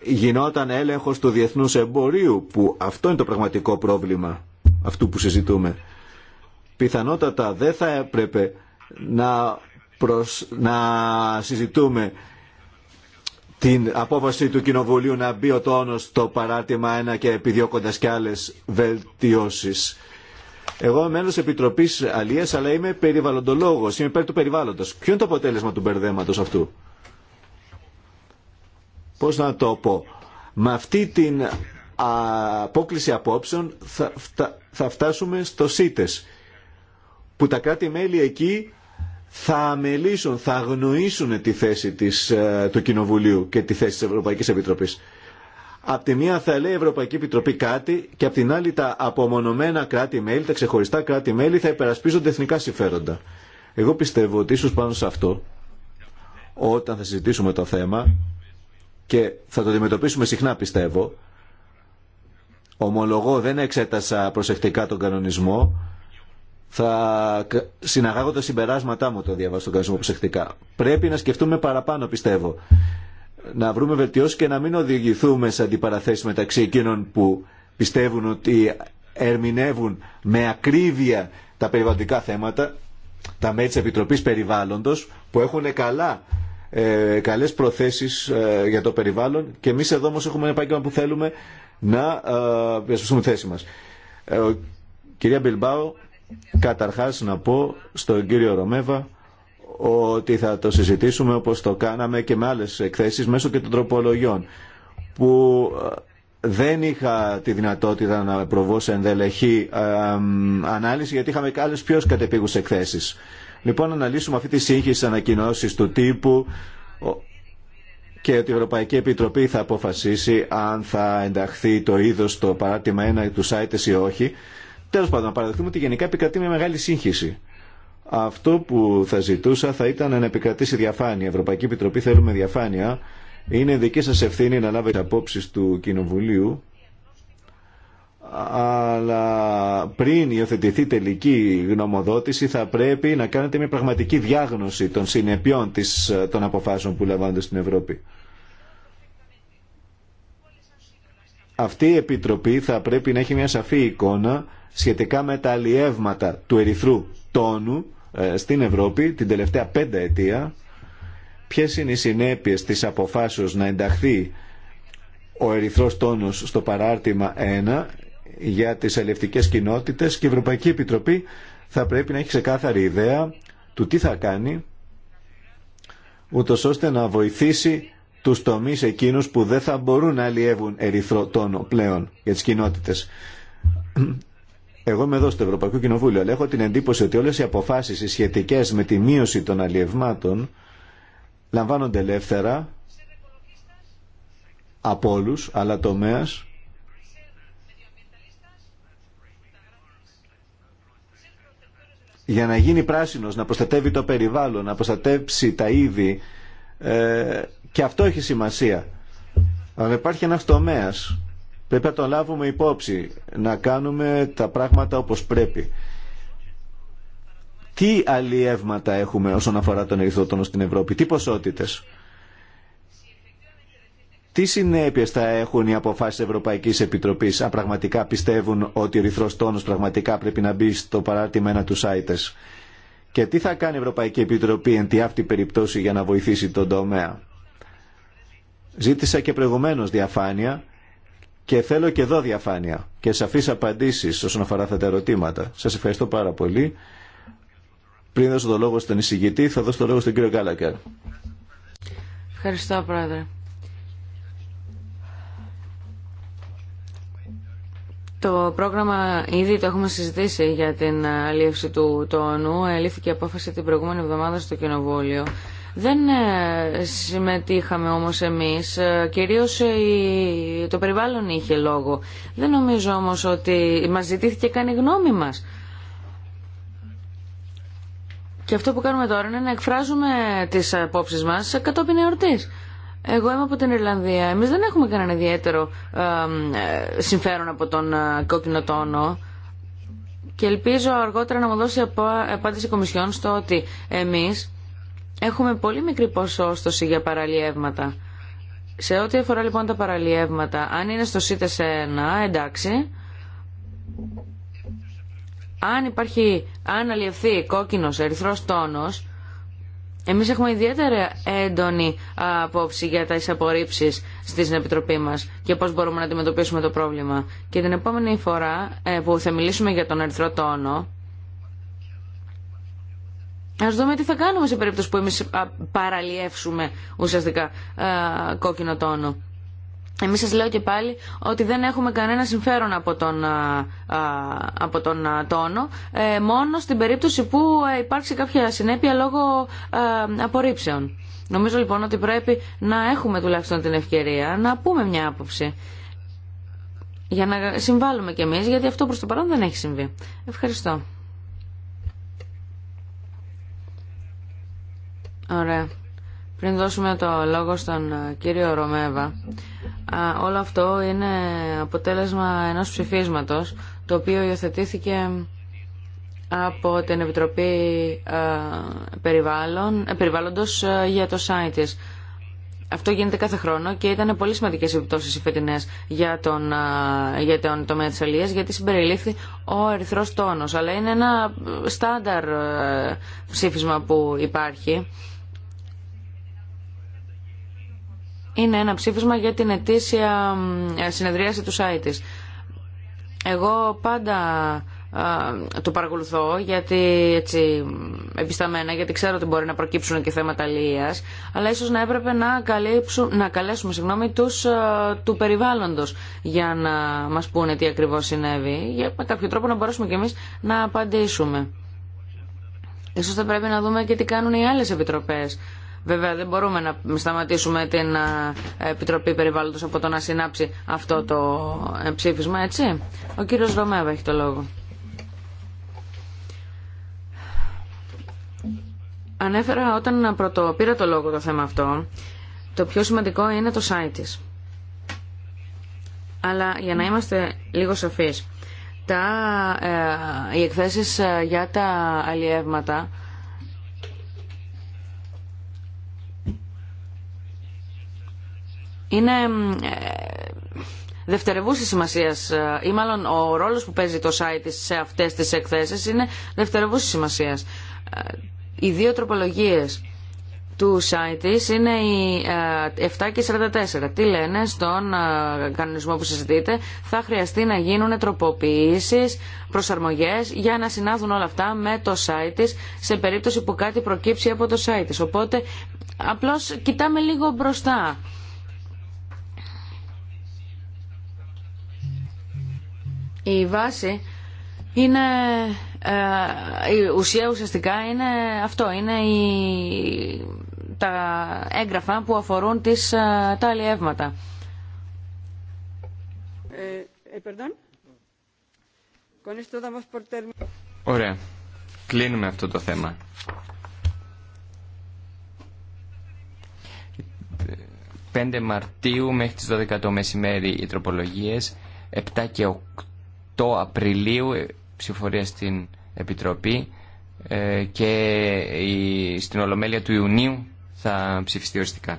γινόταν έλεγχος του διεθνούς εμπορίου που αυτό είναι το πραγματικό πρόβλημα αυτού που συζητούμε. Πιθανότατα δεν θα έπρεπε να, να συζητούμε την απόφαση του Κοινοβουλίου να μπει ο τόνος στο παράτημα ένα και επιδιώκοντας κι άλλες βελτιώσεις. Εγώ είμαι μέλος επιτροπής Αλίας, αλλά είμαι περιβαλλοντολόγος Είμαι υπέρ του περιβάλλοντος Ποιο είναι το αποτέλεσμα του μπερδέματο αυτού πώς να το πω, με αυτή την απόκληση απόψεων θα, θα φτάσουμε στο ΣΥΤΕΣ, που τα κράτη-μέλη εκεί θα αμελήσουν, θα αγνοήσουν τη θέση της, ε, του Κοινοβουλίου και τη θέση της Ευρωπαϊκής Επιτροπής. Απ' τη μία θα λέει η Ευρωπαϊκή Επιτροπή κάτι και απ' την άλλη τα απομονωμένα κράτη-μέλη, τα ξεχωριστά κράτη-μέλη θα υπερασπίζονται εθνικά συμφέροντα. Εγώ πιστεύω ότι ίσως πάνω σε αυτό, όταν θα συζητήσουμε το θέμα, και θα το αντιμετωπίσουμε συχνά πιστεύω. Ομολογώ δεν εξέτασα προσεκτικά τον κανονισμό. Θα συναγάγω τα συμπεράσματά μου το διαβάσω τον κανονισμό προσεκτικά. Πρέπει να σκεφτούμε παραπάνω πιστεύω. Να βρούμε βελτιώσει και να μην οδηγηθούμε σε αντιπαραθέσει μεταξύ εκείνων που πιστεύουν ότι ερμηνεύουν με ακρίβεια τα περιβαλλοντικά θέματα, τα μέλη τη επιτροπή περιβάλλοντο, που έχουν καλά ε, καλές προθέσεις ε, για το περιβάλλον και εμείς εδώ όμως έχουμε ένα επάγγελμα που θέλουμε να διασπιστούμε ε, τη θέση μας. Ε, κυρία Μπιλμπάου, καταρχάς να πω στον κύριο Ρωμέβα ότι θα το συζητήσουμε όπως το κάναμε και με άλλες εκθέσεις μέσω και των τροπολογιών που δεν είχα τη δυνατότητα να προβώ σε ενδελεχή ανάλυση γιατί είχαμε και πιο κατεπήγους εκθέσεις. Λοιπόν, αναλύσουμε αυτή τη σύγχυση ανακοινώσει του τύπου και ότι η Ευρωπαϊκή Επιτροπή θα αποφασίσει αν θα ενταχθεί το είδο στο παράτημα 1 του σάιτες ή όχι. Τέλο πάντων, να παραδεχτούμε ότι γενικά επικρατεί μια μεγάλη σύγχυση. Αυτό που θα ζητούσα θα ήταν να επικρατήσει διαφάνεια. Η Ευρωπαϊκή Επιτροπή θέλουμε διαφάνεια. Είναι δική σα ευθύνη να λάβετε απόψει του Κοινοβουλίου αλλά πριν υιοθετηθεί τελική γνωμοδότηση θα πρέπει να κάνετε μια πραγματική διάγνωση των συνεπειών της, των αποφάσεων που λαμβάνονται στην Ευρώπη. Αυτή η Επιτροπή θα πρέπει να έχει μια σαφή εικόνα σχετικά με τα αλλιεύματα του ερυθρού τόνου ε, στην Ευρώπη την τελευταία πέντα αιτία. Ποιες είναι οι συνέπειες της αποφάσεως να ενταχθεί ο ερυθρός τόνος στο παράρτημα 1 για τις αλληλευτικές κοινότητες και η Ευρωπαϊκή Επιτροπή θα πρέπει να έχει ξεκάθαρη ιδέα του τι θα κάνει ούτως ώστε να βοηθήσει τους τομείς εκείνους που δεν θα μπορούν να αλλιεύουν ερυθρό τόνο πλέον για τις κοινότητες. Εγώ είμαι εδώ στο Ευρωπαϊκό Κοινοβούλιο, αλλά έχω την εντύπωση ότι όλες οι αποφάσεις οι σχετικές με τη μείωση των αλλιευμάτων λαμβάνονται ελεύθερα από όλους, αλλά τομέας για να γίνει πράσινος, να προστατεύει το περιβάλλον, να προστατέψει τα είδη ε, και αυτό έχει σημασία. Αλλά υπάρχει ένας τομέας. Πρέπει να το λάβουμε υπόψη, να κάνουμε τα πράγματα όπως πρέπει. Τι αλλιεύματα έχουμε όσον αφορά τον ερυθρότονο στην Ευρώπη, τι ποσότητες. Τι συνέπειε θα έχουν οι αποφάσεις Ευρωπαϊκή Επιτροπής αν πραγματικά πιστεύουν ότι ο ρηθρός τόνο πραγματικά πρέπει να μπει στο παράρτημα ένα του σάιτε. Και τι θα κάνει η Ευρωπαϊκή Επιτροπή εν τη αυτή περιπτώσει για να βοηθήσει τον τομέα. Ζήτησα και προηγουμένω διαφάνεια και θέλω και εδώ διαφάνεια και σαφεί απαντήσει όσον αφορά αυτά τα ερωτήματα. Σα ευχαριστώ πάρα πολύ. Πριν δώσω το λόγο στον εισηγητή, θα δώσω το λόγο στον κύριο Γκάλακερ.
Ευχαριστώ, Πρόεδρε. Το πρόγραμμα ήδη το έχουμε συζητήσει για την αλίευση ε, του τόνου. Ελήφθηκε η απόφαση την προηγούμενη εβδομάδα στο Κοινοβούλιο. Δεν ε, συμμετείχαμε όμως εμείς, ε, κυρίως το περιβάλλον είχε λόγο. Δεν νομίζω όμως ότι μας ζητήθηκε καν η γνώμη μας. Και αυτό που κάνουμε τώρα είναι να εκφράζουμε τις απόψεις μας κατόπιν εορτής. Εγώ είμαι από την Ιρλανδία. Εμείς δεν έχουμε κανένα ιδιαίτερο ε, συμφέρον από τον ε, κόκκινο τόνο και ελπίζω αργότερα να μου δώσει απάντηση κομισιόν στο ότι εμείς έχουμε πολύ μικρή ποσόστοση για παραλιεύματα. Σε ό,τι αφορά λοιπόν τα παραλιεύματα, αν είναι στο ΣΥΤΕ σε εντάξει. Αν υπάρχει, αν αλλιευθεί κόκκινος ερυθρός τόνος, εμείς έχουμε ιδιαίτερα έντονη απόψη για τα απορρίψεις στην Επιτροπή μας και πώς μπορούμε να αντιμετωπίσουμε το πρόβλημα. Και την επόμενη φορά ε, που θα μιλήσουμε για τον ερθρό τόνο, ας δούμε τι θα κάνουμε σε περίπτωση που εμείς παραλιεύσουμε ουσιαστικά κόκκινο τόνο. Εμείς σας λέω και πάλι ότι δεν έχουμε κανένα συμφέρον από τον, από τον τόνο, ε, μόνο στην περίπτωση που ε, υπάρξει κάποια συνέπεια λόγω ε, απορρίψεων. Νομίζω λοιπόν ότι πρέπει να έχουμε τουλάχιστον την ευκαιρία να πούμε μια άποψη για να συμβάλλουμε κι εμείς, γιατί αυτό προς το παρόν δεν έχει συμβεί. Ευχαριστώ. Ωραία. Πριν δώσουμε το λόγο στον κύριο Ρωμέβα, όλο αυτό είναι αποτέλεσμα ενός ψηφίσματος το οποίο υιοθετήθηκε από την Επιτροπή Περιβάλλον, ε, Περιβάλλοντος για το site Αυτό γίνεται κάθε χρόνο και ήταν πολύ σημαντικές επιπτώσεις οι φετινές για τον, για τον τομέα της αλίας γιατί συμπεριλήφθη ο ερυθρός τόνος αλλά είναι ένα στάνταρ ε, ψήφισμα που υπάρχει είναι ένα ψήφισμα για την ετήσια ε, συνεδρίαση του site της. Εγώ πάντα το παρακολουθώ γιατί έτσι επισταμένα γιατί ξέρω ότι μπορεί να προκύψουν και θέματα αλληλείας αλλά ίσως να έπρεπε να, καλύψουν, να καλέσουμε συγγνώμη, τους του περιβάλλοντος για να μας πούνε τι ακριβώς συνέβη για με κάποιο τρόπο να μπορέσουμε κι εμείς να απαντήσουμε Ίσως θα πρέπει να δούμε και τι κάνουν οι άλλες επιτροπές Βέβαια δεν μπορούμε να σταματήσουμε την ε, Επιτροπή Περιβάλλοντος από το να συνάψει αυτό το ε, ψήφισμα, έτσι. Ο κύριος Ρωμέβα έχει το λόγο. Ανέφερα όταν πρωτο, πήρα το λόγο το θέμα αυτό, το πιο σημαντικό είναι το site της. Αλλά για να είμαστε λίγο σοφείς, τα, ε, οι εκθέσεις για τα αλλιεύματα είναι ε, της σημασία, ε, ή μάλλον ο ρόλος που παίζει το site σε αυτές τις εκθέσεις είναι δευτερευούση σημασία. Ε, οι δύο τροπολογίε του site είναι οι 7 και 44. Τι λένε στον κανονισμό που συζητείτε, θα χρειαστεί να γίνουν τροποποιήσεις, προσαρμογές για να συνάδουν όλα αυτά με το site σε περίπτωση που κάτι προκύψει από το site. Οπότε απλώς κοιτάμε λίγο μπροστά Η βάση είναι, ε, η ουσία ουσιαστικά είναι αυτό, είναι η, τα έγγραφα που αφορούν τις, ε, τα αλλιεύματα.
Ε, ε,
Ωραία. Κλείνουμε αυτό το θέμα. «5 Μαρτίου μέχρι τις 12 το μεσημέρι οι τροπολογίες, 7 και 8 Απριλίου ε, ψηφορία στην Επιτροπή ε, και στην Ολομέλεια του Ιουνίου θα ψηφιστεί οριστικά.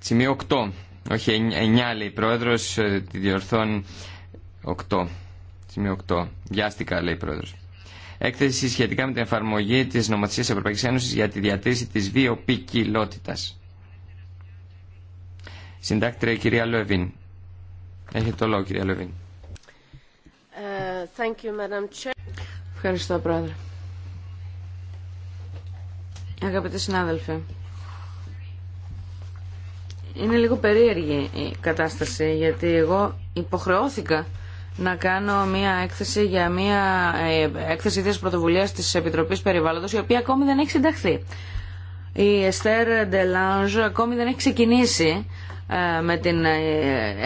Σημείο 8. Όχι 9 λέει πρόεδρος, ε, τη διορθών 8. Σημείο 8. Βιάστηκα λέει πρόεδρος έκθεση σχετικά με την εφαρμογή τη νομοθεσία Ευρωπαϊκή Ένωση για τη διατήρηση της βιοποικιλότητας. Συντάκτρια η κυρία Λεβίν. Έχετε το λόγο κυρία Λεβίν.
Ε, Ευχαριστώ πρόεδρε. Αγαπητοί συνάδελφοι, είναι λίγο περίεργη η κατάσταση γιατί εγώ υποχρεώθηκα να κάνω μια έκθεση για μια ε, έκθεση της πρωτοβουλίας της Επιτροπής Περιβάλλοντος η οποία ακόμη δεν έχει συνταχθεί. Η Εστέρ Ντελάνζ ακόμη δεν έχει ξεκινήσει ε, με την ε,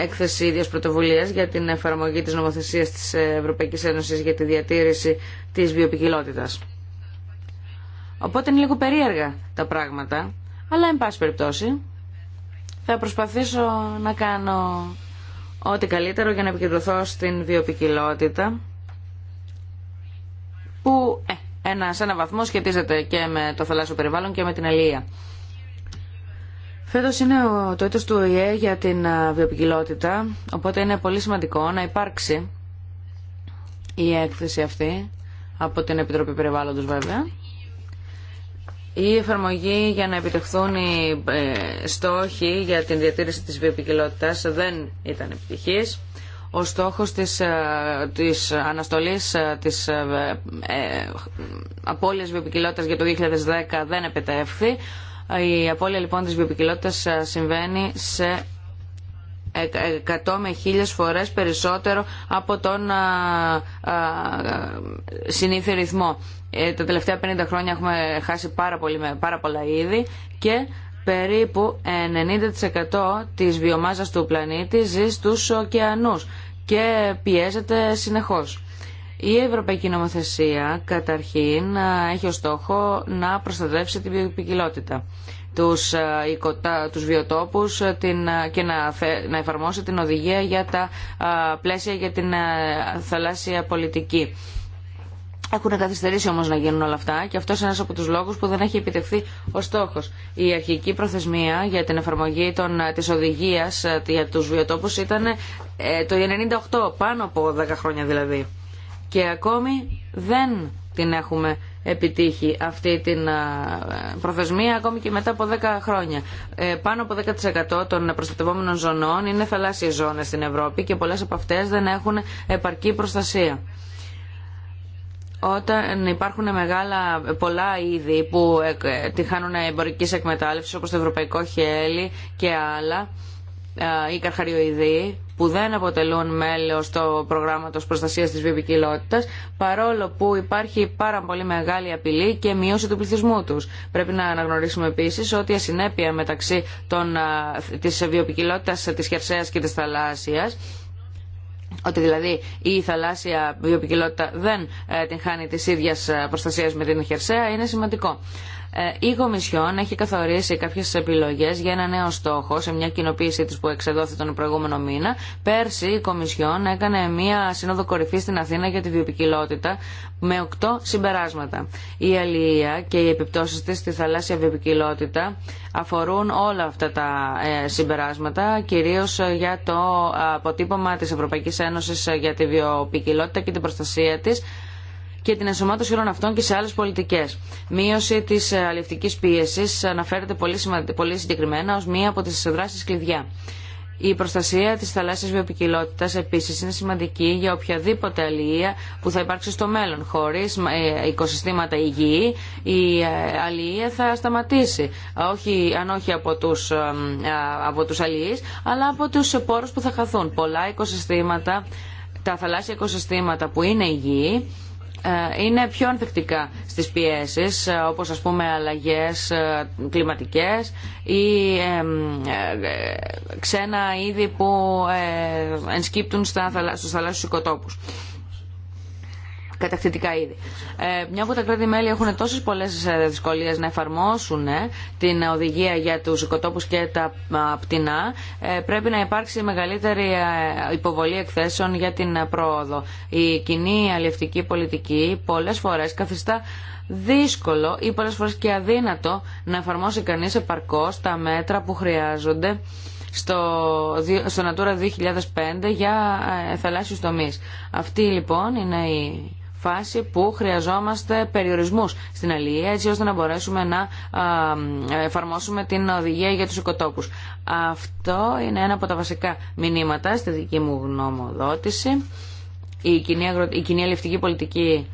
έκθεση ίδιας πρωτοβουλία για την εφαρμογή της νομοθεσίας της Ευρωπαϊκής Ένωσης για τη διατήρηση της βιοπικιλότητας. Οπότε είναι λίγο περίεργα τα πράγματα, αλλά εν πάση περιπτώσει θα προσπαθήσω να κάνω ό,τι καλύτερο για να επικεντρωθώ στην βιοπικιλότητα που ε, ένα, σε ένα βαθμό σχετίζεται και με το θαλάσσιο περιβάλλον και με την αλληλεία. Φέτος είναι το έτος του ΟΗΕ για την ε, βιοπικιλότητα, οπότε είναι πολύ σημαντικό να υπάρξει η έκθεση αυτή, από την Επιτροπή Περιβάλλοντος βέβαια, η εφαρμογή για να επιτευχθούν οι ε, στόχοι για την διατήρηση της βιοποικιλότητας δεν ήταν επιτυχής. Ο στόχος της, ε, της αναστολής ε, της ε, απώλειας βιοποικιλότητας για το 2010 δεν επιτεύχθη. Η απώλεια λοιπόν της βιοποικιλότητας συμβαίνει σε 100 με 1000 φορές περισσότερο από τον συνήθι ρυθμό. Ε, τα τελευταία 50 χρόνια έχουμε χάσει πάρα, πολύ, πάρα πολλά είδη και περίπου 90% της βιομάζας του πλανήτη ζει στους ωκεανούς και πιέζεται συνεχώς. Η Ευρωπαϊκή Νομοθεσία καταρχήν έχει ως στόχο να προστατεύσει την ποικιλότητα τους, ε, τους βιοτόπους ε, ε, και να εφαρμόσει την οδηγία για τα πλαίσια για την θαλάσσια πολιτική. Έχουν καθυστερήσει όμως να γίνουν όλα αυτά και αυτό είναι ένας από τους λόγους που δεν έχει επιτευχθεί ο στόχος. Η αρχική προθεσμία για την εφαρμογή της οδηγίας για τους βιοτόπους ήταν το 1998, πάνω από 10 χρόνια δηλαδή. Και ακόμη δεν την έχουμε επιτύχει αυτή την προθεσμία ακόμη και μετά από 10 χρόνια. Ε, πάνω από 10% των προστατευόμενων ζωνών είναι θαλάσσιες ζώνες στην Ευρώπη και πολλές από αυτές δεν έχουν επαρκή προστασία όταν υπάρχουν μεγάλα, πολλά είδη που ε, ε, τυχάνουν εμπορική εκμετάλλευση όπως το ευρωπαϊκό χέλι και άλλα ε, οι καρχαριοειδοί που δεν αποτελούν μέλος του προγράμματος προστασίας της βιοποικιλότητας παρόλο που υπάρχει πάρα πολύ μεγάλη απειλή και μείωση του πληθυσμού τους. Πρέπει να αναγνωρίσουμε επίσης ότι η ασυνέπεια μεταξύ των, ε, της βιοποικιλότητας της χερσαίας και της θαλάσσιας ότι δηλαδή η θαλάσσια βιοποικιλότητα δεν ε, την χάνει της ίδιας προστασίας με την χερσαία είναι σημαντικό. Ε, η Κομισιόν έχει καθορίσει κάποιε επιλογέ για ένα νέο στόχο σε μια κοινοποίησή τη που εξεδόθη τον προηγούμενο μήνα. Πέρσι η Κομισιόν έκανε μια σύνοδο κορυφή στην Αθήνα για τη βιοπικιλότητα με οκτώ συμπεράσματα. Η αλληλεία και οι επιπτώσει τη στη θαλάσσια βιοπικιλότητα αφορούν όλα αυτά τα ε, συμπεράσματα, κυρίω ε, για το αποτύπωμα τη Ευρωπαϊκή Ένωση για τη βιοπικιλότητα και την προστασία τη και την ενσωμάτωση όλων αυτών και σε άλλε πολιτικέ. Μείωση τη ε, αλληλευτικής πίεση αναφέρεται πολύ, πολύ συγκεκριμένα ω μία από τι δράσει κλειδιά. Η προστασία τη θαλάσσια βιοπικιλότητα επίση είναι σημαντική για οποιαδήποτε αλληλεία που θα υπάρξει στο μέλλον. Χωρίς ε, οικοσυστήματα υγιή η ε, αλληλεία θα σταματήσει, όχι, αν όχι από του από τους αλλά από του πόρου που θα χαθούν. Πολλά οικοσυστήματα, τα θαλάσσια οικοσυστήματα που είναι υγιή, ε, είναι πιο ανθεκτικά στις πιέσεις, ε, όπως ας πούμε αλλαγές ε, κλιματικές ή ξένα είδη που ενσκύπτουν στους θαλάσσιους οικοτόπους κατακτητικά είδη. Ε, μια που τα κράτη-μέλη έχουν τόσε πολλέ ε, δυσκολίε να εφαρμόσουν ε, την οδηγία για του οικοτόπου και τα πτηνά, ε, πρέπει να υπάρξει μεγαλύτερη υποβολή εκθέσεων για την πρόοδο. Η κοινή αλληλευτική πολιτική πολλέ φορέ καθιστά δύσκολο ή πολλές φορές και αδύνατο να εφαρμόσει κανείς επαρκώς τα μέτρα που χρειάζονται στο, στο Natura 2005 για θαλάσσιους τομείς. Αυτή λοιπόν είναι η φάση που χρειαζόμαστε περιορισμούς στην αλληλεία έτσι ώστε να μπορέσουμε να εφαρμόσουμε την οδηγία για τους οικοτόπους. Αυτό είναι ένα από τα βασικά μηνύματα στη δική μου γνωμοδότηση. Η κοινή, αγρο... η κοινή αλληλευτική πολιτική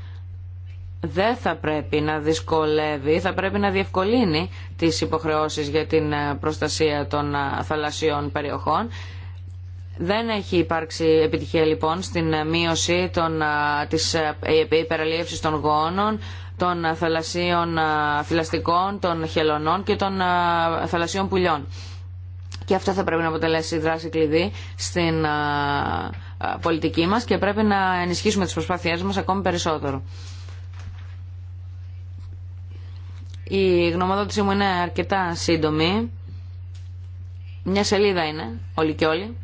δεν θα πρέπει να δυσκολεύει, θα πρέπει να διευκολύνει τις υποχρεώσεις για την ε, προστασία των ε, θαλασσιών περιοχών δεν έχει υπάρξει επιτυχία λοιπόν στην μείωση των, της υπεραλίευσης των γόνων, των θαλασσίων φυλαστικών, των χελωνών και των θαλασσίων πουλιών. Και αυτό θα πρέπει να αποτελέσει δράση κλειδί στην πολιτική μας και πρέπει να ενισχύσουμε τις προσπάθειές μας ακόμη περισσότερο. Η γνωμοδότησή μου είναι αρκετά σύντομη. Μια σελίδα είναι, όλοι και όλοι.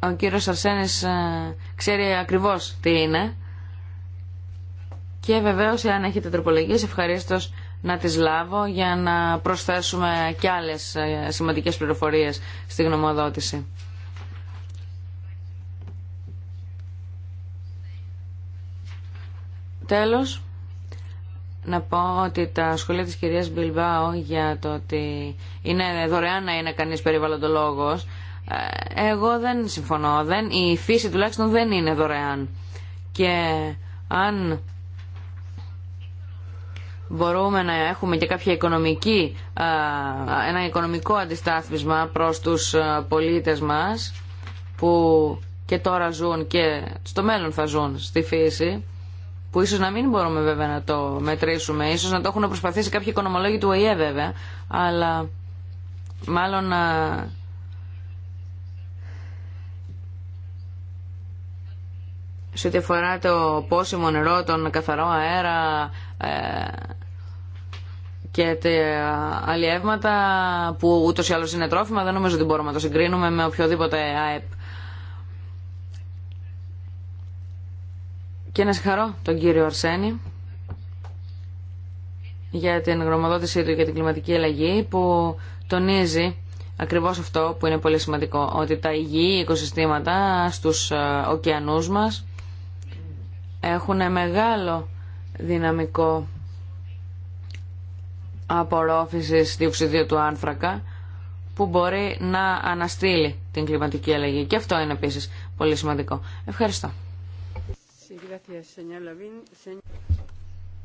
Ο κύριος Αρσένης ε, ξέρει ακριβώς τι είναι. Και βεβαίως, εάν έχετε τροπολογίες, ευχαρίστως να τις λάβω για να προσθέσουμε και άλλες ε, σημαντικές πληροφορίες στη γνωμοδότηση. Τέλος, να πω ότι τα σχολεία της κυρίας Μπιλβάου για το ότι είναι δωρεάν να είναι κανείς περιβαλλοντολόγος ε, εγώ δεν συμφωνώ. Δεν, η φύση τουλάχιστον δεν είναι δωρεάν. Και αν μπορούμε να έχουμε και κάποια οικονομική, ένα οικονομικό αντιστάθμισμα προς τους πολίτες μας που και τώρα ζουν και στο μέλλον θα ζουν στη φύση που ίσως να μην μπορούμε βέβαια να το μετρήσουμε ίσως να το έχουν προσπαθήσει κάποιοι οικονομολόγοι του ΟΗΕ βέβαια αλλά μάλλον σε ό,τι αφορά το πόσιμο νερό, τον καθαρό αέρα ε, και τα αλλιεύματα που ούτως ή άλλως είναι τρόφιμα, δεν νομίζω ότι μπορούμε να το συγκρίνουμε με οποιοδήποτε ΑΕΠ. Και να συγχαρώ τον κύριο Αρσένη για την γνωμοδότησή του για την κλιματική αλλαγή που τονίζει ακριβώς αυτό που είναι πολύ σημαντικό, ότι τα υγιή οικοσυστήματα στους ε, ωκεανούς μας έχουν μεγάλο δυναμικό απορρόφησης διοξιδίου του άνθρακα που μπορεί να αναστείλει την κλιματική αλλαγή. Και αυτό είναι επίσης πολύ σημαντικό.
Ευχαριστώ.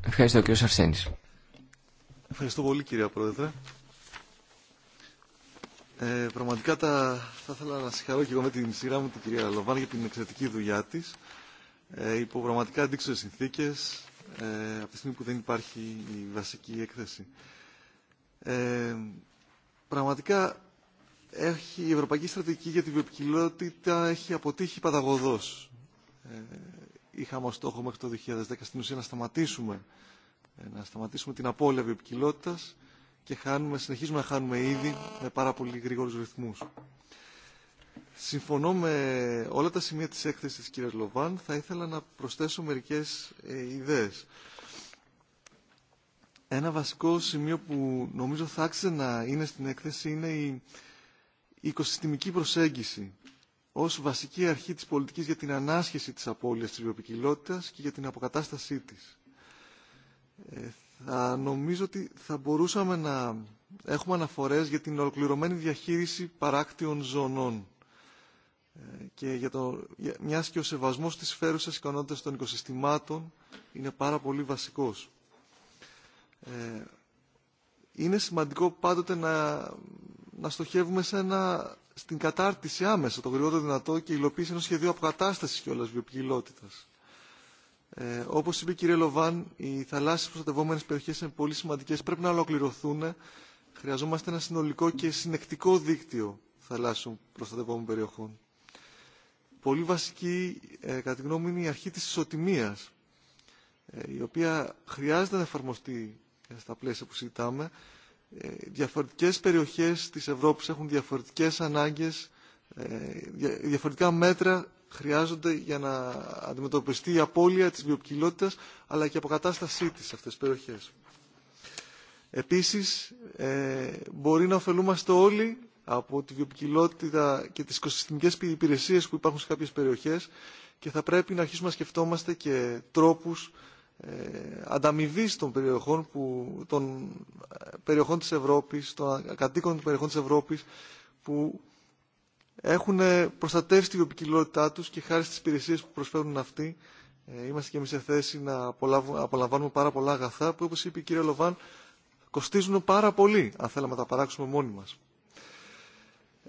Ευχαριστώ κύριο Σαρσένης.
Ευχαριστώ πολύ κυρία Πρόεδρε. Ε, πραγματικά τα... θα ήθελα να συγχαρώ και εγώ με την σειρά μου την κυρία Λοβάν για την εξαιρετική δουλειά της ε, υπό πραγματικά αντίξωες συνθήκες ε, από τη στιγμή που δεν υπάρχει η βασική έκθεση. Ε, πραγματικά έχει, η Ευρωπαϊκή Στρατηγική για την Βιοπικιλότητα έχει αποτύχει παταγωδός. Ε, είχαμε ως στόχο μέχρι το 2010 στην ουσία να σταματήσουμε, ε, να σταματήσουμε την απώλεια βιοπικιλότητας και χάνουμε, συνεχίζουμε να χάνουμε ήδη με πάρα πολύ γρήγορους ρυθμούς. Συμφωνώ με όλα τα σημεία της έκθεσης της κυρίας Λοβάν. Θα ήθελα να προσθέσω μερικές ε, ιδέες. Ένα βασικό σημείο που νομίζω θα άξιζε να είναι στην έκθεση είναι η οικοσυστημική προσέγγιση ως βασική αρχή της πολιτικής για την ανάσχεση της απώλειας της βιοποικιλότητας και για την αποκατάστασή της. Ε, θα νομίζω ότι θα μπορούσαμε να έχουμε αναφορές για την ολοκληρωμένη διαχείριση παράκτιων ζωνών και για το, μιας και ο σεβασμός της φέρουσας ικανότητας των οικοσυστημάτων είναι πάρα πολύ βασικός. Ε, είναι σημαντικό πάντοτε να, να στοχεύουμε σε ένα, στην κατάρτιση άμεσα, το γρηγότερο δυνατό και υλοποίηση ενός σχεδίου αποκατάστασης κιόλας βιοποικιλότητας. Ε, όπως είπε η κυρία Λοβάν, οι θαλάσσιες προστατευόμενες περιοχές είναι πολύ σημαντικές, πρέπει να ολοκληρωθούν. Χρειαζόμαστε ένα συνολικό και συνεκτικό δίκτυο θαλάσσιων προστατευόμενων περιοχών πολύ βασική, ε, κατά τη γνώμη είναι η αρχή της ισοτιμίας, ε, η οποία χρειάζεται να εφαρμοστεί ε, στα πλαίσια που συζητάμε. Διαφορετικές περιοχές της Ευρώπης έχουν διαφορετικές ανάγκες, διαφορετικά μέτρα χρειάζονται για να αντιμετωπιστεί η απώλεια της βιοποικιλότητας, αλλά και η αποκατάστασή της σε αυτές τις περιοχές. Επίσης, μπορεί να ωφελούμαστε όλοι από τη βιοπικιλότητα και τις οικοσυστημικές υπηρεσίες που υπάρχουν σε κάποιες περιοχές και θα πρέπει να αρχίσουμε να σκεφτόμαστε και τρόπους ε, ανταμοιβή των περιοχών, που, των ε, περιοχών της Ευρώπης, των κατοίκων των περιοχών της Ευρώπης που έχουν ε, προστατεύσει τη βιοπικιλότητά τους και χάρη στις υπηρεσίες που προσφέρουν αυτοί ε, είμαστε και εμείς σε θέση να απολαμβάνουμε πάρα πολλά αγαθά που όπως είπε η κυρία Λοβάν κοστίζουν πάρα πολύ αν θέλαμε να τα παράξουμε μόνοι μας.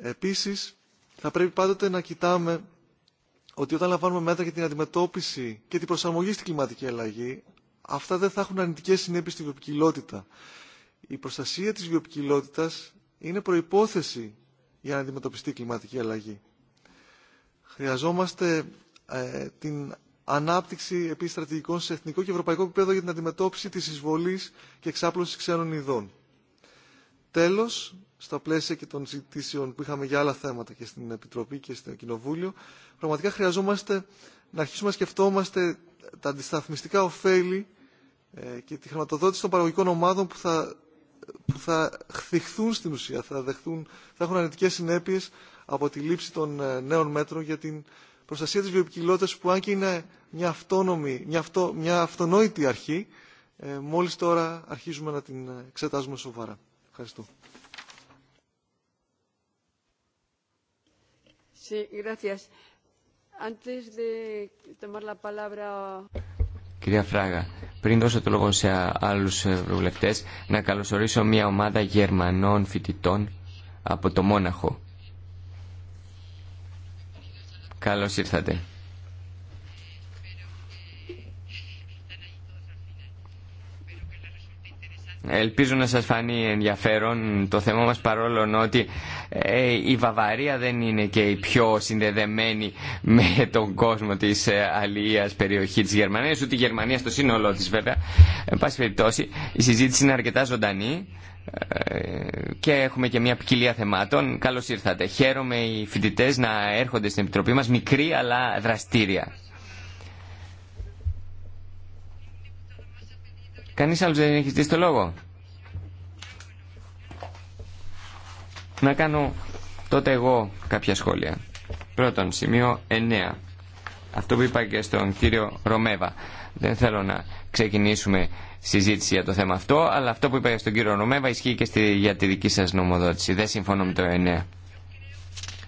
Επίσης, θα πρέπει πάντοτε να κοιτάμε ότι όταν λαμβάνουμε μέτρα για την αντιμετώπιση και την προσαρμογή στην κλιματική αλλαγή, αυτά δεν θα έχουν αρνητικές συνέπειες στη βιοπικιλότητα. Η προστασία της βιοπικιλότητας είναι προϋπόθεση για να αντιμετωπιστεί η κλιματική αλλαγή. Χρειαζόμαστε ε, την ανάπτυξη επίσης στρατηγικών σε εθνικό και ευρωπαϊκό επίπεδο για την αντιμετώπιση της εισβολής και εξάπλωσης ξένων ειδών. Τέλος, στα πλαίσια και των συζητήσεων που είχαμε για άλλα θέματα και στην Επιτροπή και στο Κοινοβούλιο, πραγματικά χρειαζόμαστε να αρχίσουμε να σκεφτόμαστε τα αντισταθμιστικά ωφέλη ε, και τη χρηματοδότηση των παραγωγικών ομάδων που θα, που θα χθιχθούν στην ουσία, θα, δεχθούν, θα έχουν αρνητικές συνέπειες από τη λήψη των ε, νέων μέτρων για την προστασία της βιοποικιλότητας που αν και είναι μια, αυτόνομη, μια, αυτο, μια αυτονόητη αρχή, ε, μόλις τώρα αρχίζουμε να την εξετάζουμε σοβαρά.
Κυρία Φράγα, πριν δώσω το λόγο σε άλλους ευρωβουλευτές, να καλωσορίσω μια ομάδα Γερμανών φοιτητών από το Μόναχο. Καλώς ήρθατε. Ελπίζω να σας φανεί ενδιαφέρον το θέμα μας παρόλο ότι ε, η Βαβαρία δεν είναι και η πιο συνδεδεμένη με τον κόσμο της ε, αλληλείας περιοχή της Γερμανίας, ούτε η Γερμανία στο σύνολό της βέβαια. πάση περιπτώσει η συζήτηση είναι αρκετά ζωντανή ε, και έχουμε και μια ποικιλία θεμάτων. Καλώς ήρθατε. Χαίρομαι οι φοιτητέ να έρχονται στην Επιτροπή μας, μικρή αλλά δραστήρια. Κανείς άλλος δεν έχει ζητήσει το λόγο. Να κάνω τότε εγώ κάποια σχόλια. Πρώτον, σημείο 9. Αυτό που είπα και στον κύριο Ρωμέβα. Δεν θέλω να ξεκινήσουμε συζήτηση για το θέμα αυτό, αλλά αυτό που είπα και στον κύριο Ρωμέβα ισχύει και στη, για τη δική σας νομοδότηση. Δεν συμφωνώ με το 9.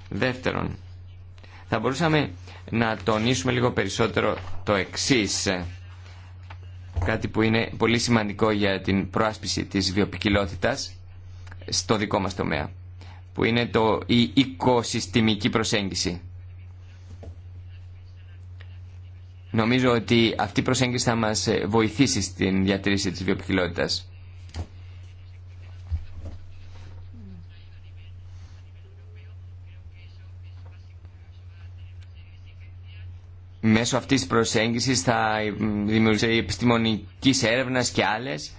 Δεύτερον, θα μπορούσαμε να τονίσουμε λίγο περισσότερο το εξής κάτι που είναι πολύ σημαντικό για την προάσπιση της βιοπικιλότητας στο δικό μας τομέα, που είναι το, η οικοσυστημική προσέγγιση. Νομίζω ότι αυτή η προσέγγιση θα μας βοηθήσει στην διατήρηση της βιοπικιλότητας. μέσω αυτής της προσέγγισης θα δημιουργήσει επιστημονική έρευνας και άλλες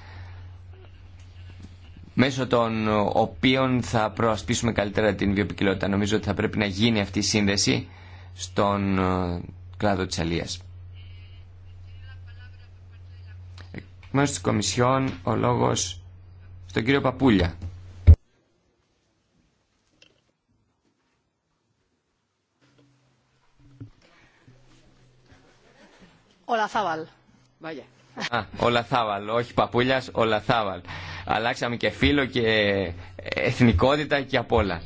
μέσω των οποίων θα προασπίσουμε καλύτερα την βιοποικιλότητα. Νομίζω ότι θα πρέπει να γίνει αυτή η σύνδεση στον ε, κλάδο της αλίας. Εκ μέρους της Κομισιόν ο λόγος στον κύριο Παπούλια. Ολαθάβαλ. Α, Ολαθάβαλ, όχι Παπούλιας, Ολαθάβαλ. Αλλάξαμε και φίλο και ε, εθνικότητα και απ' όλα.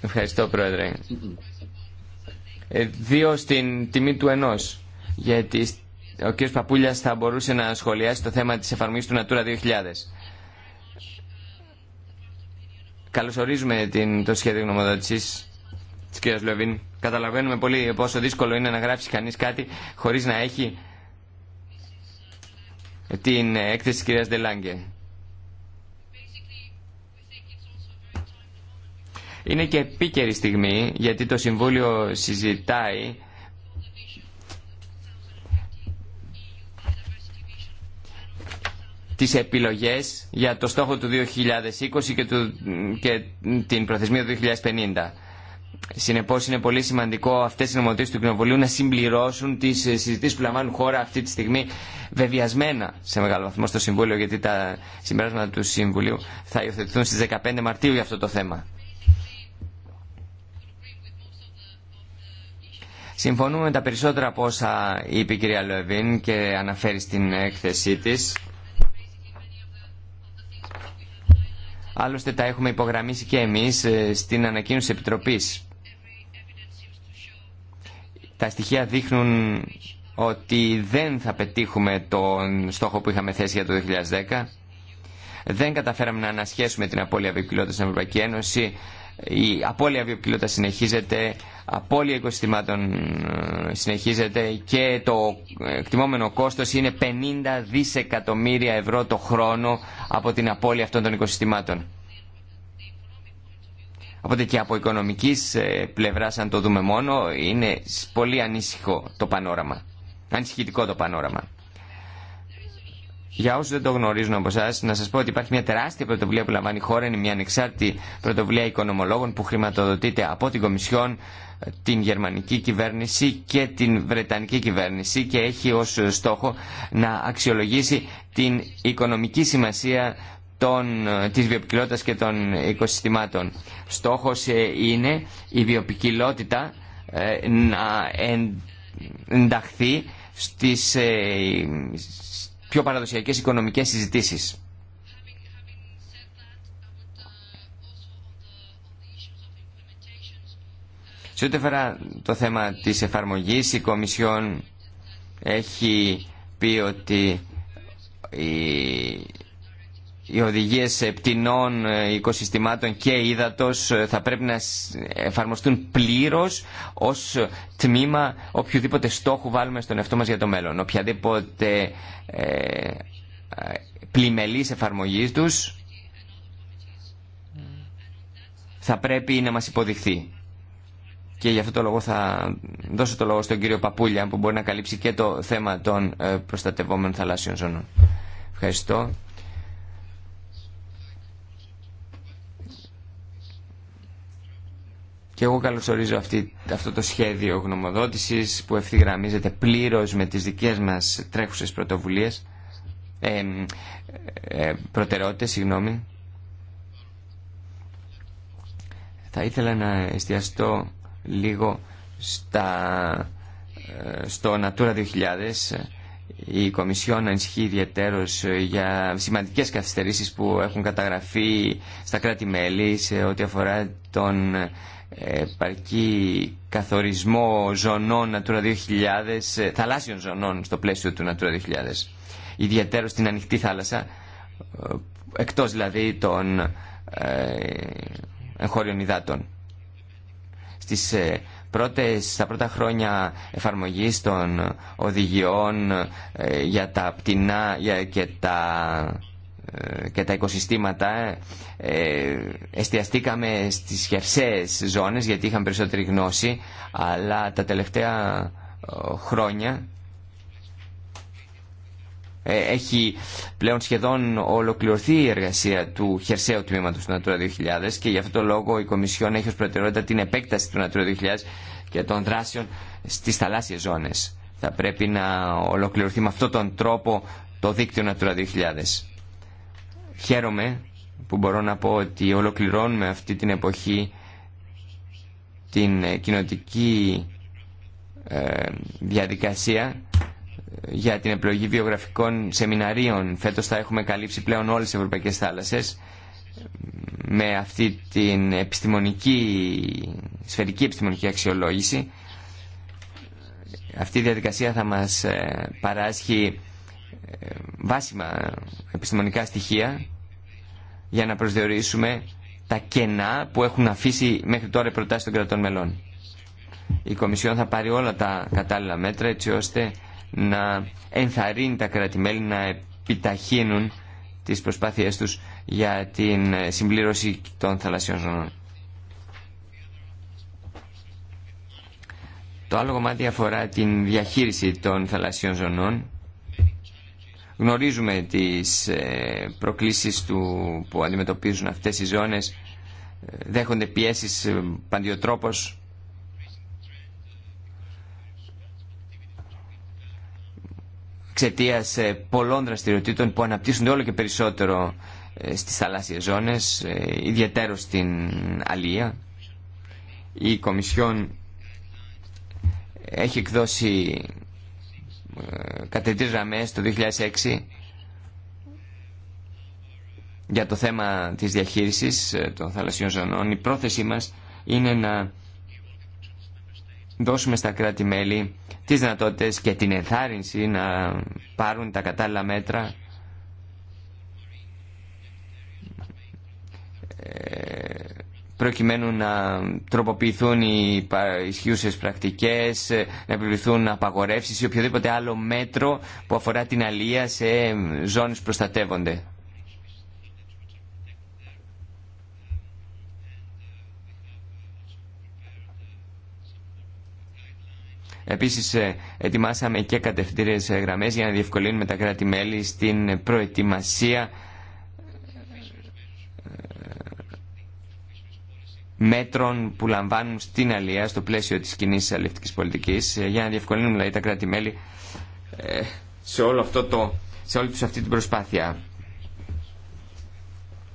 Ευχαριστώ, Πρόεδρε. Ε, δύο στην τιμή του ενό, γιατί ο κ. παπούλια θα μπορούσε να σχολιάσει το θέμα τη εφαρμογή του Natura 2000. Καλωσορίζουμε την, το σχέδιο γνωμοδότησης Κυριά Λεβίν. Καταλαβαίνουμε πολύ πόσο δύσκολο είναι να γράψει κανεί κάτι χωρί να έχει την έκθεση τη κυρία Ντελάγκε. Είναι και επίκαιρη στιγμή γιατί το Συμβούλιο συζητάει τις επιλογές για το στόχο του 2020 και, και την προθεσμία του 2050. Συνεπώ είναι πολύ σημαντικό αυτές οι νομοθεσίες του Κοινοβουλίου να συμπληρώσουν τις ε, συζητήσεις που λαμβάνουν χώρα αυτή τη στιγμή βεβιασμένα σε μεγάλο βαθμό στο Συμβούλιο γιατί τα συμπεράσματα του Συμβουλίου θα υιοθετηθούν στις 15 Μαρτίου για αυτό το θέμα. Συμφωνούμε με τα περισσότερα από όσα είπε η κυρία Λεβίν και αναφέρει στην έκθεσή της. Άλλωστε τα έχουμε υπογραμμίσει και εμείς ε, στην ανακοίνωση Επιτροπής τα στοιχεία δείχνουν ότι δεν θα πετύχουμε τον στόχο που είχαμε θέσει για το 2010. Δεν καταφέραμε να ανασχέσουμε την απώλεια βιοποικιλότητας στην Ευρωπαϊκή Ένωση. Η απώλεια βιοπικιλότητα συνεχίζεται, απώλεια οικοσυστημάτων ε, συνεχίζεται και το εκτιμόμενο κόστος είναι 50 δισεκατομμύρια ευρώ το χρόνο από την απώλεια αυτών των οικοσυστημάτων. Οπότε και από οικονομική ε, πλευρά, αν το δούμε μόνο, είναι πολύ ανήσυχο το πανόραμα. Ανησυχητικό το πανόραμα. Για όσου δεν το γνωρίζουν από εσά, να σα πω ότι υπάρχει μια τεράστια πρωτοβουλία που λαμβάνει η χώρα. Είναι μια ανεξάρτητη πρωτοβουλία οικονομολόγων που χρηματοδοτείται από την Κομισιόν, την γερμανική κυβέρνηση και την βρετανική κυβέρνηση και έχει ω στόχο να αξιολογήσει την οικονομική σημασία των, ε, της βιοποικιλότητας και των οικοσυστημάτων. Στόχος ε, είναι η βιοπικιλότητα ε, να ενταχθεί στις πιο παραδοσιακές οικονομικές συζητήσεις. Σε ό,τι αφορά το θέμα της εφαρμογής, η Κομισιόν έχει πει ότι οι οδηγίες ε, πτηνών ε, οικοσυστημάτων και ύδατο ε, θα πρέπει να εφαρμοστούν πλήρως ως τμήμα οποιοδήποτε στόχου βάλουμε στον εαυτό μα για το μέλλον. Οποιαδήποτε ε, πλημελής εφαρμογής τους θα πρέπει να μας υποδειχθεί. Και γι' αυτό το λόγο θα δώσω το λόγο στον κύριο Παπούλια που μπορεί να καλύψει και το θέμα των προστατευόμενων θαλάσσιων ζώνων. Ευχαριστώ. Και εγώ καλωσορίζω αυτή, αυτό το σχέδιο γνωμοδότησης που ευθυγραμμίζεται πλήρως με τις δικές μας τρέχουσες πρωτοβουλίες, ε, ε, συγγνώμη. Θα ήθελα να εστιαστώ λίγο στα, ε, στο Natura 2000. Η Κομισιόν ανησυχεί ιδιαίτερω για σημαντικές καθυστερήσεις που έχουν καταγραφεί στα κράτη-μέλη σε ό,τι αφορά τον επαρκή καθορισμό ζωνών Natura 2000, ε, θαλάσσιων ζωνών στο πλαίσιο του Natura 2000. Ιδιαίτερο στην ανοιχτή θάλασσα, ε, εκτός δηλαδή των ε, εγχώριων υδάτων. Στις πρώτες, στα πρώτα χρόνια εφαρμογής των οδηγιών για τα πτηνά και τα και τα οικοσυστήματα ε, ε, εστιαστήκαμε στις χερσαίες ζώνες γιατί είχαμε περισσότερη γνώση αλλά τα τελευταία χρόνια ε, έχει πλέον σχεδόν ολοκληρωθεί η εργασία του χερσαίου τμήματος του Natura 2000 και γι' αυτό το λόγο η Κομισιόν έχει ως προτεραιότητα την επέκταση του Natura 2000 και των δράσεων στις θαλάσσιες ζώνες. Θα πρέπει να ολοκληρωθεί με αυτόν τον τρόπο το δίκτυο Natura 2000. Χαίρομαι που μπορώ να πω ότι ολοκληρώνουμε αυτή την εποχή την ε, κοινοτική ε, διαδικασία ε, για την επιλογή βιογραφικών σεμιναρίων. Φέτος θα έχουμε καλύψει πλέον όλες τις ευρωπαϊκές θάλασσες με αυτή την επιστημονική, σφαιρική επιστημονική αξιολόγηση. Αυτή η διαδικασία θα μας παράσχει βάσιμα επιστημονικά στοιχεία για να προσδιορίσουμε τα κενά που έχουν αφήσει μέχρι τώρα οι προτάσεις των κρατών μελών. Η Κομισιόν θα πάρει όλα τα κατάλληλα μέτρα έτσι ώστε να ενθαρρύνει τα κρατη να επιταχύνουν τις προσπάθειές τους για την συμπλήρωση των θαλασσιών ζωνών. Το άλλο κομμάτι αφορά την διαχείριση των θαλασσιών ζωνών Γνωρίζουμε τις ε, προκλήσεις του που αντιμετωπίζουν αυτές οι ζώνες, ε, δέχονται πιέσεις ε, παντιοτρόπως. εξαιτία πολλών δραστηριοτήτων που αναπτύσσονται όλο και περισσότερο στις θαλάσσιες ζώνες, ιδιαίτερο στην Αλία. Η Κομισιόν έχει εκδώσει ε, τις γραμμές το 2006 για το θέμα της διαχείρισης ε, των θαλασσιών ζωνών. Η πρόθεσή μας είναι να δώσουμε στα κράτη-μέλη τις δυνατότητες και την ενθάρρυνση να πάρουν τα κατάλληλα μέτρα ε, προκειμένου να τροποποιηθούν οι ισχύουσε πρακτικές, ε, να επιβληθούν απαγορεύσει ή οποιοδήποτε άλλο μέτρο που αφορά την αλία σε ζώνες που προστατεύονται. Επίσης ε, ετοιμάσαμε και κατευθυντήριες ε, γραμμές για να διευκολύνουμε τα κράτη-μέλη στην προετοιμασία μέτρων που λαμβάνουν στην Αλία στο πλαίσιο της κοινή αλληλευτικής πολιτικής ε, για να διευκολύνουν δηλαδή, τα κράτη-μέλη ε, σε, όλο αυτό το, σε όλη τους αυτή την προσπάθεια.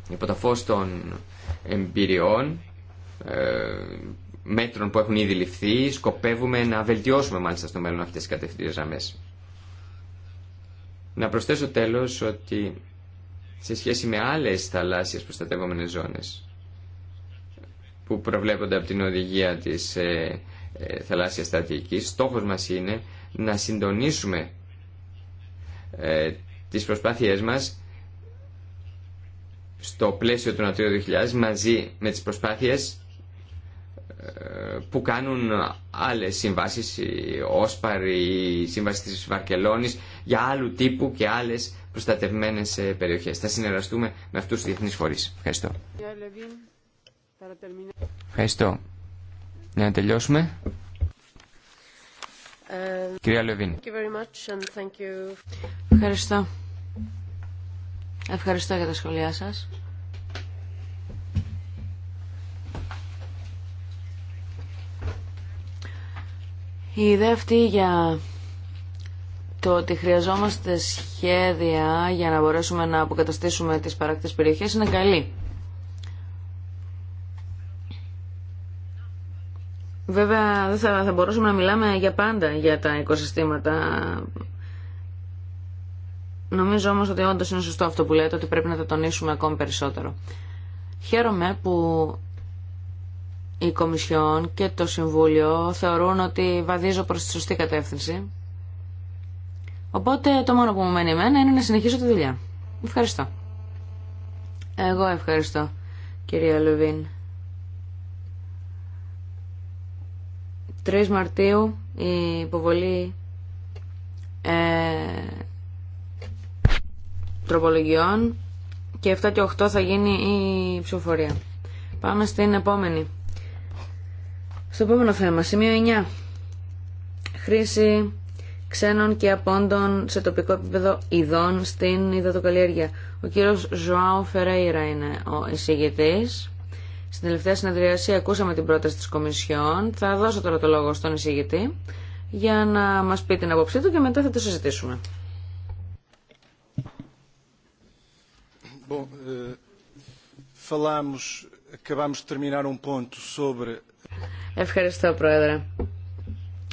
Υπό το φως των εμπειριών, ε, μέτρων που έχουν ήδη ληφθεί, σκοπεύουμε να βελτιώσουμε μάλιστα στο μέλλον αυτές τις κατευθύνσεις γραμμές. Να προσθέσω τέλος ότι σε σχέση με άλλες θαλάσσιες προστατευόμενες ζώνες, που προβλέπονται από την οδηγία της ε, ε, θαλάσσιας στρατηγικής. Στόχος μας είναι να συντονίσουμε ε, τις προσπάθειές μας στο πλαίσιο του Νατρίου 2000 μαζί με τις προσπάθειες ε, που κάνουν άλλες συμβάσεις, η ΟΣΠΑΡ, η Σύμβαση της Βαρκελόνης, για άλλου τύπου και άλλες προστατευμένες ε, περιοχές. Θα συνεργαστούμε με αυτούς τους διεθνείς φορείς. Ευχαριστώ. Ευχαριστώ. Για να τελειώσουμε.
Ε, Κυρία Λεβίν.
Ευχαριστώ. Ευχαριστώ για τα σχόλιά σας. Η ιδέα αυτή για το ότι χρειαζόμαστε σχέδια για να μπορέσουμε να αποκαταστήσουμε τις παράκτητες περιοχές είναι καλή. Βέβαια δεν θα, μπορούσαμε να μιλάμε για πάντα για τα οικοσυστήματα. Νομίζω όμως ότι όντως είναι σωστό αυτό που λέτε ότι πρέπει να τα τονίσουμε ακόμη περισσότερο. Χαίρομαι που η Κομισιόν και το Συμβούλιο θεωρούν ότι βαδίζω προς τη σωστή κατεύθυνση. Οπότε το μόνο που μου μένει εμένα είναι να συνεχίσω τη δουλειά. Ευχαριστώ. Εγώ ευχαριστώ κυρία Λουβίν. 3 Μαρτίου η υποβολή ε, τροπολογιών και 7 και 8 θα γίνει η ψηφοφορία. Πάμε στην επόμενη. Στο επόμενο θέμα, σημείο 9. Χρήση ξένων και απόντων σε τοπικό επίπεδο ειδών στην υδατοκαλλιέργεια. Ο κύριος Ζωάου Φερέιρα είναι ο εισηγητής. Στην τελευταία συνεδρίαση ακούσαμε την πρόταση της Κομισιόν. Θα δώσω τώρα το λόγο στον εισηγητή για να μας πει την απόψή του και μετά θα το συζητήσουμε.
Eh, um Ευχαριστώ,
Πρόεδρε.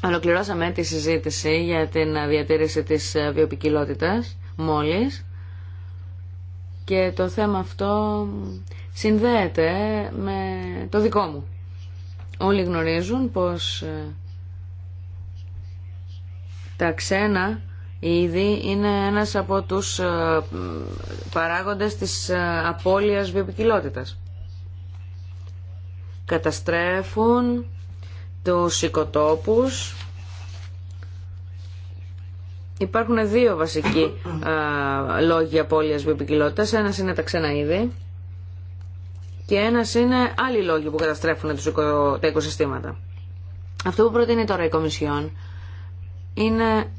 Ολοκληρώσαμε τη συζήτηση για την διατήρηση της βιοπικιλότητας μόλις και το θέμα αυτό συνδέεται με το δικό μου. Όλοι γνωρίζουν πως ε, τα ξένα είδη είναι ένας από τους ε, παράγοντες της ε, απώλειας βιοποικιλότητας. Καταστρέφουν τους οικοτόπους. Υπάρχουν δύο βασικοί λόγοι απώλειας βιοποικιλότητας. Ένας είναι τα ξένα είδη και ένας είναι άλλοι λόγοι που καταστρέφουν τα οικοσυστήματα. Αυτό που προτείνει τώρα η Κομισιόν είναι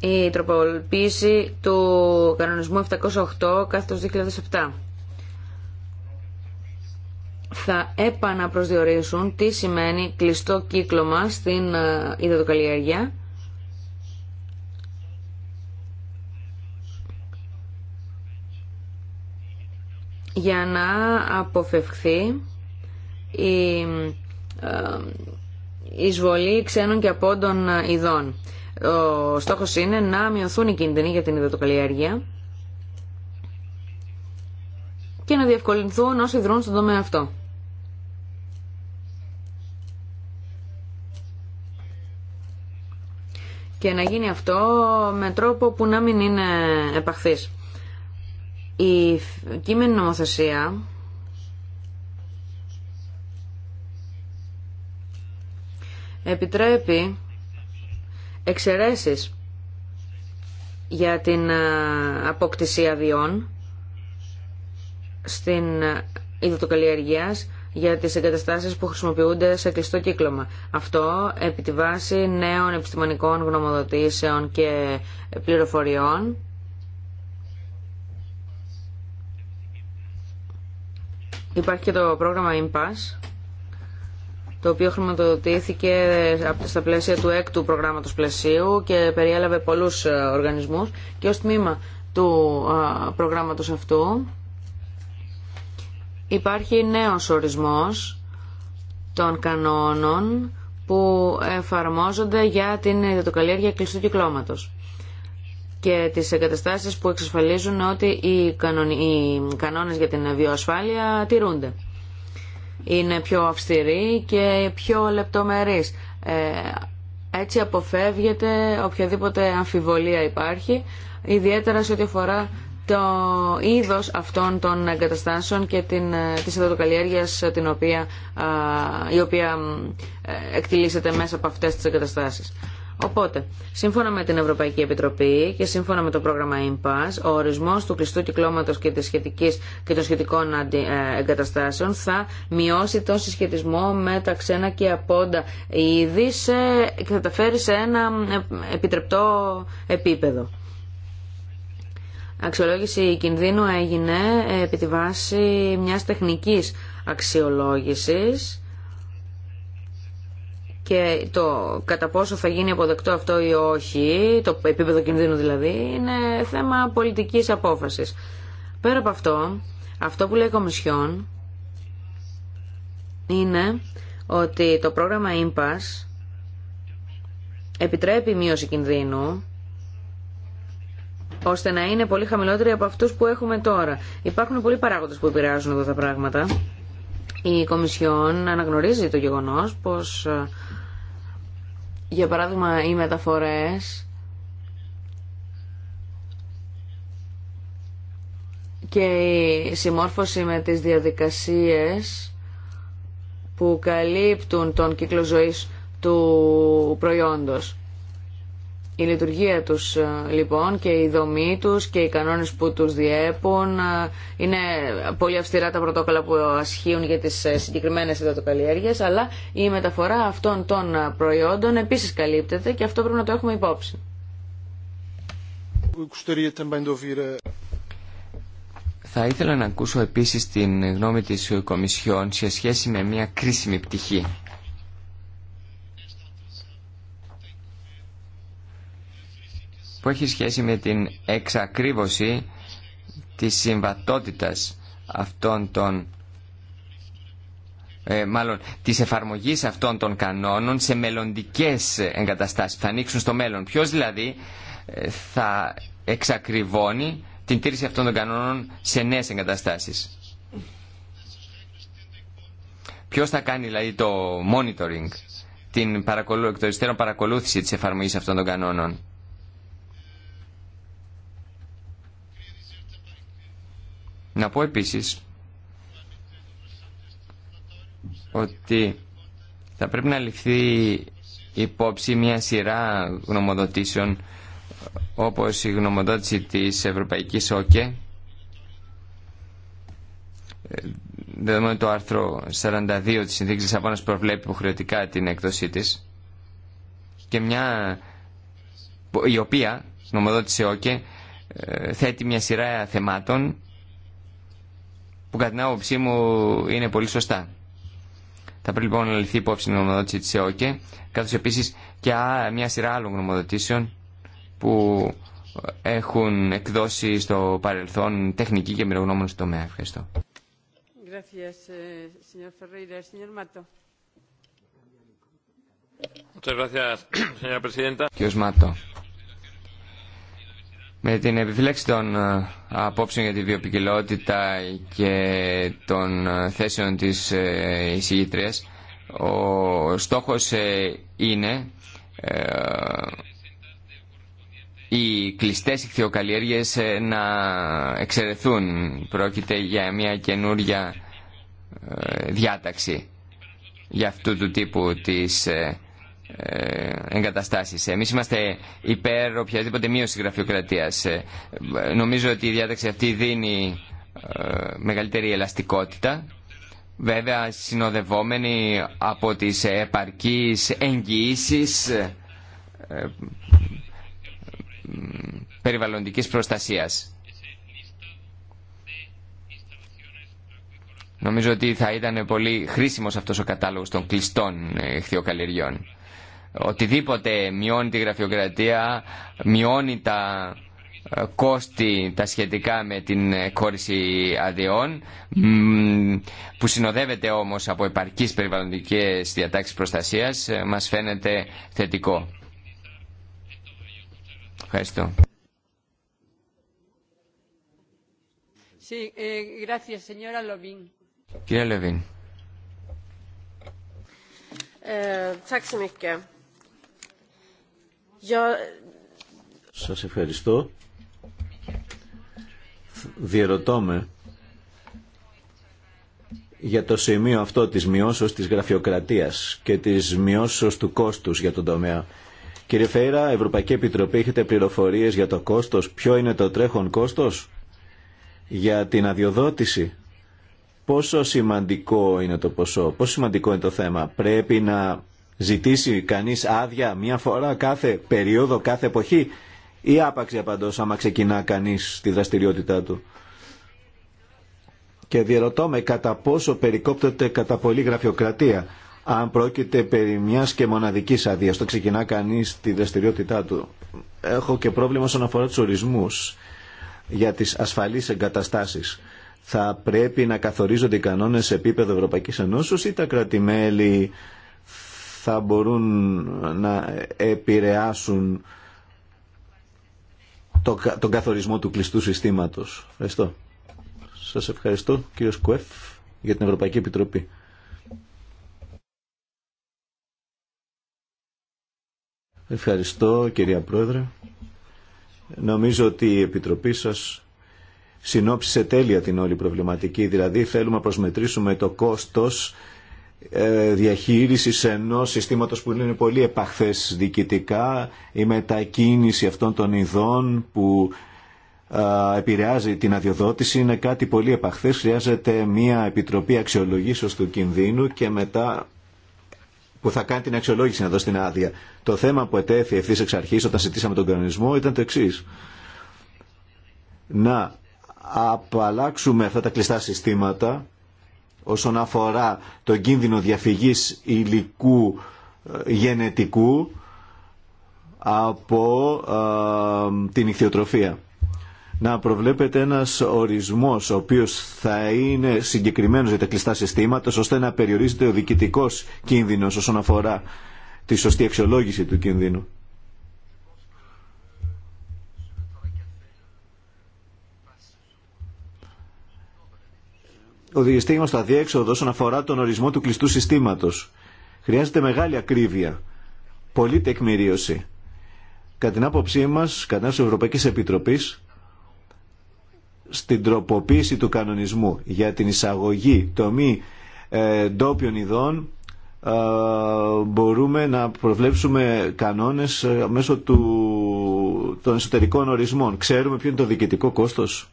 η τροποποίηση του κανονισμού 708 κάθετος 2007 θα επαναπροσδιορίσουν τι σημαίνει κλειστό κύκλωμα στην ε, υδατοκαλλιέργεια για να αποφευχθεί η ε, εισβολή ξένων και απόντων ειδών. Ο στόχος είναι να μειωθούν οι κίνδυνοι για την υδατοκαλλιέργεια και να διευκολυνθούν όσοι δρούν στον τομέα αυτό. Και να γίνει αυτό με τρόπο που να μην είναι επαχθής. Η κείμενη νομοθεσία επιτρέπει εξαιρέσεις για την ε, αποκτησία αδειών στην ιδιωτοκαλλιεργία για τις εγκαταστάσεις που χρησιμοποιούνται σε κλειστό κύκλωμα. Αυτό επί τη βάση νέων επιστημονικών γνωμοδοτήσεων και πληροφοριών Υπάρχει και το πρόγραμμα IMPAS, το οποίο χρηματοδοτήθηκε στα πλαίσια του έκτου προγράμματος πλαισίου και περιέλαβε πολλούς ε, οργανισμούς και ως τμήμα του ε, προγράμματος αυτού υπάρχει νέος ορισμός των κανόνων που εφαρμόζονται για την ιδιωτοκαλλιέργεια κλειστού κυκλώματος και τις εγκαταστάσεις που εξασφαλίζουν ότι οι κανόνες για την βιοασφάλεια τηρούνται. Είναι πιο αυστηροί και πιο λεπτομερείς. Ε, έτσι αποφεύγεται οποιαδήποτε αμφιβολία υπάρχει, ιδιαίτερα σε ό,τι αφορά το είδος αυτών των εγκαταστάσεων και την, ε, της εδωτοκαλλιέργειας ε, την οποία, η οποία εκτιλήσεται μέσα από αυτές τις εγκαταστάσεις. Οπότε, σύμφωνα με την Ευρωπαϊκή Επιτροπή και σύμφωνα με το πρόγραμμα IMPAS, ο ορισμός του κλειστού κυκλώματος και, της και των σχετικών ε, εγκαταστάσεων θα μειώσει τον συσχετισμό με τα ξένα και απόντα είδη και θα τα φέρει σε ένα ε, επιτρεπτό επίπεδο. Αξιολόγηση κινδύνου έγινε επί τη βάση μιας τεχνικής αξιολόγησης και το κατά πόσο θα γίνει αποδεκτό αυτό ή όχι, το επίπεδο κινδύνου δηλαδή, είναι θέμα πολιτικής απόφασης. Πέρα από αυτό, αυτό που λέει η Κομισιόν είναι ότι το πρόγραμμα IMPAS επιτρέπει μείωση κινδύνου ώστε να είναι πολύ χαμηλότερη από αυτούς που έχουμε τώρα. Υπάρχουν πολλοί παράγοντες που επηρεάζουν εδώ τα πράγματα. Η Κομισιόν αναγνωρίζει το προγραμμα ιμπας επιτρεπει μειωση κινδυνου ωστε να ειναι πολυ χαμηλοτερη απο αυτους που εχουμε τωρα υπαρχουν πολλοι παραγοντες που επηρεαζουν εδω τα πραγματα η κομισιον αναγνωριζει το γεγονος πως ε, για παράδειγμα οι μεταφορές και η συμμόρφωση με τις διαδικασίες που καλύπτουν τον κύκλο ζωής του προϊόντος. Η λειτουργία τους ε, λοιπόν και η δομή τους και οι κανόνες που τους διέπουν ε, είναι πολύ αυστηρά τα πρωτόκολλα που ασχίουν για τις ε, συγκεκριμένες υδατοκαλλιέργειες αλλά η μεταφορά αυτών των προϊόντων επίσης καλύπτεται και αυτό πρέπει να το έχουμε υπόψη.
Θα ήθελα να ακούσω επίσης την γνώμη της Κομισιόν σε σχέση με μια κρίσιμη πτυχή που έχει σχέση με την εξακρίβωση της συμβατότητας αυτών των ε, μάλλον της εφαρμογής αυτών των κανόνων σε μελλοντικές εγκαταστάσεις που θα ανοίξουν στο μέλλον. Ποιος δηλαδή ε, θα εξακριβώνει την τήρηση αυτών των κανόνων σε νέες εγκαταστάσεις. Ποιος θα κάνει δηλαδή το monitoring, την παρακολούθηση της εφαρμογής αυτών των κανόνων. Να πω επίσης ότι θα πρέπει να ληφθεί υπόψη μια σειρά γνωμοδοτήσεων όπως η γνωμοδότηση της Ευρωπαϊκής ΟΚΕ δεδομένου το άρθρο 42 της Συνθήκης Λισαβόνας προβλέπει υποχρεωτικά την έκδοσή της και μια η οποία γνωμοδότηση ΟΚΕ ε, θέτει μια σειρά θεμάτων που κατά την άποψή μου είναι πολύ σωστά. Θα πρέπει λοιπόν να λυθεί υπόψη η γνωμοδότηση τη ΕΟΚΕ, καθώς επίση και μια σειρά άλλων γνωμοδοτήσεων που έχουν εκδώσει στο παρελθόν τεχνική και μυρογνώμονα στο τομέα. Ευχαριστώ. Κύριος με την επιφύλαξη των ε, απόψεων για τη βιοπικιλότητα και των ε, θέσεων της ε, εισηγήτριας, ο στόχος είναι οι κλειστές ηχθειοκαλλιέργειες να εξαιρεθούν. Πρόκειται για μια καινούρια διάταξη για αυτού του τύπου της. Ε, εγκαταστάσεις. Εμείς είμαστε υπέρ οποιαδήποτε μείωση γραφειοκρατίας. Ε, νομίζω ότι η διάταξη αυτή δίνει ε, μεγαλύτερη ελαστικότητα βέβαια συνοδευόμενη από τις επαρκείς εγγυήσεις περιβαλλοντικής προστασίας. Νομίζω ότι θα ήταν πολύ χρήσιμος αυτός ο κατάλογος των κλειστών χθιοκαλλιεργιών οτιδήποτε μειώνει τη γραφειοκρατία, μειώνει τα ε, κόστη τα σχετικά με την ε, κόρηση αδειών που συνοδεύεται όμως από επαρκείς περιβαλλοντικές διατάξεις προστασίας ε, μας φαίνεται θετικό. Ευχαριστώ. Eh, κύριε Λεβίν. Σας ευχαριστώ.
Διερωτώ για το σημείο αυτό της μειώσεως της γραφειοκρατίας και της μειώσεως του κόστους για τον τομέα. Κύριε Φέιρα, Ευρωπαϊκή Επιτροπή, έχετε πληροφορίες για το κόστος. Ποιο είναι το τρέχον κόστος για την αδειοδότηση. Πόσο σημαντικό είναι το ποσό, πόσο σημαντικό είναι το θέμα. Πρέπει να ζητήσει κανείς άδεια μία φορά κάθε περίοδο, κάθε εποχή ή άπαξ απαντός άμα ξεκινά κανείς τη δραστηριότητά του. Και διαρωτώ με κατά πόσο περικόπτεται κατά πολύ γραφειοκρατία αν πρόκειται περί μιας και μοναδικής αδείας. Το ξεκινά κανείς τη δραστηριότητά του. Έχω και πρόβλημα όσον αφορά τους ορισμούς για τις ασφαλείς εγκαταστάσεις. Θα πρέπει να καθορίζονται οι κανόνες σε επίπεδο Ευρωπαϊκής ή τα κρατημέλη θα μπορούν να επηρεάσουν το, τον καθορισμό του κλειστού συστήματος. Ευχαριστώ. Σας ευχαριστώ κύριος Σκουέφ για την Ευρωπαϊκή Επιτροπή. Ευχαριστώ κυρία Πρόεδρε. Νομίζω ότι η Επιτροπή σας συνόψισε τέλεια την όλη προβληματική. Δηλαδή θέλουμε να προσμετρήσουμε το κόστος ε, Διαχείριση ενός συστήματος που είναι πολύ επαχθές διοικητικά, η μετακίνηση αυτών των ειδών που επηρεάζει την αδειοδότηση είναι κάτι πολύ επαχθές. Χρειάζεται μια επιτροπή αξιολογήσεως του κινδύνου και μετά που θα κάνει την αξιολόγηση να δώσει την άδεια. Το θέμα που ετέθη ευθύ εξ αρχή όταν συζητήσαμε τον κανονισμό ήταν το εξή. Να απαλλάξουμε αυτά τα κλειστά συστήματα όσον αφορά τον κίνδυνο διαφυγής υλικού ε, γενετικού από ε, την ηχθειοτροφία. Να προβλέπετε ένας ορισμός ο οποίος θα είναι συγκεκριμένος για τα κλειστά συστήματα ώστε να περιορίζεται ο διοικητικός κίνδυνος όσον αφορά τη σωστή αξιολόγηση του κίνδυνου. οδηγηστήκαμε στο αδιέξοδο όσον αφορά τον ορισμό του κλειστού συστήματος. Χρειάζεται μεγάλη ακρίβεια, πολλή τεκμηρίωση. Κατά την άποψή μας, κατά της Ευρωπαϊκής Επιτροπής, στην τροποποίηση του κανονισμού για την εισαγωγή τομή ε, ντόπιων ειδών ε, μπορούμε να προβλέψουμε κανόνες ε, μέσω του, των εσωτερικών ορισμών. Ξέρουμε ποιο είναι το διοικητικό κόστος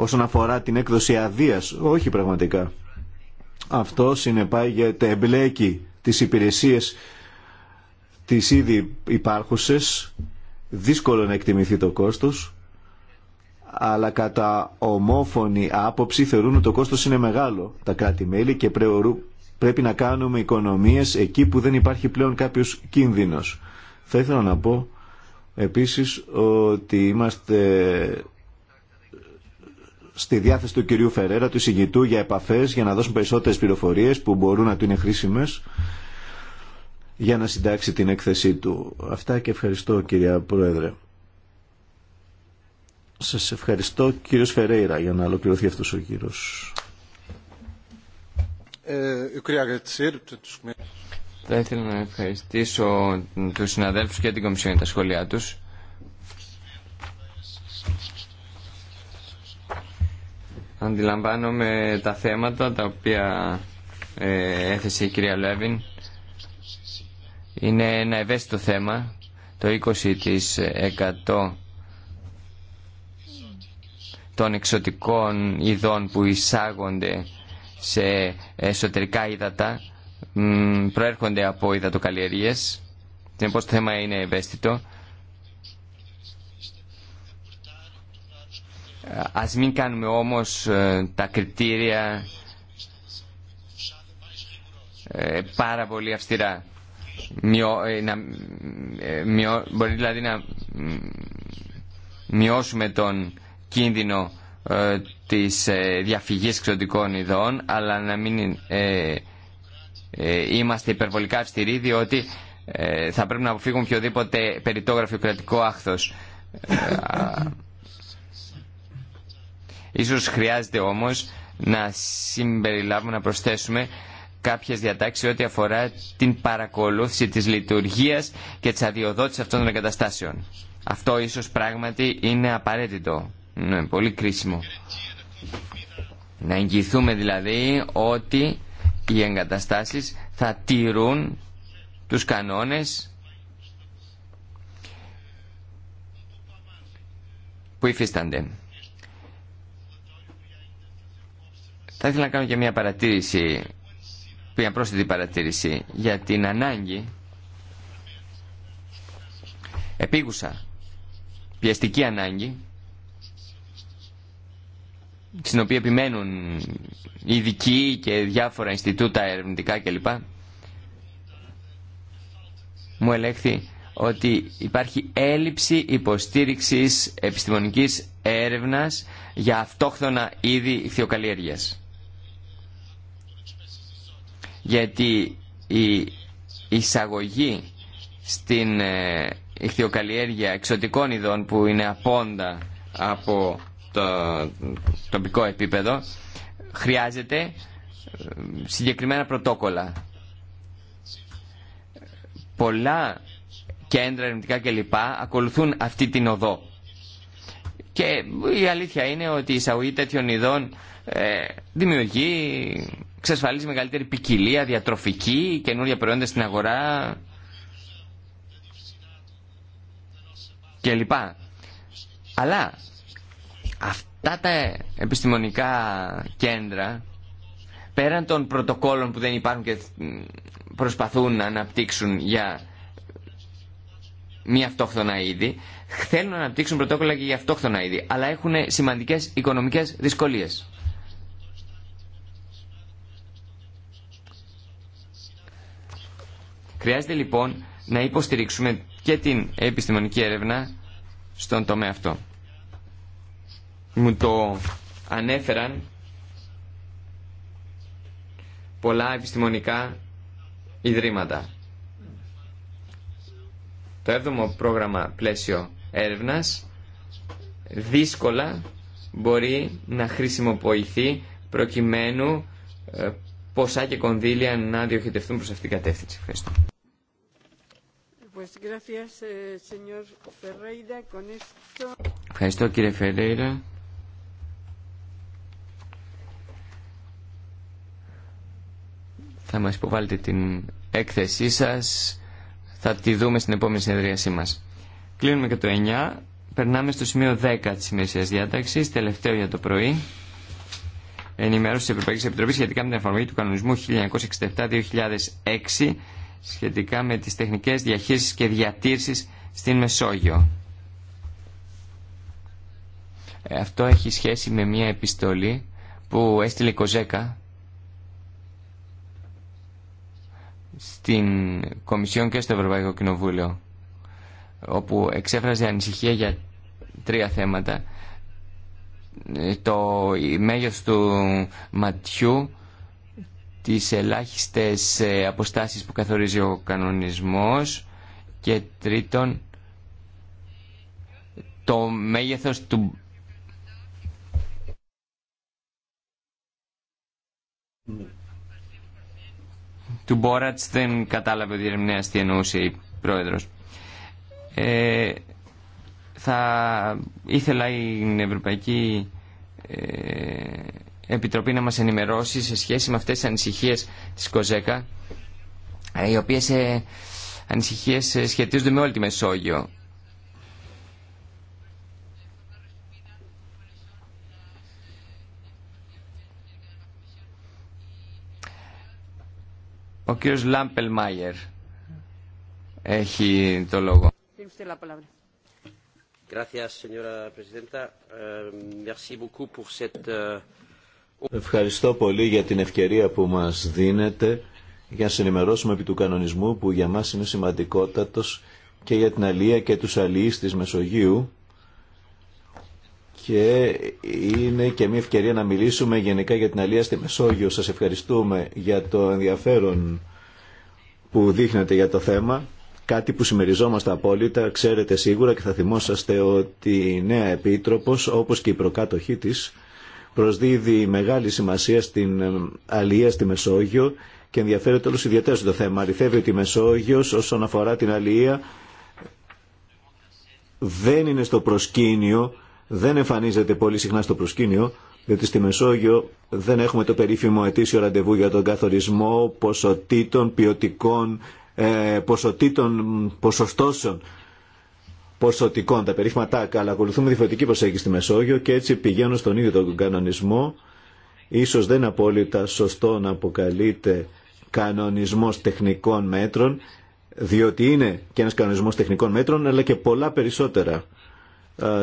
όσον αφορά την έκδοση αδείας. Όχι πραγματικά. Αυτό συνεπάγεται εμπλέκει της υπηρεσίες της ήδη υπάρχουσες. Δύσκολο να εκτιμηθεί το κόστος αλλά κατά ομόφωνη άποψη θεωρούν ότι το κόστος είναι μεγάλο τα κράτη-μέλη και πρέπει να κάνουμε οικονομίες εκεί που δεν υπάρχει πλέον κάποιος κίνδυνος. Θα ήθελα να πω επίσης ότι είμαστε στη διάθεση του κυρίου Φερέρα, του συγγητού, για επαφέ για να δώσουν περισσότερε πληροφορίε που μπορούν να του είναι χρήσιμε για να συντάξει την έκθεσή του. Αυτά και ευχαριστώ κυρία Πρόεδρε. Σας ευχαριστώ κύριο Φερέρα για να ολοκληρωθεί αυτός ο
κύριος. Θα ήθελα να ευχαριστήσω τους συναδέλφους και την Κομισιόν για τα σχόλιά τους. Αντιλαμβάνομαι τα θέματα τα οποία ε, έθεσε η κυρία Λέβιν. Είναι ένα ευαίσθητο θέμα. Το 20% των εξωτικών ειδών που εισάγονται σε εσωτερικά ύδατα προέρχονται από υδατοκαλλιεργίες. Συνεπώς το θέμα είναι ευαίσθητο. Ε, ας μην κάνουμε όμως ε, τα κριτήρια ε, πάρα πολύ αυστηρά. Μπορεί δηλαδή να μειώσουμε τον κίνδυνο της διαφυγής εξωτικών ειδών αλλά να μην είμαστε υπερβολικά αυστηροί διότι θα πρέπει να αποφύγουμε οποιοδήποτε περιτόγραφιο κρατικό άχθος. Ίσως χρειάζεται όμως να συμπεριλάβουμε, να προσθέσουμε κάποιες διατάξεις ό,τι αφορά την παρακολούθηση της λειτουργίας και της αδειοδότησης αυτών των εγκαταστάσεων. Αυτό ίσως πράγματι είναι απαραίτητο, ναι, πολύ κρίσιμο. Να εγγυηθούμε δηλαδή ότι οι εγκαταστάσεις θα τηρούν τους κανόνες που υφίστανται. Θα ήθελα να κάνω και μια παρατήρηση, μια πρόσθετη παρατήρηση για την ανάγκη επίγουσα πιεστική ανάγκη στην οποία επιμένουν ειδικοί και διάφορα Ινστιτούτα ερευνητικά κλπ. Μου ελέγχθη ότι υπάρχει έλλειψη υποστήριξης επιστημονικής έρευνας για αυτόχθονα είδη θεοκαλλιέργειας γιατί η εισαγωγή στην ε, ηχθειοκαλλιέργεια εξωτικών ειδών που είναι απόντα από το τοπικό επίπεδο χρειάζεται ε, συγκεκριμένα πρωτόκολλα. Πολλά κέντρα ερευνητικά κλπ. ακολουθούν αυτή την οδό. Και η αλήθεια είναι ότι η εισαγωγή τέτοιων ειδών ε, δημιουργεί εξασφαλίζει μεγαλύτερη ποικιλία διατροφική, καινούργια προϊόντα στην αγορά κλπ. Αλλά αυτά τα επιστημονικά κέντρα πέραν των πρωτοκόλων που δεν υπάρχουν και προσπαθούν να αναπτύξουν για μια αυτόχθονα είδη, θέλουν να αναπτύξουν πρωτόκολλα και για αυτόχθονα είδη, αλλά έχουν σημαντικές οικονομικές δυσκολίες. Χρειάζεται λοιπόν να υποστηρίξουμε και την επιστημονική έρευνα στον τομέα αυτό. Μου το ανέφεραν πολλά επιστημονικά ιδρύματα. Το έβδομο πρόγραμμα πλαίσιο έρευνας δύσκολα μπορεί να χρησιμοποιηθεί προκειμένου ε, ποσά και κονδύλια να διοχετευτούν προς αυτήν την κατεύθυνση. Ευχαριστώ.
Eh,
Ευχαριστώ κύριε Φερέιρα. Θα μας υποβάλλετε την έκθεσή σας. Θα τη δούμε στην επόμενη συνεδρίασή μας. Κλείνουμε και το 9. Περνάμε στο σημείο 10 της ημερησίας διάταξης, τελευταίο για το πρωί ενημέρωση τη Ευρωπαϊκή Επιτροπή σχετικά με την εφαρμογή του κανονισμού 1967-2006 σχετικά με τις τεχνικές διαχείρισης και διατήρησης στην Μεσόγειο. Ε, αυτό έχει σχέση με μια επιστολή που έστειλε η Κοζέκα στην Κομισιόν και στο Ευρωπαϊκό Κοινοβούλιο όπου εξέφραζε ανησυχία για τρία θέματα το μέγεθος του ματιού, τις ελάχιστες ε, αποστάσεις που καθορίζει ο κανονισμός και τρίτον το μέγεθος του του Μπόρατς δεν κατάλαβε ο διερμηνέας τι εννοούσε η πρόεδρος. Ε, θα ήθελα η Ευρωπαϊκή ε, Επιτροπή να μας ενημερώσει σε σχέση με αυτές τις ανησυχίες της ΚΟΖΕΚΑ ε, οι οποίες ε, ανησυχίες σχετίζονται με όλη τη Μεσόγειο. Ο κύριος Λάμπελ Μάιερ έχει το λόγο.
Eh, euh,
Ευχαριστώ πολύ για την ευκαιρία που μας δίνετε για να συνημερώσουμε επί του κανονισμού που για μας είναι σημαντικότατος και για την Αλία και τους Αλίες της Μεσογείου και είναι και μια ευκαιρία να μιλήσουμε γενικά για την Αλία στη Μεσόγειο. Σας ευχαριστούμε για το ενδιαφέρον που δείχνετε για το θέμα κάτι που συμμεριζόμαστε απόλυτα, ξέρετε σίγουρα και θα θυμόσαστε ότι η νέα Επίτροπος, όπως και η προκάτοχή της, προσδίδει μεγάλη σημασία στην ε, αλληλεία στη Μεσόγειο και ενδιαφέρεται όλους ιδιαίτερα το θέμα. Αληθεύει ότι η Μεσόγειος όσον αφορά την αλληλεία δεν είναι στο προσκήνιο, δεν εμφανίζεται πολύ συχνά στο προσκήνιο, διότι στη Μεσόγειο δεν έχουμε το περίφημο ετήσιο ραντεβού για τον καθορισμό ποσοτήτων, ποιοτικών ε, ποσοτήτων, ποσοστώσεων ποσοτικών, τα περίφημα τάκ, αλλά ακολουθούμε διαφορετική προσέγγιση στη Μεσόγειο και έτσι πηγαίνω στον ίδιο τον κανονισμό. Ίσως δεν απόλυτα σωστό να αποκαλείται κανονισμός τεχνικών μέτρων, διότι είναι και ένας κανονισμός τεχνικών μέτρων, αλλά και πολλά περισσότερα.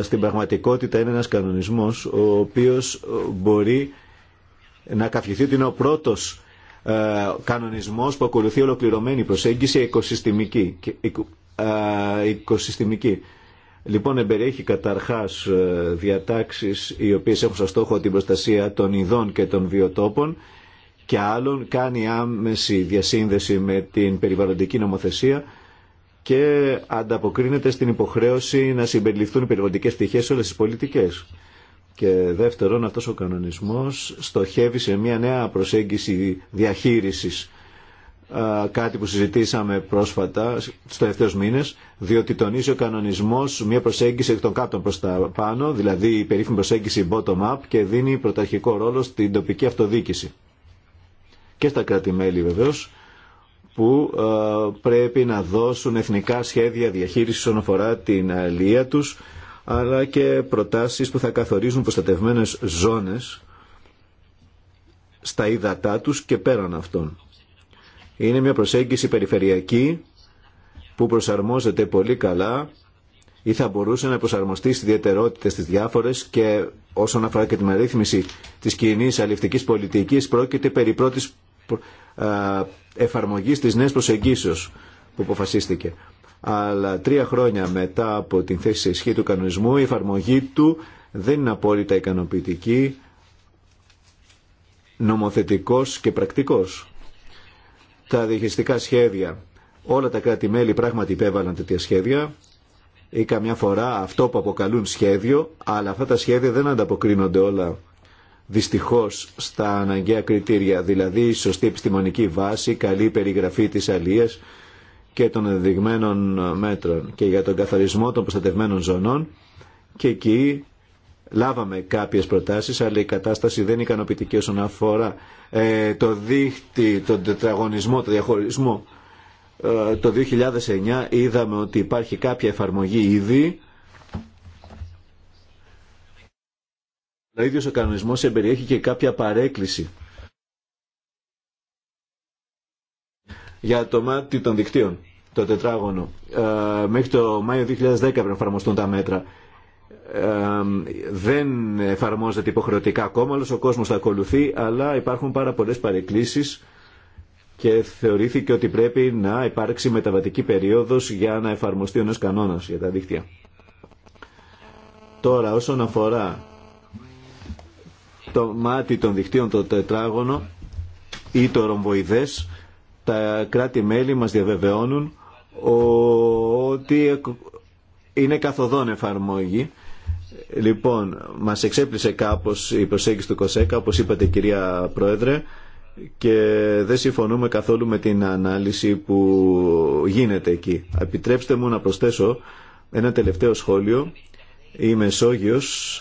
Στην πραγματικότητα είναι ένας κανονισμός ο οποίος μπορεί να καυχηθεί ότι είναι ο πρώτος ε, κανονισμός που ακολουθεί ολοκληρωμένη προσέγγιση οικοσυστημική. Ε, οικοσυστημική. Λοιπόν, εμπεριέχει καταρχάς ε, διατάξεις οι οποίες έχουν σαν στόχο την προστασία των ειδών και των βιοτόπων και άλλων κάνει άμεση διασύνδεση με την περιβαλλοντική νομοθεσία και ανταποκρίνεται στην υποχρέωση να συμπεριληφθούν οι περιβαλλοντικές πτυχές σε όλες τις πολιτικές. Και δεύτερον, αυτός ο κανονισμός στοχεύει σε μια νέα προσέγγιση διαχείρισης κάτι που συζητήσαμε πρόσφατα στους τελευταίους μήνες, διότι τονίζει ο κανονισμός μια προσέγγιση εκ των κάτω προς τα πάνω, δηλαδή η περίφημη προσέγγιση bottom-up και δίνει πρωταρχικό ρόλο στην τοπική αυτοδίκηση. Και στα κράτη-μέλη βεβαίως, που πρέπει να δώσουν εθνικά σχέδια διαχείρισης όσον αφορά την αλληλεία τους αλλά και προτάσεις που θα καθορίζουν προστατευμένες ζώνες στα ύδατά τους και πέραν αυτών. Είναι μια προσέγγιση περιφερειακή που προσαρμόζεται πολύ καλά ή θα μπορούσε να προσαρμοστεί στις ιδιαιτερότητες στις διάφορες και όσον αφορά και τη μερίθμιση της κοινή αλληλευτικής πολιτικής πρόκειται περί πρώτης εφαρμογής της νέας προσεγγίσεως που αποφασίστηκε αλλά τρία χρόνια μετά από την θέση σε ισχύ του κανονισμού η εφαρμογή του δεν είναι απόλυτα ικανοποιητική, νομοθετικός και πρακτικός. Τα διαχειριστικά σχέδια, όλα τα κράτη-μέλη πράγματι υπέβαλαν τέτοια σχέδια ή καμιά φορά αυτό που αποκαλούν σχέδιο, αλλά αυτά τα σχέδια δεν ανταποκρίνονται όλα δυστυχώς στα αναγκαία κριτήρια, δηλαδή η σωστή επιστημονική βάση, καλή περιγραφή της αλίας, και των ενδειγμένων μέτρων και για τον καθαρισμό των προστατευμένων ζωνών και εκεί λάβαμε κάποιες προτάσεις αλλά η κατάσταση δεν είναι ικανοποιητική όσον αφορά ε, το δίχτυ, τον τετραγωνισμό, τον διαχωρισμό. Ε, το 2009 είδαμε ότι υπάρχει κάποια εφαρμογή ήδη ο ίδιος ο κανονισμός εμπεριέχει και κάποια παρέκκληση για το μάτι των δικτύων, το τετράγωνο. Ε, μέχρι το Μάιο 2010 πρέπει να εφαρμοστούν τα μέτρα. Ε, δεν εφαρμόζεται υποχρεωτικά ακόμα, όλος ο κόσμος θα ακολουθεί, αλλά υπάρχουν πάρα πολλές παρεκκλήσεις και θεωρήθηκε ότι πρέπει να υπάρξει μεταβατική περίοδος για να εφαρμοστεί ο νέος κανόνας για τα δίκτυα. Τώρα όσον αφορά το μάτι των δικτύων το τετράγωνο ή το ρομβοειδές τα κράτη-μέλη μας διαβεβαιώνουν ότι είναι καθοδόν εφαρμόγη. Λοιπόν, μας εξέπλησε κάπως η προσέγγιση του ΚΟΣΕΚΑ, όπως είπατε κυρία Πρόεδρε, και δεν συμφωνούμε καθόλου με την ανάλυση που γίνεται εκεί. Επιτρέψτε μου να προσθέσω ένα τελευταίο σχόλιο. Η Μεσόγειος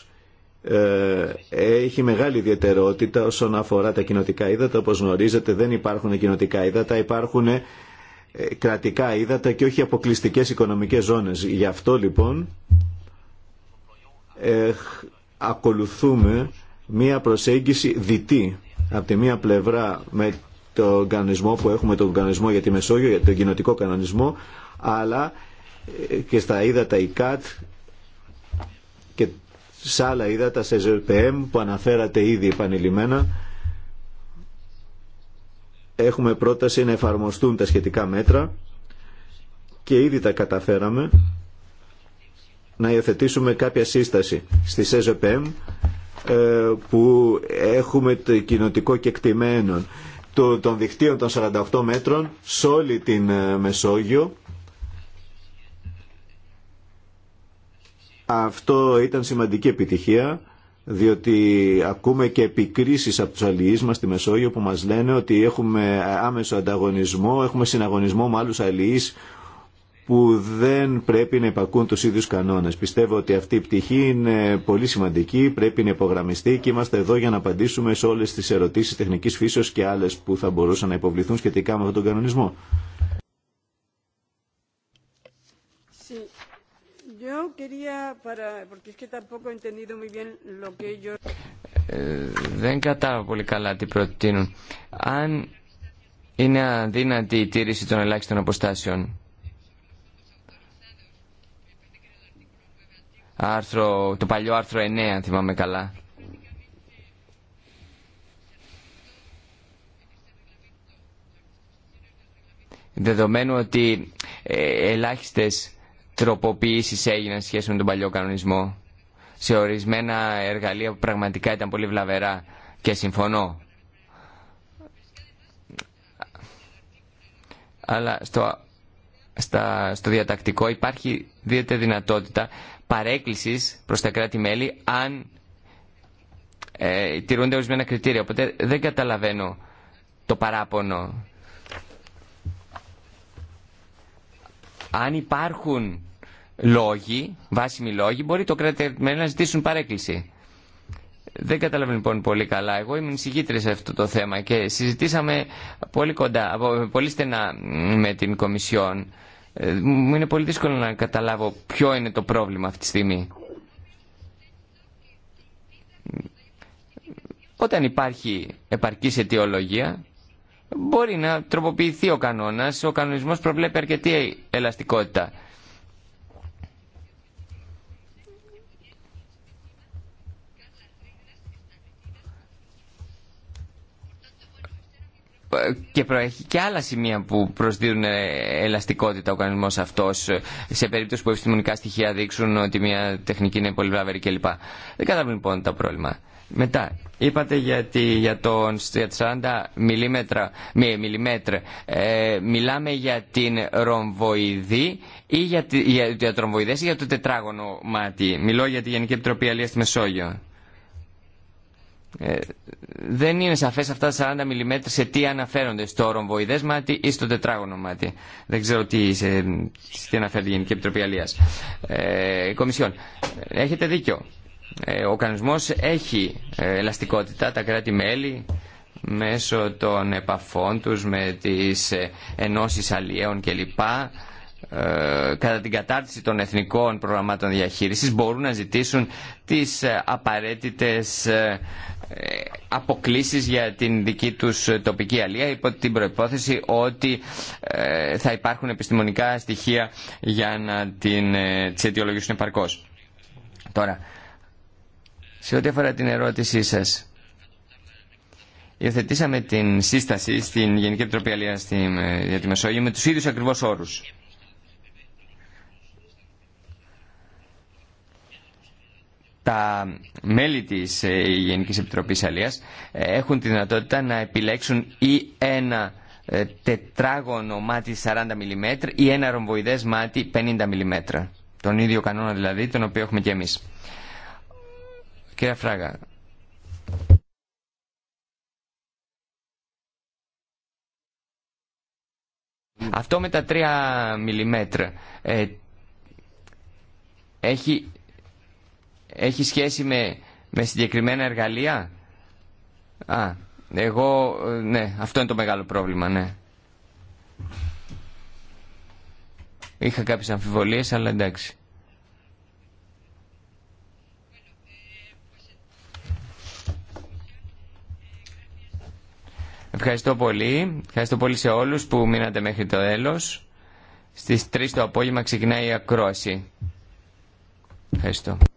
ε, έχει μεγάλη ιδιαιτερότητα όσον αφορά τα κοινοτικά ύδατα. Όπως γνωρίζετε δεν υπάρχουν κοινοτικά ύδατα, υπάρχουν ε, κρατικά ύδατα και όχι αποκλειστικές οικονομικές ζώνες. Γι' αυτό λοιπόν ακολουθούμε μία προσέγγιση διτή. Από τη μία πλευρά με τον κανονισμό που έχουμε τον κανονισμό για τη Μεσόγειο, για τον κοινοτικό κανονισμό, αλλά ε, και στα ύδατα η ΚΑΤ σε άλλα ύδατα, σε ΖΕΠΕΜ που αναφέρατε ήδη επανειλημμένα. Έχουμε πρόταση να εφαρμοστούν τα σχετικά μέτρα και ήδη τα καταφέραμε να υιοθετήσουμε κάποια σύσταση στη ΣΕΖΕΠΕΜ ε, που έχουμε το κοινοτικό κεκτημένο των δικτύων των 48 μέτρων σε όλη την ε, Μεσόγειο Αυτό ήταν σημαντική επιτυχία, διότι ακούμε και επικρίσεις από τους αλληλείς μας στη Μεσόγειο που μας λένε ότι έχουμε άμεσο ανταγωνισμό, έχουμε συναγωνισμό με άλλους αλληλείς που δεν πρέπει να υπακούν τους ίδιους κανόνες. Πιστεύω ότι αυτή η πτυχή είναι πολύ σημαντική, πρέπει να υπογραμμιστεί και είμαστε εδώ για να απαντήσουμε σε όλες τις ερωτήσεις τεχνικής φύσεως και άλλες που θα μπορούσαν να υποβληθούν σχετικά με αυτόν τον κανονισμό.
quería para... porque es que tampoco he entendido muy bien lo que ellos...
Ε, δεν κατάλαβα πολύ καλά τι προτείνουν. Αν είναι αδύνατη η τήρηση των ελάχιστων αποστάσεων. Άρθρο, το παλιό άρθρο 9, αν θυμάμαι καλά. Δεδομένου ότι ε, ελάχιστες Τροποποίηση έγιναν σχέση με τον παλιό κανονισμό σε ορισμένα εργαλεία που πραγματικά ήταν πολύ βλαβερά και συμφωνώ. Αλλά στο, στο διατακτικό υπάρχει δίδεται δυνατότητα παρέκκλησης προς τα κράτη-μέλη αν ε, τηρούνται ορισμένα κριτήρια. Οπότε δεν καταλαβαίνω το παράπονο Αν υπάρχουν λόγοι, βάσιμοι λόγοι, μπορεί το κρατημένο να ζητήσουν παρέκκληση. Δεν καταλαβαίνω λοιπόν πολύ καλά. Εγώ ήμουν συγκίτρια σε αυτό το θέμα και συζητήσαμε πολύ κοντά, πολύ στενά με την Κομισιόν. Ε, μου είναι πολύ δύσκολο να καταλάβω ποιο είναι το πρόβλημα αυτή τη στιγμή. Όταν υπάρχει επαρκής αιτιολογία, μπορεί να τροποποιηθεί ο κανόνας. Ο κανονισμός προβλέπει αρκετή ελαστικότητα. και προέχει και άλλα σημεία που προσδίδουν ελαστικότητα ο κανονισμός αυτός σε περίπτωση που επιστημονικά στοιχεία δείξουν ότι μια τεχνική είναι πολύ βραβερή κλπ. Δεν καταλαβαίνω λοιπόν τα πρόβλημα. Μετά, είπατε για, για, τον, 40 μιλίμετρα, ε, μιλάμε για την ρομβοειδή ή για, τη, για, για ρομβοειδές ή για το τετράγωνο μάτι. Μιλώ για τη Γενική Επιτροπή Αλίας στη Μεσόγειο. Ε, δεν είναι σαφές αυτά τα 40 μιλιμέτρα σε τι αναφέρονται, στο ρομβοειδές μάτι ή στο τετράγωνο μάτι. Δεν ξέρω τι, σε, τι αναφέρει η Γενική Επιτροπή Αλίας. Ε, Κομισιόν, έχετε δίκιο. Ε, ο οργανισμός έχει ε, ελαστικότητα. Τα κράτη-μέλη μέσω των επαφών τους με τις ε, ενώσεις αλλιέων κλπ. κατά την κατάρτιση των εθνικών προγραμμάτων διαχείρισης μπορούν να ζητήσουν τις απαραίτητες αποκλήσεις για την δική τους τοπική αλία υπό την προϋπόθεση ότι θα υπάρχουν επιστημονικά στοιχεία για να την, τις αιτιολογήσουν επαρκώς. Τώρα, σε ό,τι αφορά την ερώτησή σας, υιοθετήσαμε την σύσταση στην Γενική Επιτροπή Αλία ε, για τη Μεσόγειο με τους ίδιους ακριβώς όρους. τα μέλη της ε, Γενικής Επιτροπής Αλίας ε, έχουν τη δυνατότητα να επιλέξουν ή ένα τετράγωνο μάτι 40 mm ή ένα ρομβοειδές μάτι 50 mm. Τον ίδιο κανόνα δηλαδή, τον οποίο έχουμε και εμείς. Κύριε Φράγα. Αυτό με τα 3 μιλιμέτρα ε, έχει, έχει σχέση με, με συγκεκριμένα εργαλεία. Α, εγώ, ε, ναι, αυτό είναι το μεγάλο πρόβλημα, ναι. Είχα κάποιες αμφιβολίες, αλλά εντάξει. Ευχαριστώ πολύ. Ευχαριστώ πολύ σε όλους που μείνατε μέχρι το τέλος. Στις 3 το απόγευμα ξεκινάει η ακρόαση. Ευχαριστώ.